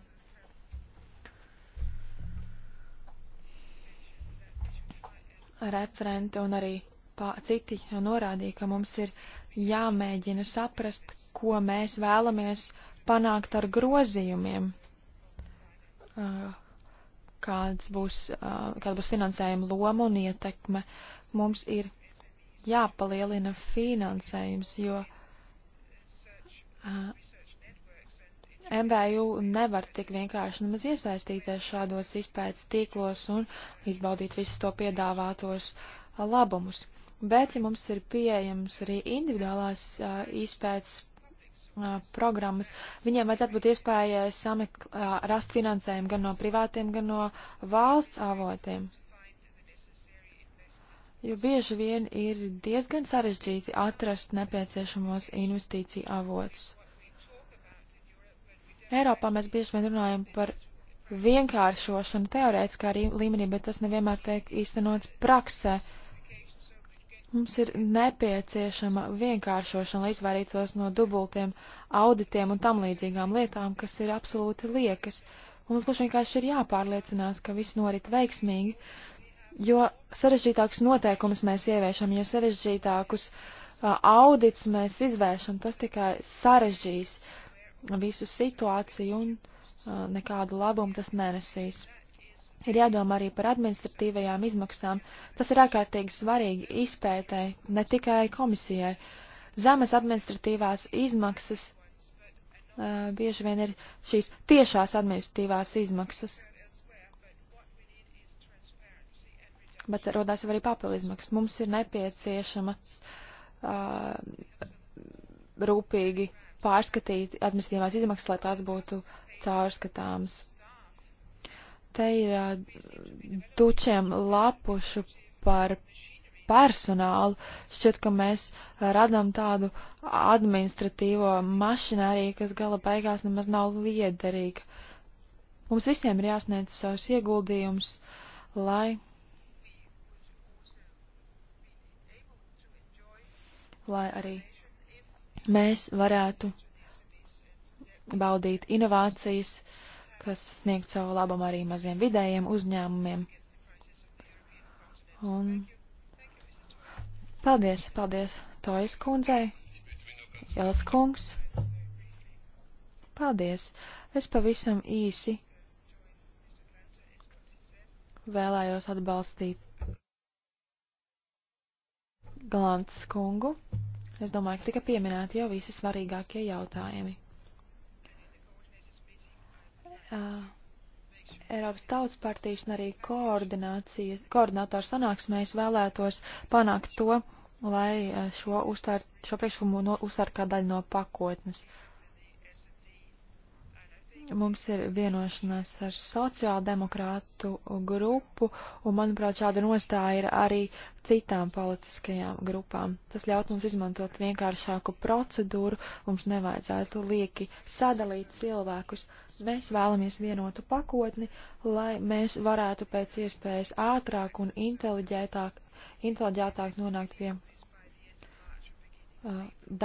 Referente un arī pā, citi norādīja, ka mums ir jāmēģina saprast, ko mēs vēlamies panākt ar grozījumiem Eh, kāds būs, eh, kāda būs finansējuma loma un ietekme. Mums ir jāpalielina finansējums, jo eh, MVU nevar tik vienkārši nemaz iesaistīties šādos izpētes tīklos un izbaudīt visus to piedāvātos labumus. Bet, ja mums ir pieejams arī individuālās izpētes programmas, viņiem vajadzētu būt iespējai samek, rast finansējumu gan no privātiem, gan no valsts avotiem. Jo bieži vien ir diezgan sarežģīti atrast nepieciešamos investīciju avotus. Eiropā mēs bieži vien runājam par vienkāršošanu teorētiskā līmenī, bet tas nevienmēr tiek īstenots praksē. Uh, Mums ir nepieciešama vienkāršošana, lai izvairītos no dubultiem auditiem un tam līdzīgām lietām, kas ir absolūti liekas. Mums gluži vienkārši ir jāpārliecinās, ka viss norit veiksmīgi, jo sarežģītākus noteikumus mēs ieviešam, jo sarežģītākus uh, audits mēs izvēršam, tas tikai sarežģīs visu situāciju un uh, nekādu labumu tas nenesīs. Ir jādomā arī par administratīvajām izmaksām. Tas ir ārkārtīgi svarīgi izpētēji, ne tikai komisijai. Zemes administratīvās izmaksas uh, bieži vien ir šīs tiešās administratīvās izmaksas. Bet rodās jau arī papildu izmaksas. Mums ir nepieciešamas uh, rūpīgi pārskatīt administratīvās izmaksas, lai tās būtu caurskatāmas te ir tučiem lapušu par personālu. Šķiet, ka mēs radām tādu administratīvo mašināriju, kas gala beigās nemaz nav liederīga. Mums visiem ir jāsniedz savus ieguldījumus, lai. lai arī mēs varētu baudīt inovācijas, uh, kas sniegtu savu labumu arī maziem vidējiem uzņēmumiem. Un paldies, paldies Tojas kundzei, Jels kungs. Paldies, es pavisam īsi vēlējos atbalstīt Glants kungu. Es domāju, ka tika pieminēti jau visi svarīgākie jautājumi uh, Eiropas Tautas partijas un arī koordinātoru sanāksmē es vēlētos panākt to, lai šo, uztvēr, šo priekšlikumu no, uztvērt kā daļu no pakotnes. Uh, Mums ir vienošanās ar sociāldemokrātu grupu, un, manuprāt, šāda nostāja ir arī citām politiskajām grupām. Tas ļaut mums izmantot vienkāršāku procedūru, mums nevajadzētu lieki sadalīt cilvēkus. Mēs vēlamies vienotu pakotni, lai mēs varētu pēc iespējas ātrāk un inteliģētāk, inteliģētāk nonākt pie uh,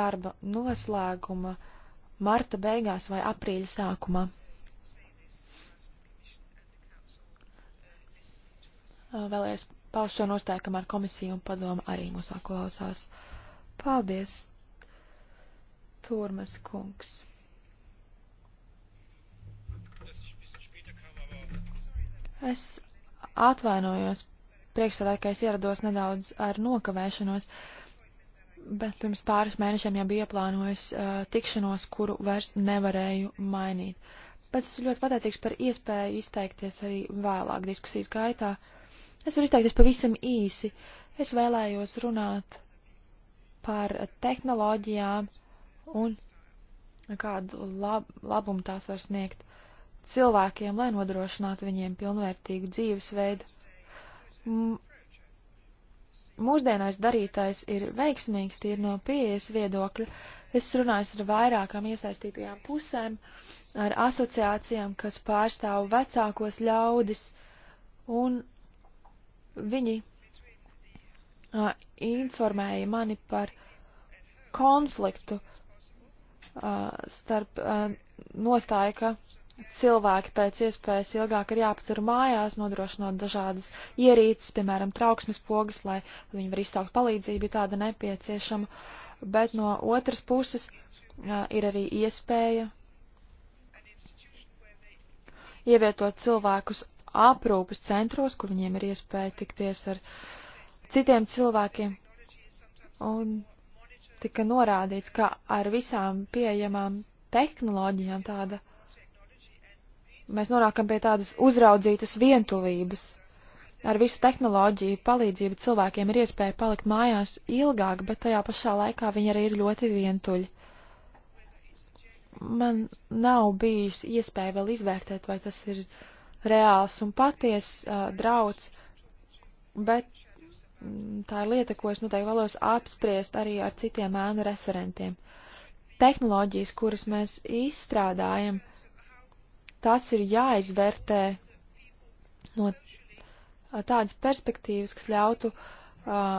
darba noslēguma. Uh, marta beigās vai aprīļa sākumā. Vēlējos paust šo nostāju, kamēr komisija un padoma arī mūs aklausās. Paldies, Turmas kungs. Es atvainojos priekšsēdētāji, ka es ierados nedaudz ar nokavēšanos. Uh, bet pirms pāris mēnešiem jau bija plānojis uh, tikšanos, kuru vairs nevarēju mainīt. Bet es ļoti pateicīgs par iespēju izteikties arī vēlāk diskusijas gaitā. Es varu izteikties pavisam īsi. Es vēlējos runāt par tehnoloģijām un kādu lab labumu tās var sniegt cilvēkiem, lai nodrošinātu viņiem pilnvērtīgu dzīvesveidu mūsdienais darītais ir veiksmīgs tīri no pieejas viedokļa. Es runāju ar vairākām iesaistītajām pusēm, ar asociācijām, kas pārstāv vecākos ļaudis, un viņi a, informēja mani par konfliktu a, starp a, nostāju, ka cilvēki pēc iespējas ilgāk ir jāpatur mājās, nodrošinot dažādas ierīces, piemēram, trauksmes pogas, lai viņi var izsaukt palīdzību, ja tāda nepieciešama. Bet no otras puses uh, ir arī iespēja ievietot cilvēkus aprūpas centros, kur viņiem ir iespēja tikties ar citiem cilvēkiem. Un tika norādīts, ka ar visām pieejamām tehnoloģijām tāda uh, mēs norākam pie tādas uzraudzītas vientulības. Ar visu tehnoloģiju palīdzību cilvēkiem ir iespēja palikt mājās ilgāk, bet tajā pašā laikā viņi arī ir ļoti vientuļi. Man nav bijusi iespēja vēl izvērtēt, vai tas ir reāls un paties uh, drauds, bet mm, tā ir lieta, ko es noteikti vēlos apspriest arī ar citiem ēnu referentiem. Tehnoloģijas, kuras mēs izstrādājam, tas ir jāizvērtē no tādas perspektīvas, kas ļautu uh,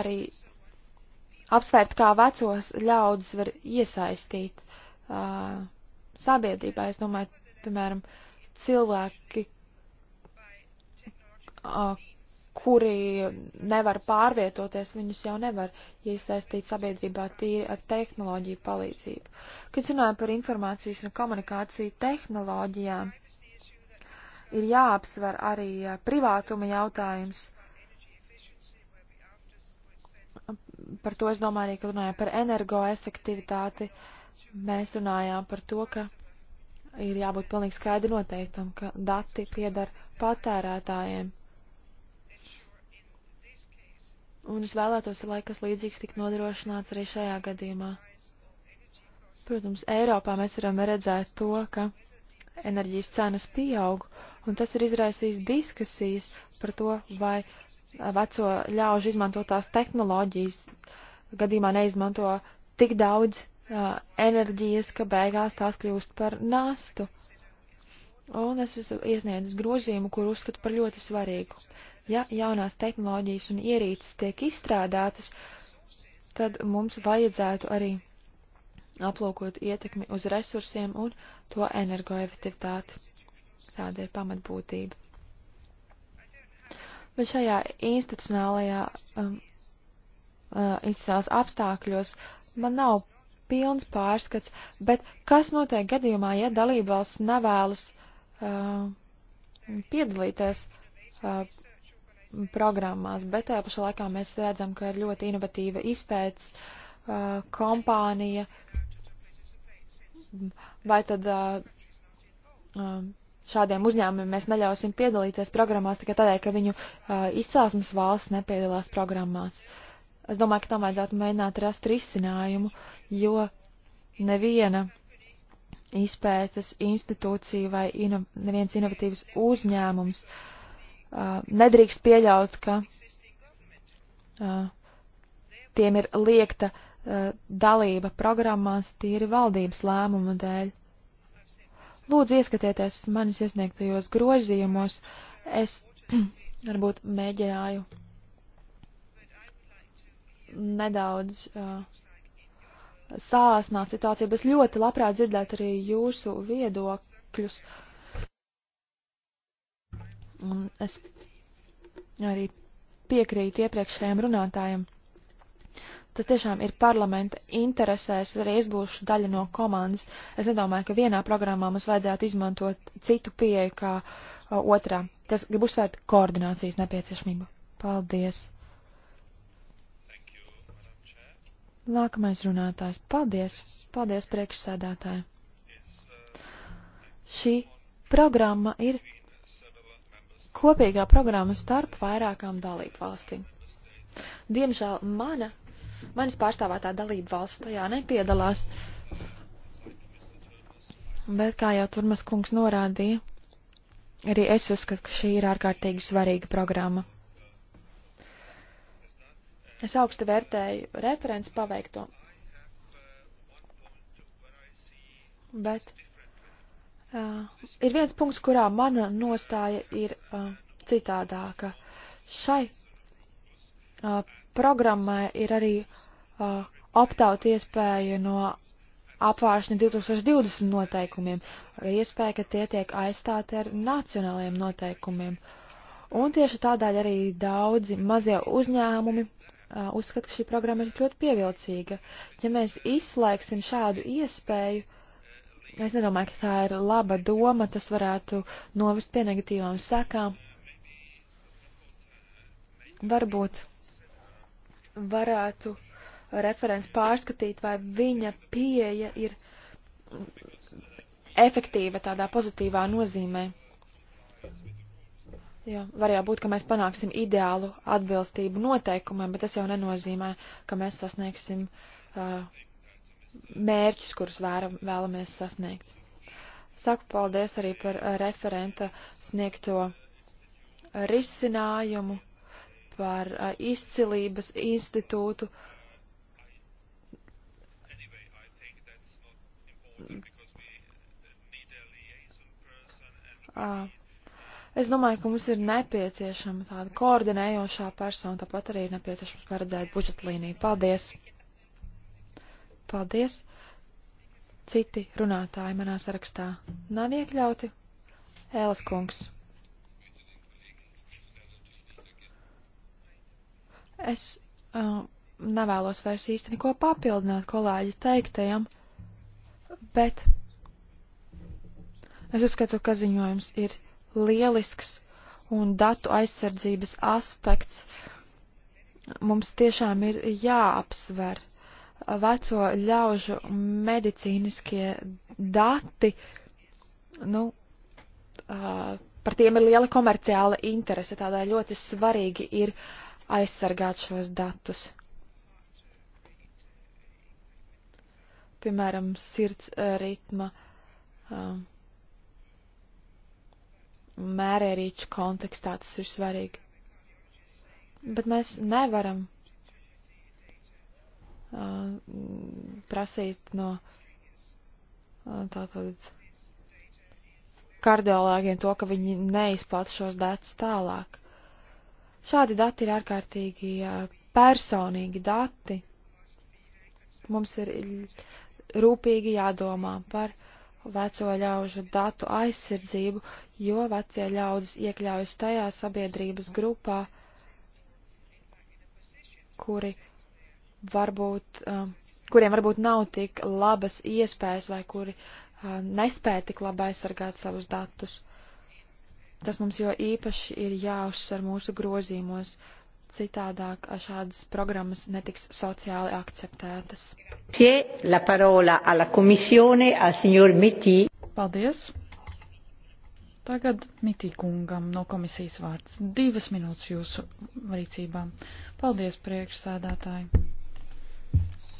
arī apsvērt, kā vecos ļaudis var iesaistīt uh, sabiedrībā. Es domāju, piemēram, cilvēki, uh, kuri nevar pārvietoties, viņus jau nevar iesaistīt sabiedrībā tīri ar tehnoloģiju palīdzību. Kad runājam par informācijas un komunikāciju tehnoloģijām, ir jāapsver arī privātuma jautājums. Par to es domāju arī, kad runājam par energoefektivitāti, mēs runājām par to, ka ir jābūt pilnīgi skaidri noteiktam, ka dati piedar patērētājiem un es vēlētos, lai kas līdzīgs tik nodrošināts arī šajā gadījumā. Protams, Eiropā mēs varam redzēt to, ka enerģijas cenas pieaug, un tas ir izraisījis diskusijas par to, vai veco ļaužu izmantotās tehnoloģijas gadījumā neizmanto tik daudz uh, enerģijas, ka beigās tās kļūst par nastu. Un es iesniedzu grozījumu, kur uzskatu par ļoti svarīgu. Ja jaunās tehnoloģijas un ierīces tiek izstrādātas, tad mums vajadzētu arī aplūkot ietekmi uz resursiem un to energoefektivitāti. Tāda ir pamatbūtība. Bet šajā institucionālajā, um, uh, institucionālās apstākļos man nav pilns pārskats, bet kas notiek gadījumā, ja dalībvalsts nevēlas uh, piedalīties uh, programmās, bet tajā uh, pašā laikā mēs redzam, ka ir ļoti inovatīva izpētes uh, kompānija, vai tad uh, um, šādiem uzņēmumiem mēs neļausim piedalīties programmās tikai tādēļ, ka viņu uh, izcelsmes valsts nepiedalās programmās. Es domāju, ka tam vajadzētu mēģināt rast risinājumu, jo neviena izpētes institūcija vai ino, neviens inovatīvs uzņēmums uh, Uh, nedrīkst pieļaut, ka uh, tiem ir liekta uh, dalība programmās tīri valdības lēmumu dēļ. Lūdzu, ieskatieties manis iesniegtajos grozījumos. Es varbūt mēģināju nedaudz uh, sāsnāt situāciju, bet ļoti labprāt dzirdēt arī jūsu viedokļus. Uh, Un es arī piekrītu iepriekšējiem runātājiem. Tas tiešām ir parlamenta interesēs, arī es būšu daļa no komandas. Es nedomāju, ka vienā programmā mums vajadzētu izmantot citu pieeju kā o, otrā. Tas grib uzsvērt koordinācijas nepieciešamību. Paldies! Nākamais runātājs. Paldies! Paldies priekšsēdētāji! Šī programma ir kopīgā programma starp vairākām dalību valstīm. Diemžēl mana, manis pārstāvētā dalība valsts tajā nepiedalās, bet, kā jau Turmas kungs norādīja, arī es uzskatu, ka šī ir ārkārtīgi svarīga programma. Es augstu vērtēju referents paveikto, bet Uh, ir viens punkts, kurā mana nostāja ir uh, citādāka. Šai uh, programmai ir arī uh, optaut iespēja no apvāršņa 2020 noteikumiem, iespēja, ka tie tiek aizstāti ar nacionālajiem noteikumiem. Un tieši tādēļ arī daudzi mazie uzņēmumi uh, uzskata, ka šī programma ir ļoti pievilcīga. Ja mēs izslēgsim šādu iespēju, uh, Es nedomāju, ka tā ir laba doma, tas varētu novest pie negatīvām sekām. Varbūt varētu referents pārskatīt, vai viņa pieeja ir efektīva tādā pozitīvā nozīmē. Jā, var jau būt, ka mēs panāksim ideālu atbilstību noteikumiem, bet tas jau nenozīmē, ka mēs sasniegsim uh, mērķus, kurus vēram, vēlamies sasniegt. Saku paldies arī par eh, referenta sniegto risinājumu, par eh, izcilības institūtu. Ah, es domāju, ka mums ir nepieciešama tāda koordinējošā persona, tāpat arī ir nepieciešams paredzēt budžetlīniju. Paldies! Paldies. Citi runātāji manā sarakstā nav iekļauti. Ēlas kungs. Es uh, nevēlos vairs īsti neko papildināt kolēģi teiktajam, bet es uzskatu, ka ziņojums ir lielisks un datu aizsardzības aspekts mums tiešām ir jāapsver veco ļaužu medicīniskie dati, nu, par tiem ir liela komerciāla interese, tādēļ ļoti svarīgi ir aizsargāt šos datus. Piemēram, sirds ritma mērērīču kontekstā tas ir svarīgi. Bet mēs nevaram prasīt no tātad kardiologiem to, ka viņi neizplata šos datus tālāk. Šādi dati ir ārkārtīgi personīgi dati. Mums ir rūpīgi jādomā par veco ļaužu datu aizsardzību, jo vecie ļaudis iekļaujas tajā sabiedrības grupā, kuri uh, varbūt, uh, kuriem varbūt nav tik labas iespējas vai kuri uh, nespēja tik labi aizsargāt savus datus. Tas mums jo īpaši ir jāuzsver mūsu grozīmos, citādāk uh, šādas programmas netiks sociāli akceptētas. Paldies! Tagad Mitī kungam no komisijas vārds. Divas minūtes jūsu rīcībā. Paldies, priekšsēdētāji!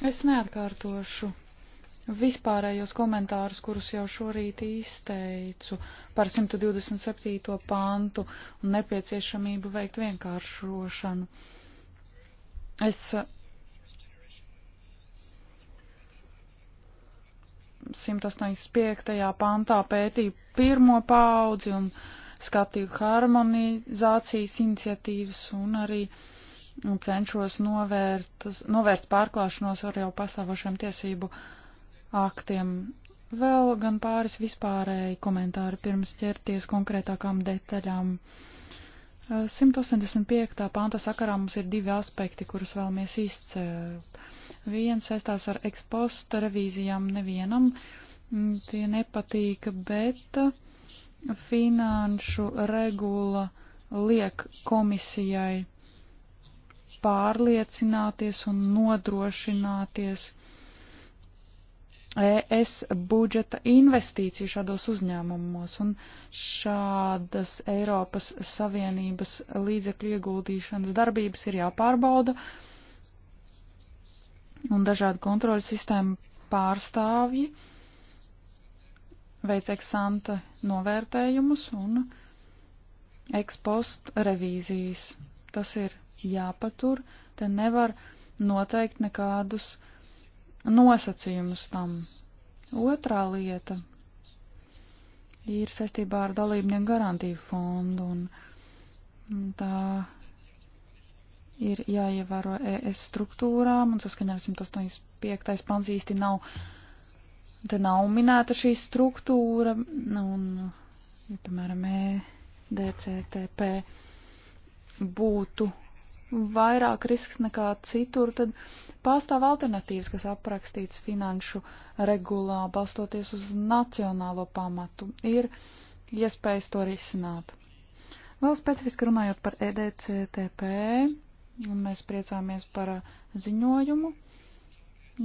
Es neatkārtošu vispārējos komentārus, kurus jau šorīt izteicu par 127. pantu un nepieciešamību veikt vienkāršošanu. Es eh, simtastoņdesmit pantā pētīju pirmo paudzi un skatīju harmonizācijas iniciatīvas un arī uh, cenšos novērt, novērst pārklāšanos ar jau pastāvošiem tiesību aktiem. Vēl gan pāris vispārēji komentāri pirms ķerties konkrētākām detaļām. 185. Eh, panta sakarā mums ir divi aspekti, kurus vēlamies izcelt. Viens saistās ar eksposta revīzijām nevienam, mm, tie nepatīka, bet eh, finanšu regula liek komisijai pārliecināties un nodrošināties ES budžeta investīciju šādos uzņēmumos un šādas Eiropas Savienības līdzekļu ieguldīšanas darbības ir jāpārbauda un dažādu kontroļu sistēmu pārstāvji veic eksanta novērtējumus un ekspost revīzijas. Tas ir jāpatur, te nevar noteikt nekādus nosacījumus tam. Otrā lieta ir saistībā ar dalībnieku garantiju fondu, un tā ir jāievēro ES struktūrām, un saskaņā ar 185. pants īsti nav, te nav minēta šī struktūra, un, ja, piemēram, EDCTP būtu vairāk risks nekā citur, tad pastāv alternatīvas, kas aprakstīts finanšu regulā, balstoties uz nacionālo pamatu. Ir iespējas to risināt. Vēl specifiski runājot par EDCTP, mēs priecāmies par ziņojumu.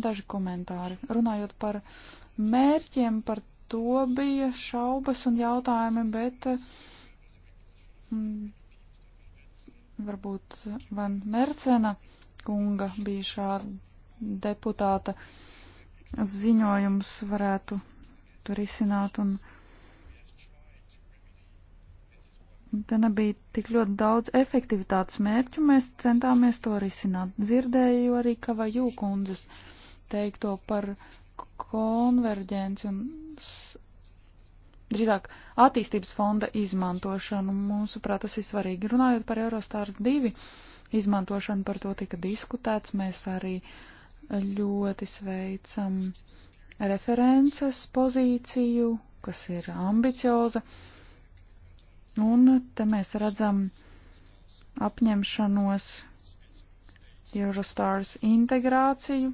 Daži komentāri. Runājot par mērķiem, par to bija šaubas un jautājumi, bet mm, varbūt Van Mercena kunga bijušā deputāta ziņojums varētu tur izsināt. Un te nebija tik ļoti daudz efektivitātes mērķu, mēs centāmies to risināt. Dzirdēju arī Kavaju kundzes teikto par konverģenci un drīzāk attīstības fonda izmantošanu. Mūsuprāt, tas ir svarīgi. Runājot par Eurostars 2 izmantošanu, par to tika diskutēts. Mēs arī ļoti sveicam references pozīciju, kas ir ambicioza. Un te mēs redzam apņemšanos Eurostars integrāciju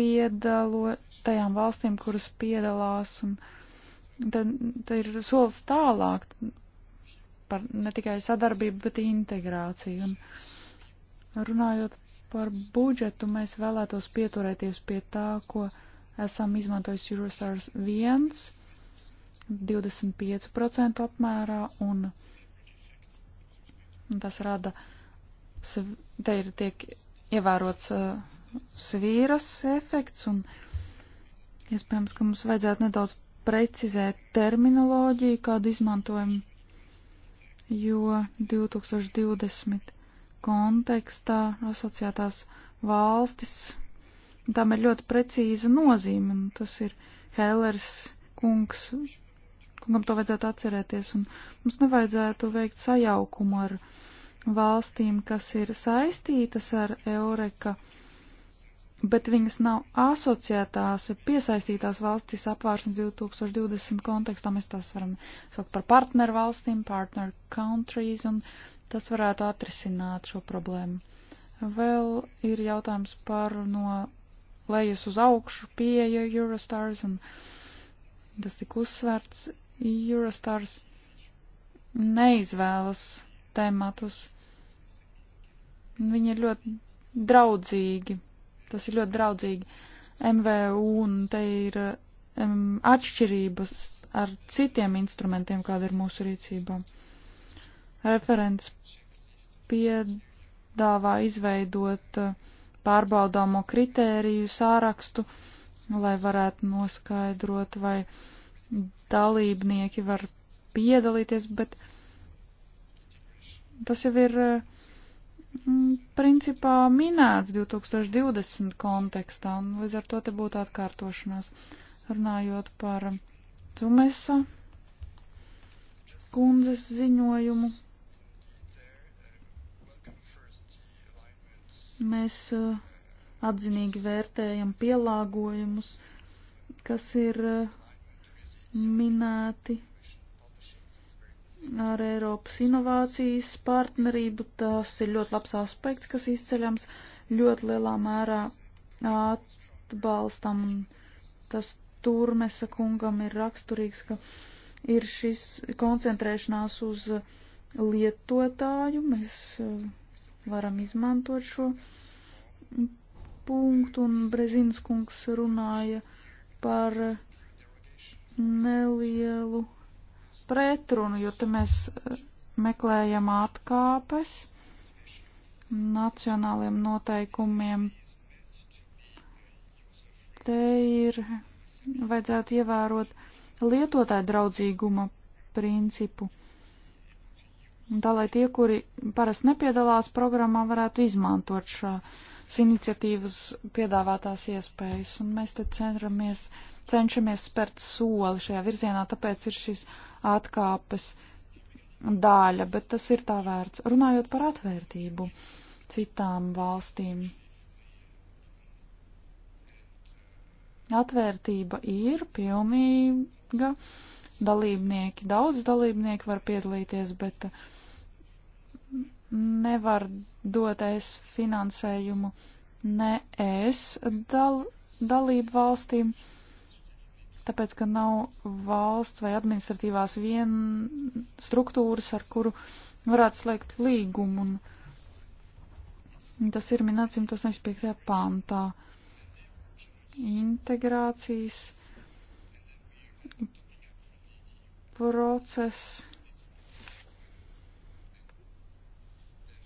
piedalo tajām valstīm, kuras piedalās un uh, tad, tad ir solis tālāk par ne tikai sadarbību, bet integrāciju. Un runājot par budžetu, mēs vēlētos pieturēties pie tā, ko esam izmantojis Eurostars 1, 25% apmērā, un tas rada, te ir tiek ievērots uh, svīras efekts, un iespējams, ka mums vajadzētu nedaudz precizēt terminoloģiju, kādu izmantojam, jo 2020 kontekstā asociētās valstis, tam ir ļoti precīza nozīme, un tas ir Hēlers kungs, kungam to vajadzētu atcerēties, un mums nevajadzētu veikt sajaukumu ar valstīm, kas ir saistītas ar Eureka. Uh, bet viņas nav asociētās, piesaistītās valstis apvārsnes 2020 kontekstā. Mēs tās varam saukt par partneru valstīm, partner countries, un tas varētu atrisināt šo problēmu. Vēl ir jautājums par no lejas uz augšu pieeja Eurostars, un tas tika uzsverts. Eurostars neizvēlas tematus. Viņi ir ļoti draudzīgi Tas ir ļoti draudzīgi MVU un te ir um, atšķirības ar citiem instrumentiem, kāda ir mūsu rīcībā. Referents piedāvā izveidot eh, pārbaudāmo kritēriju sārakstu, lai varētu noskaidrot, vai dalībnieki var piedalīties, bet tas jau ir uh, Mm, principā minēts 2020 kontekstā, un līdz ar to te būtu atkārtošanās. Runājot par Cumesa kundzes ziņojumu, mēs uh, atzinīgi vērtējam pielāgojumus, kas ir uh, minēti ar Eiropas inovācijas partnerību. Tas ir ļoti labs aspekts, kas izceļams ļoti lielā mērā atbalstam. Tas turmesa kungam ir raksturīgs, ka ir šis koncentrēšanās uz lietotāju. Mēs eh, varam izmantot šo punktu, un Brezins kungs runāja par nelielu pretrunu, jo te mēs eh, meklējam atkāpes nacionāliem noteikumiem. Te ir vajadzētu ievērot lietotāju draudzīguma principu. Un tā, lai tie, kuri parasti nepiedalās programmā, varētu izmantot šās iniciatīvas piedāvātās iespējas. Un mēs te cenšamies uh, cenšamies spērt soli šajā virzienā, tāpēc ir šīs atkāpes daļa, bet tas ir tā vērts. Runājot par atvērtību citām valstīm. Atvērtība ir pilnīga. Dalībnieki, daudz dalībnieku var piedalīties, bet nevar dot es finansējumu ne es dal, dalību valstīm. Uh, tāpēc, ka nav valsts vai administratīvās vien struktūras, ar kuru varētu slēgt līgumu, un tas ir minēts 185. pāntā. Integrācijas process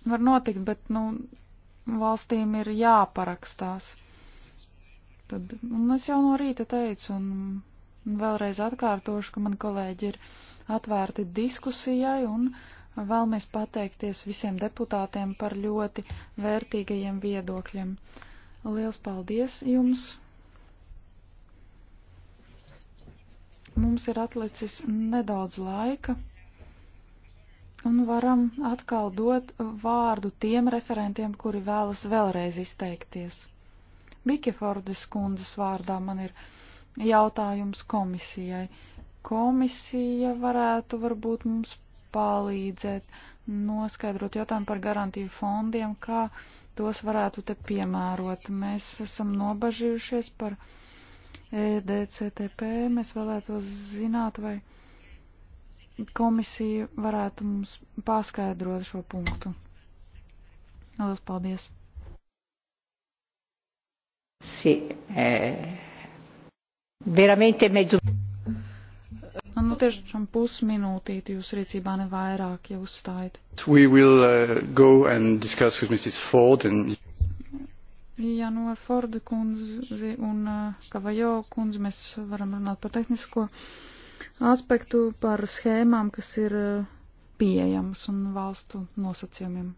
var notikt, bet, nu, valstīm ir jāparakstās. Tad, un es jau no rīta teicu, un Vēlreiz atkārtošu, ka mani kolēģi ir atvērti diskusijai un vēlamies pateikties visiem deputātiem par ļoti vērtīgajiem viedokļiem. Liels paldies jums! Mums ir atlicis nedaudz laika un varam atkal dot vārdu tiem referentiem, kuri vēlas vēlreiz izteikties. Bikefordas kundzes vārdā man ir jautājums komisijai. Komisija varētu varbūt mums palīdzēt noskaidrot jautājumu par garantiju fondiem, kā tos varētu te piemērot. Mēs esam nobažījušies par e DCTP, mēs vēlētos zināt, vai komisija varētu mums paskaidrot šo punktu. Lielas paldies! Sí, eh. Veramente mezzo. Man nu, nu tiešām pusminūtīti jūs rīcībā ne vairāk, ja uzstājat. We will uh, go and discuss with Mrs. Ford and... Ja nu ar Fordu kundzi un uh, Kavajo kundzi mēs varam runāt par tehnisko aspektu, par schēmām, kas ir uh, pieejamas un valstu nosacījumiem.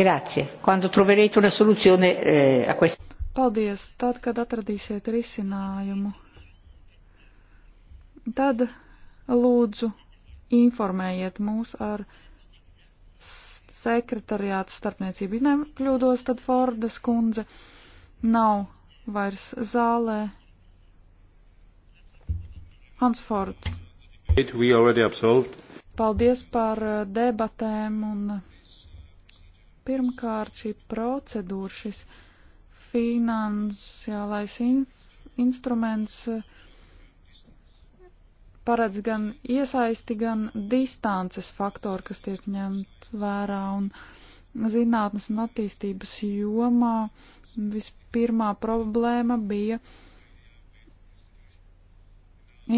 Grazie. Quando troverete una soluzione eh, a questo. Paldies. Tad, kad atradīsiet risinājumu tad lūdzu informējiet mūs ar sekretariāta starpniecību. Ja nekļūdos, tad Fordas kundze nav vairs zālē. Hans Fords. Paldies par uh, debatēm un uh, pirmkārt šī procedūra, šis finansiālais instruments. Uh, paredz gan iesaisti, gan distances faktori, kas tiek ņemt vērā un zinātnes un attīstības jomā. Vispirmā problēma bija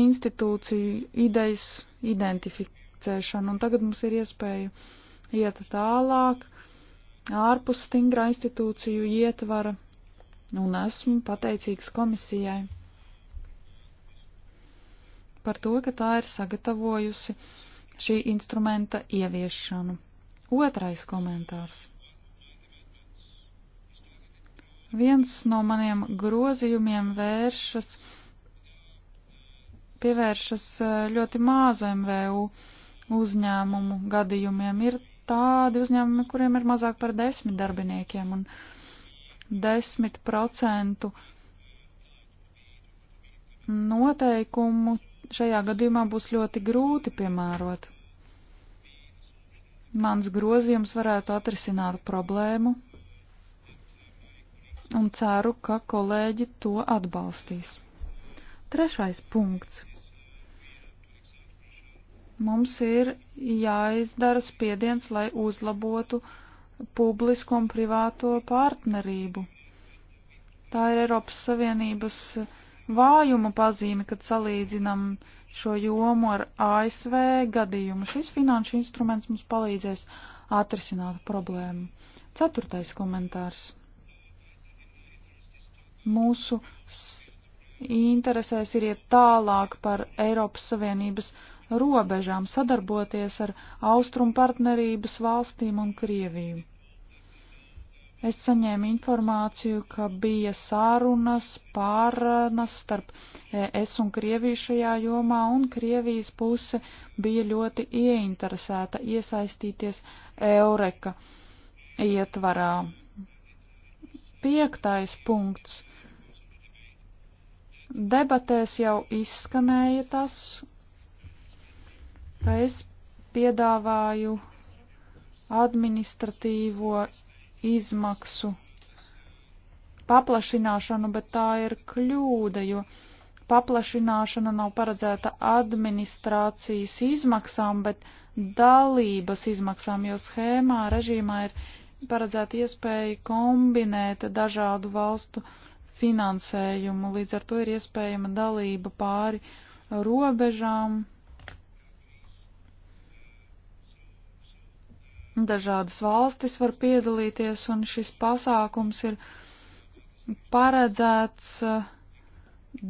institūciju idejas identificēšana, un tagad mums ir iespēja iet tālāk ārpus stingrā institūciju ietvara, un esmu pateicīgs komisijai par to, ka tā ir sagatavojusi šī instrumenta ieviešanu. Otrais komentārs. Viens no maniem grozījumiem vēršas, pievēršas eh, ļoti māzu MVU uzņēmumu gadījumiem. Ir tādi uzņēmumi, kuriem ir mazāk par desmit darbiniekiem un desmit procentu noteikumu šajā gadījumā būs ļoti grūti piemērot. Mans grozījums varētu atrisināt problēmu, un ceru, ka kolēģi to atbalstīs. Trešais punkts. Mums ir jāizdara spiediens, lai uzlabotu publisko un privāto partnerību. Tā ir Eiropas Savienības uh, vājuma pazīme, kad salīdzinam šo jomu ar ASV gadījumu. Šis finanšu instruments mums palīdzēs atrisināt problēmu. Ceturtais komentārs. Mūsu interesēs ir iet tālāk par Eiropas Savienības robežām, sadarboties ar austrumu partnerības valstīm un Krieviju. Es saņēmu informāciju, ka bija sārunas, pārunas starp e, es un Krieviju šajā jomā, un Krievijas puse bija ļoti ieinteresēta iesaistīties Eureka ietvarā. Piektais punkts. Debatēs jau izskanēja tas, ka es piedāvāju administratīvo izmaksu paplašināšanu, bet tā ir kļūda, jo paplašināšana nav paredzēta administrācijas izmaksām, bet dalības izmaksām, jo schēmā režīmā ir paredzēta iespēja kombinēt dažādu valstu finansējumu, līdz ar to ir iespējama dalība pāri robežām Dažādas valstis var piedalīties, un šis pasākums ir paredzēts eh,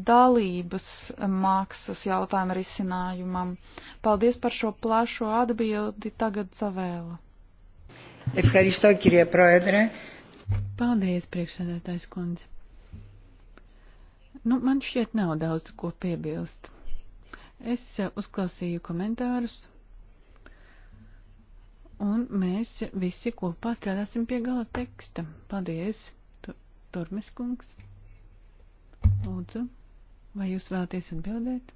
dalības eh, maksas jautājuma risinājumam. Paldies par šo plašo atbildi tagad Zavēla. Paldies, priekšsēdētājs kundze. Nu, man šķiet nav daudz ko piebilst. Es eh, uzklausīju komentārus un mēs visi kopā strādāsim pie gala teksta. Paldies, Tormes kungs. Lūdzu, vai jūs vēlaties atbildēt?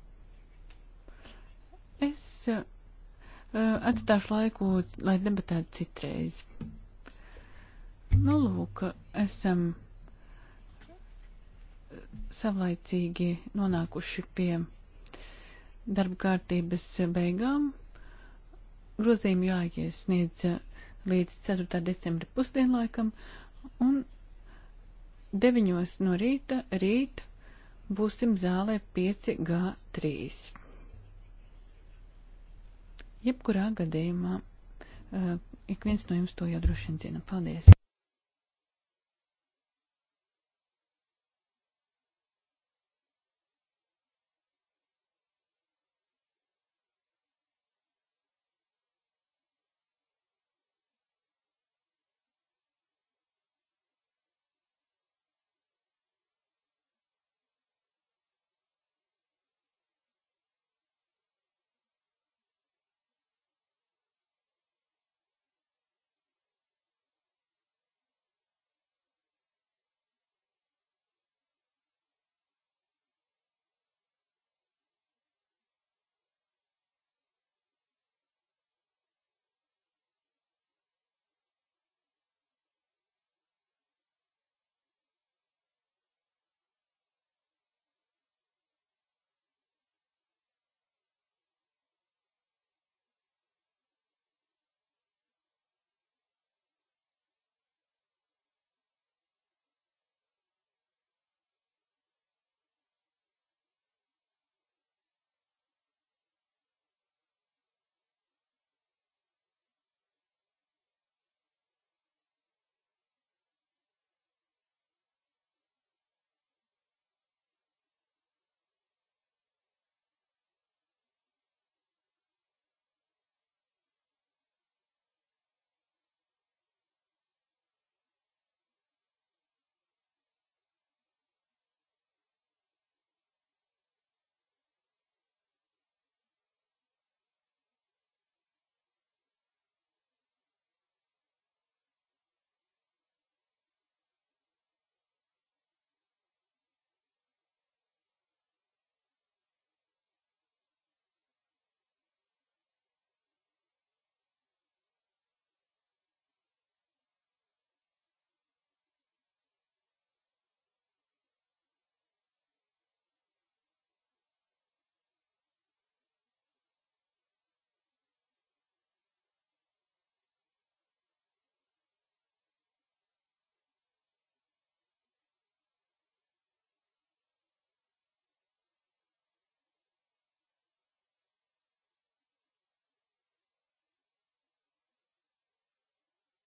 Es uh, atstāšu laiku, lai debatētu citreiz. Nu, lūk, esam eh, savlaicīgi nonākuši pie darba kārtības beigām. Grozījumi jāiesniedz uh, līdz 4. decembra pusdienlaikam un 9. no rīta rīt būsim zālē 5G3. Jebkurā gadījumā uh, ik viens no jums to jau droši vien zina. Paldies!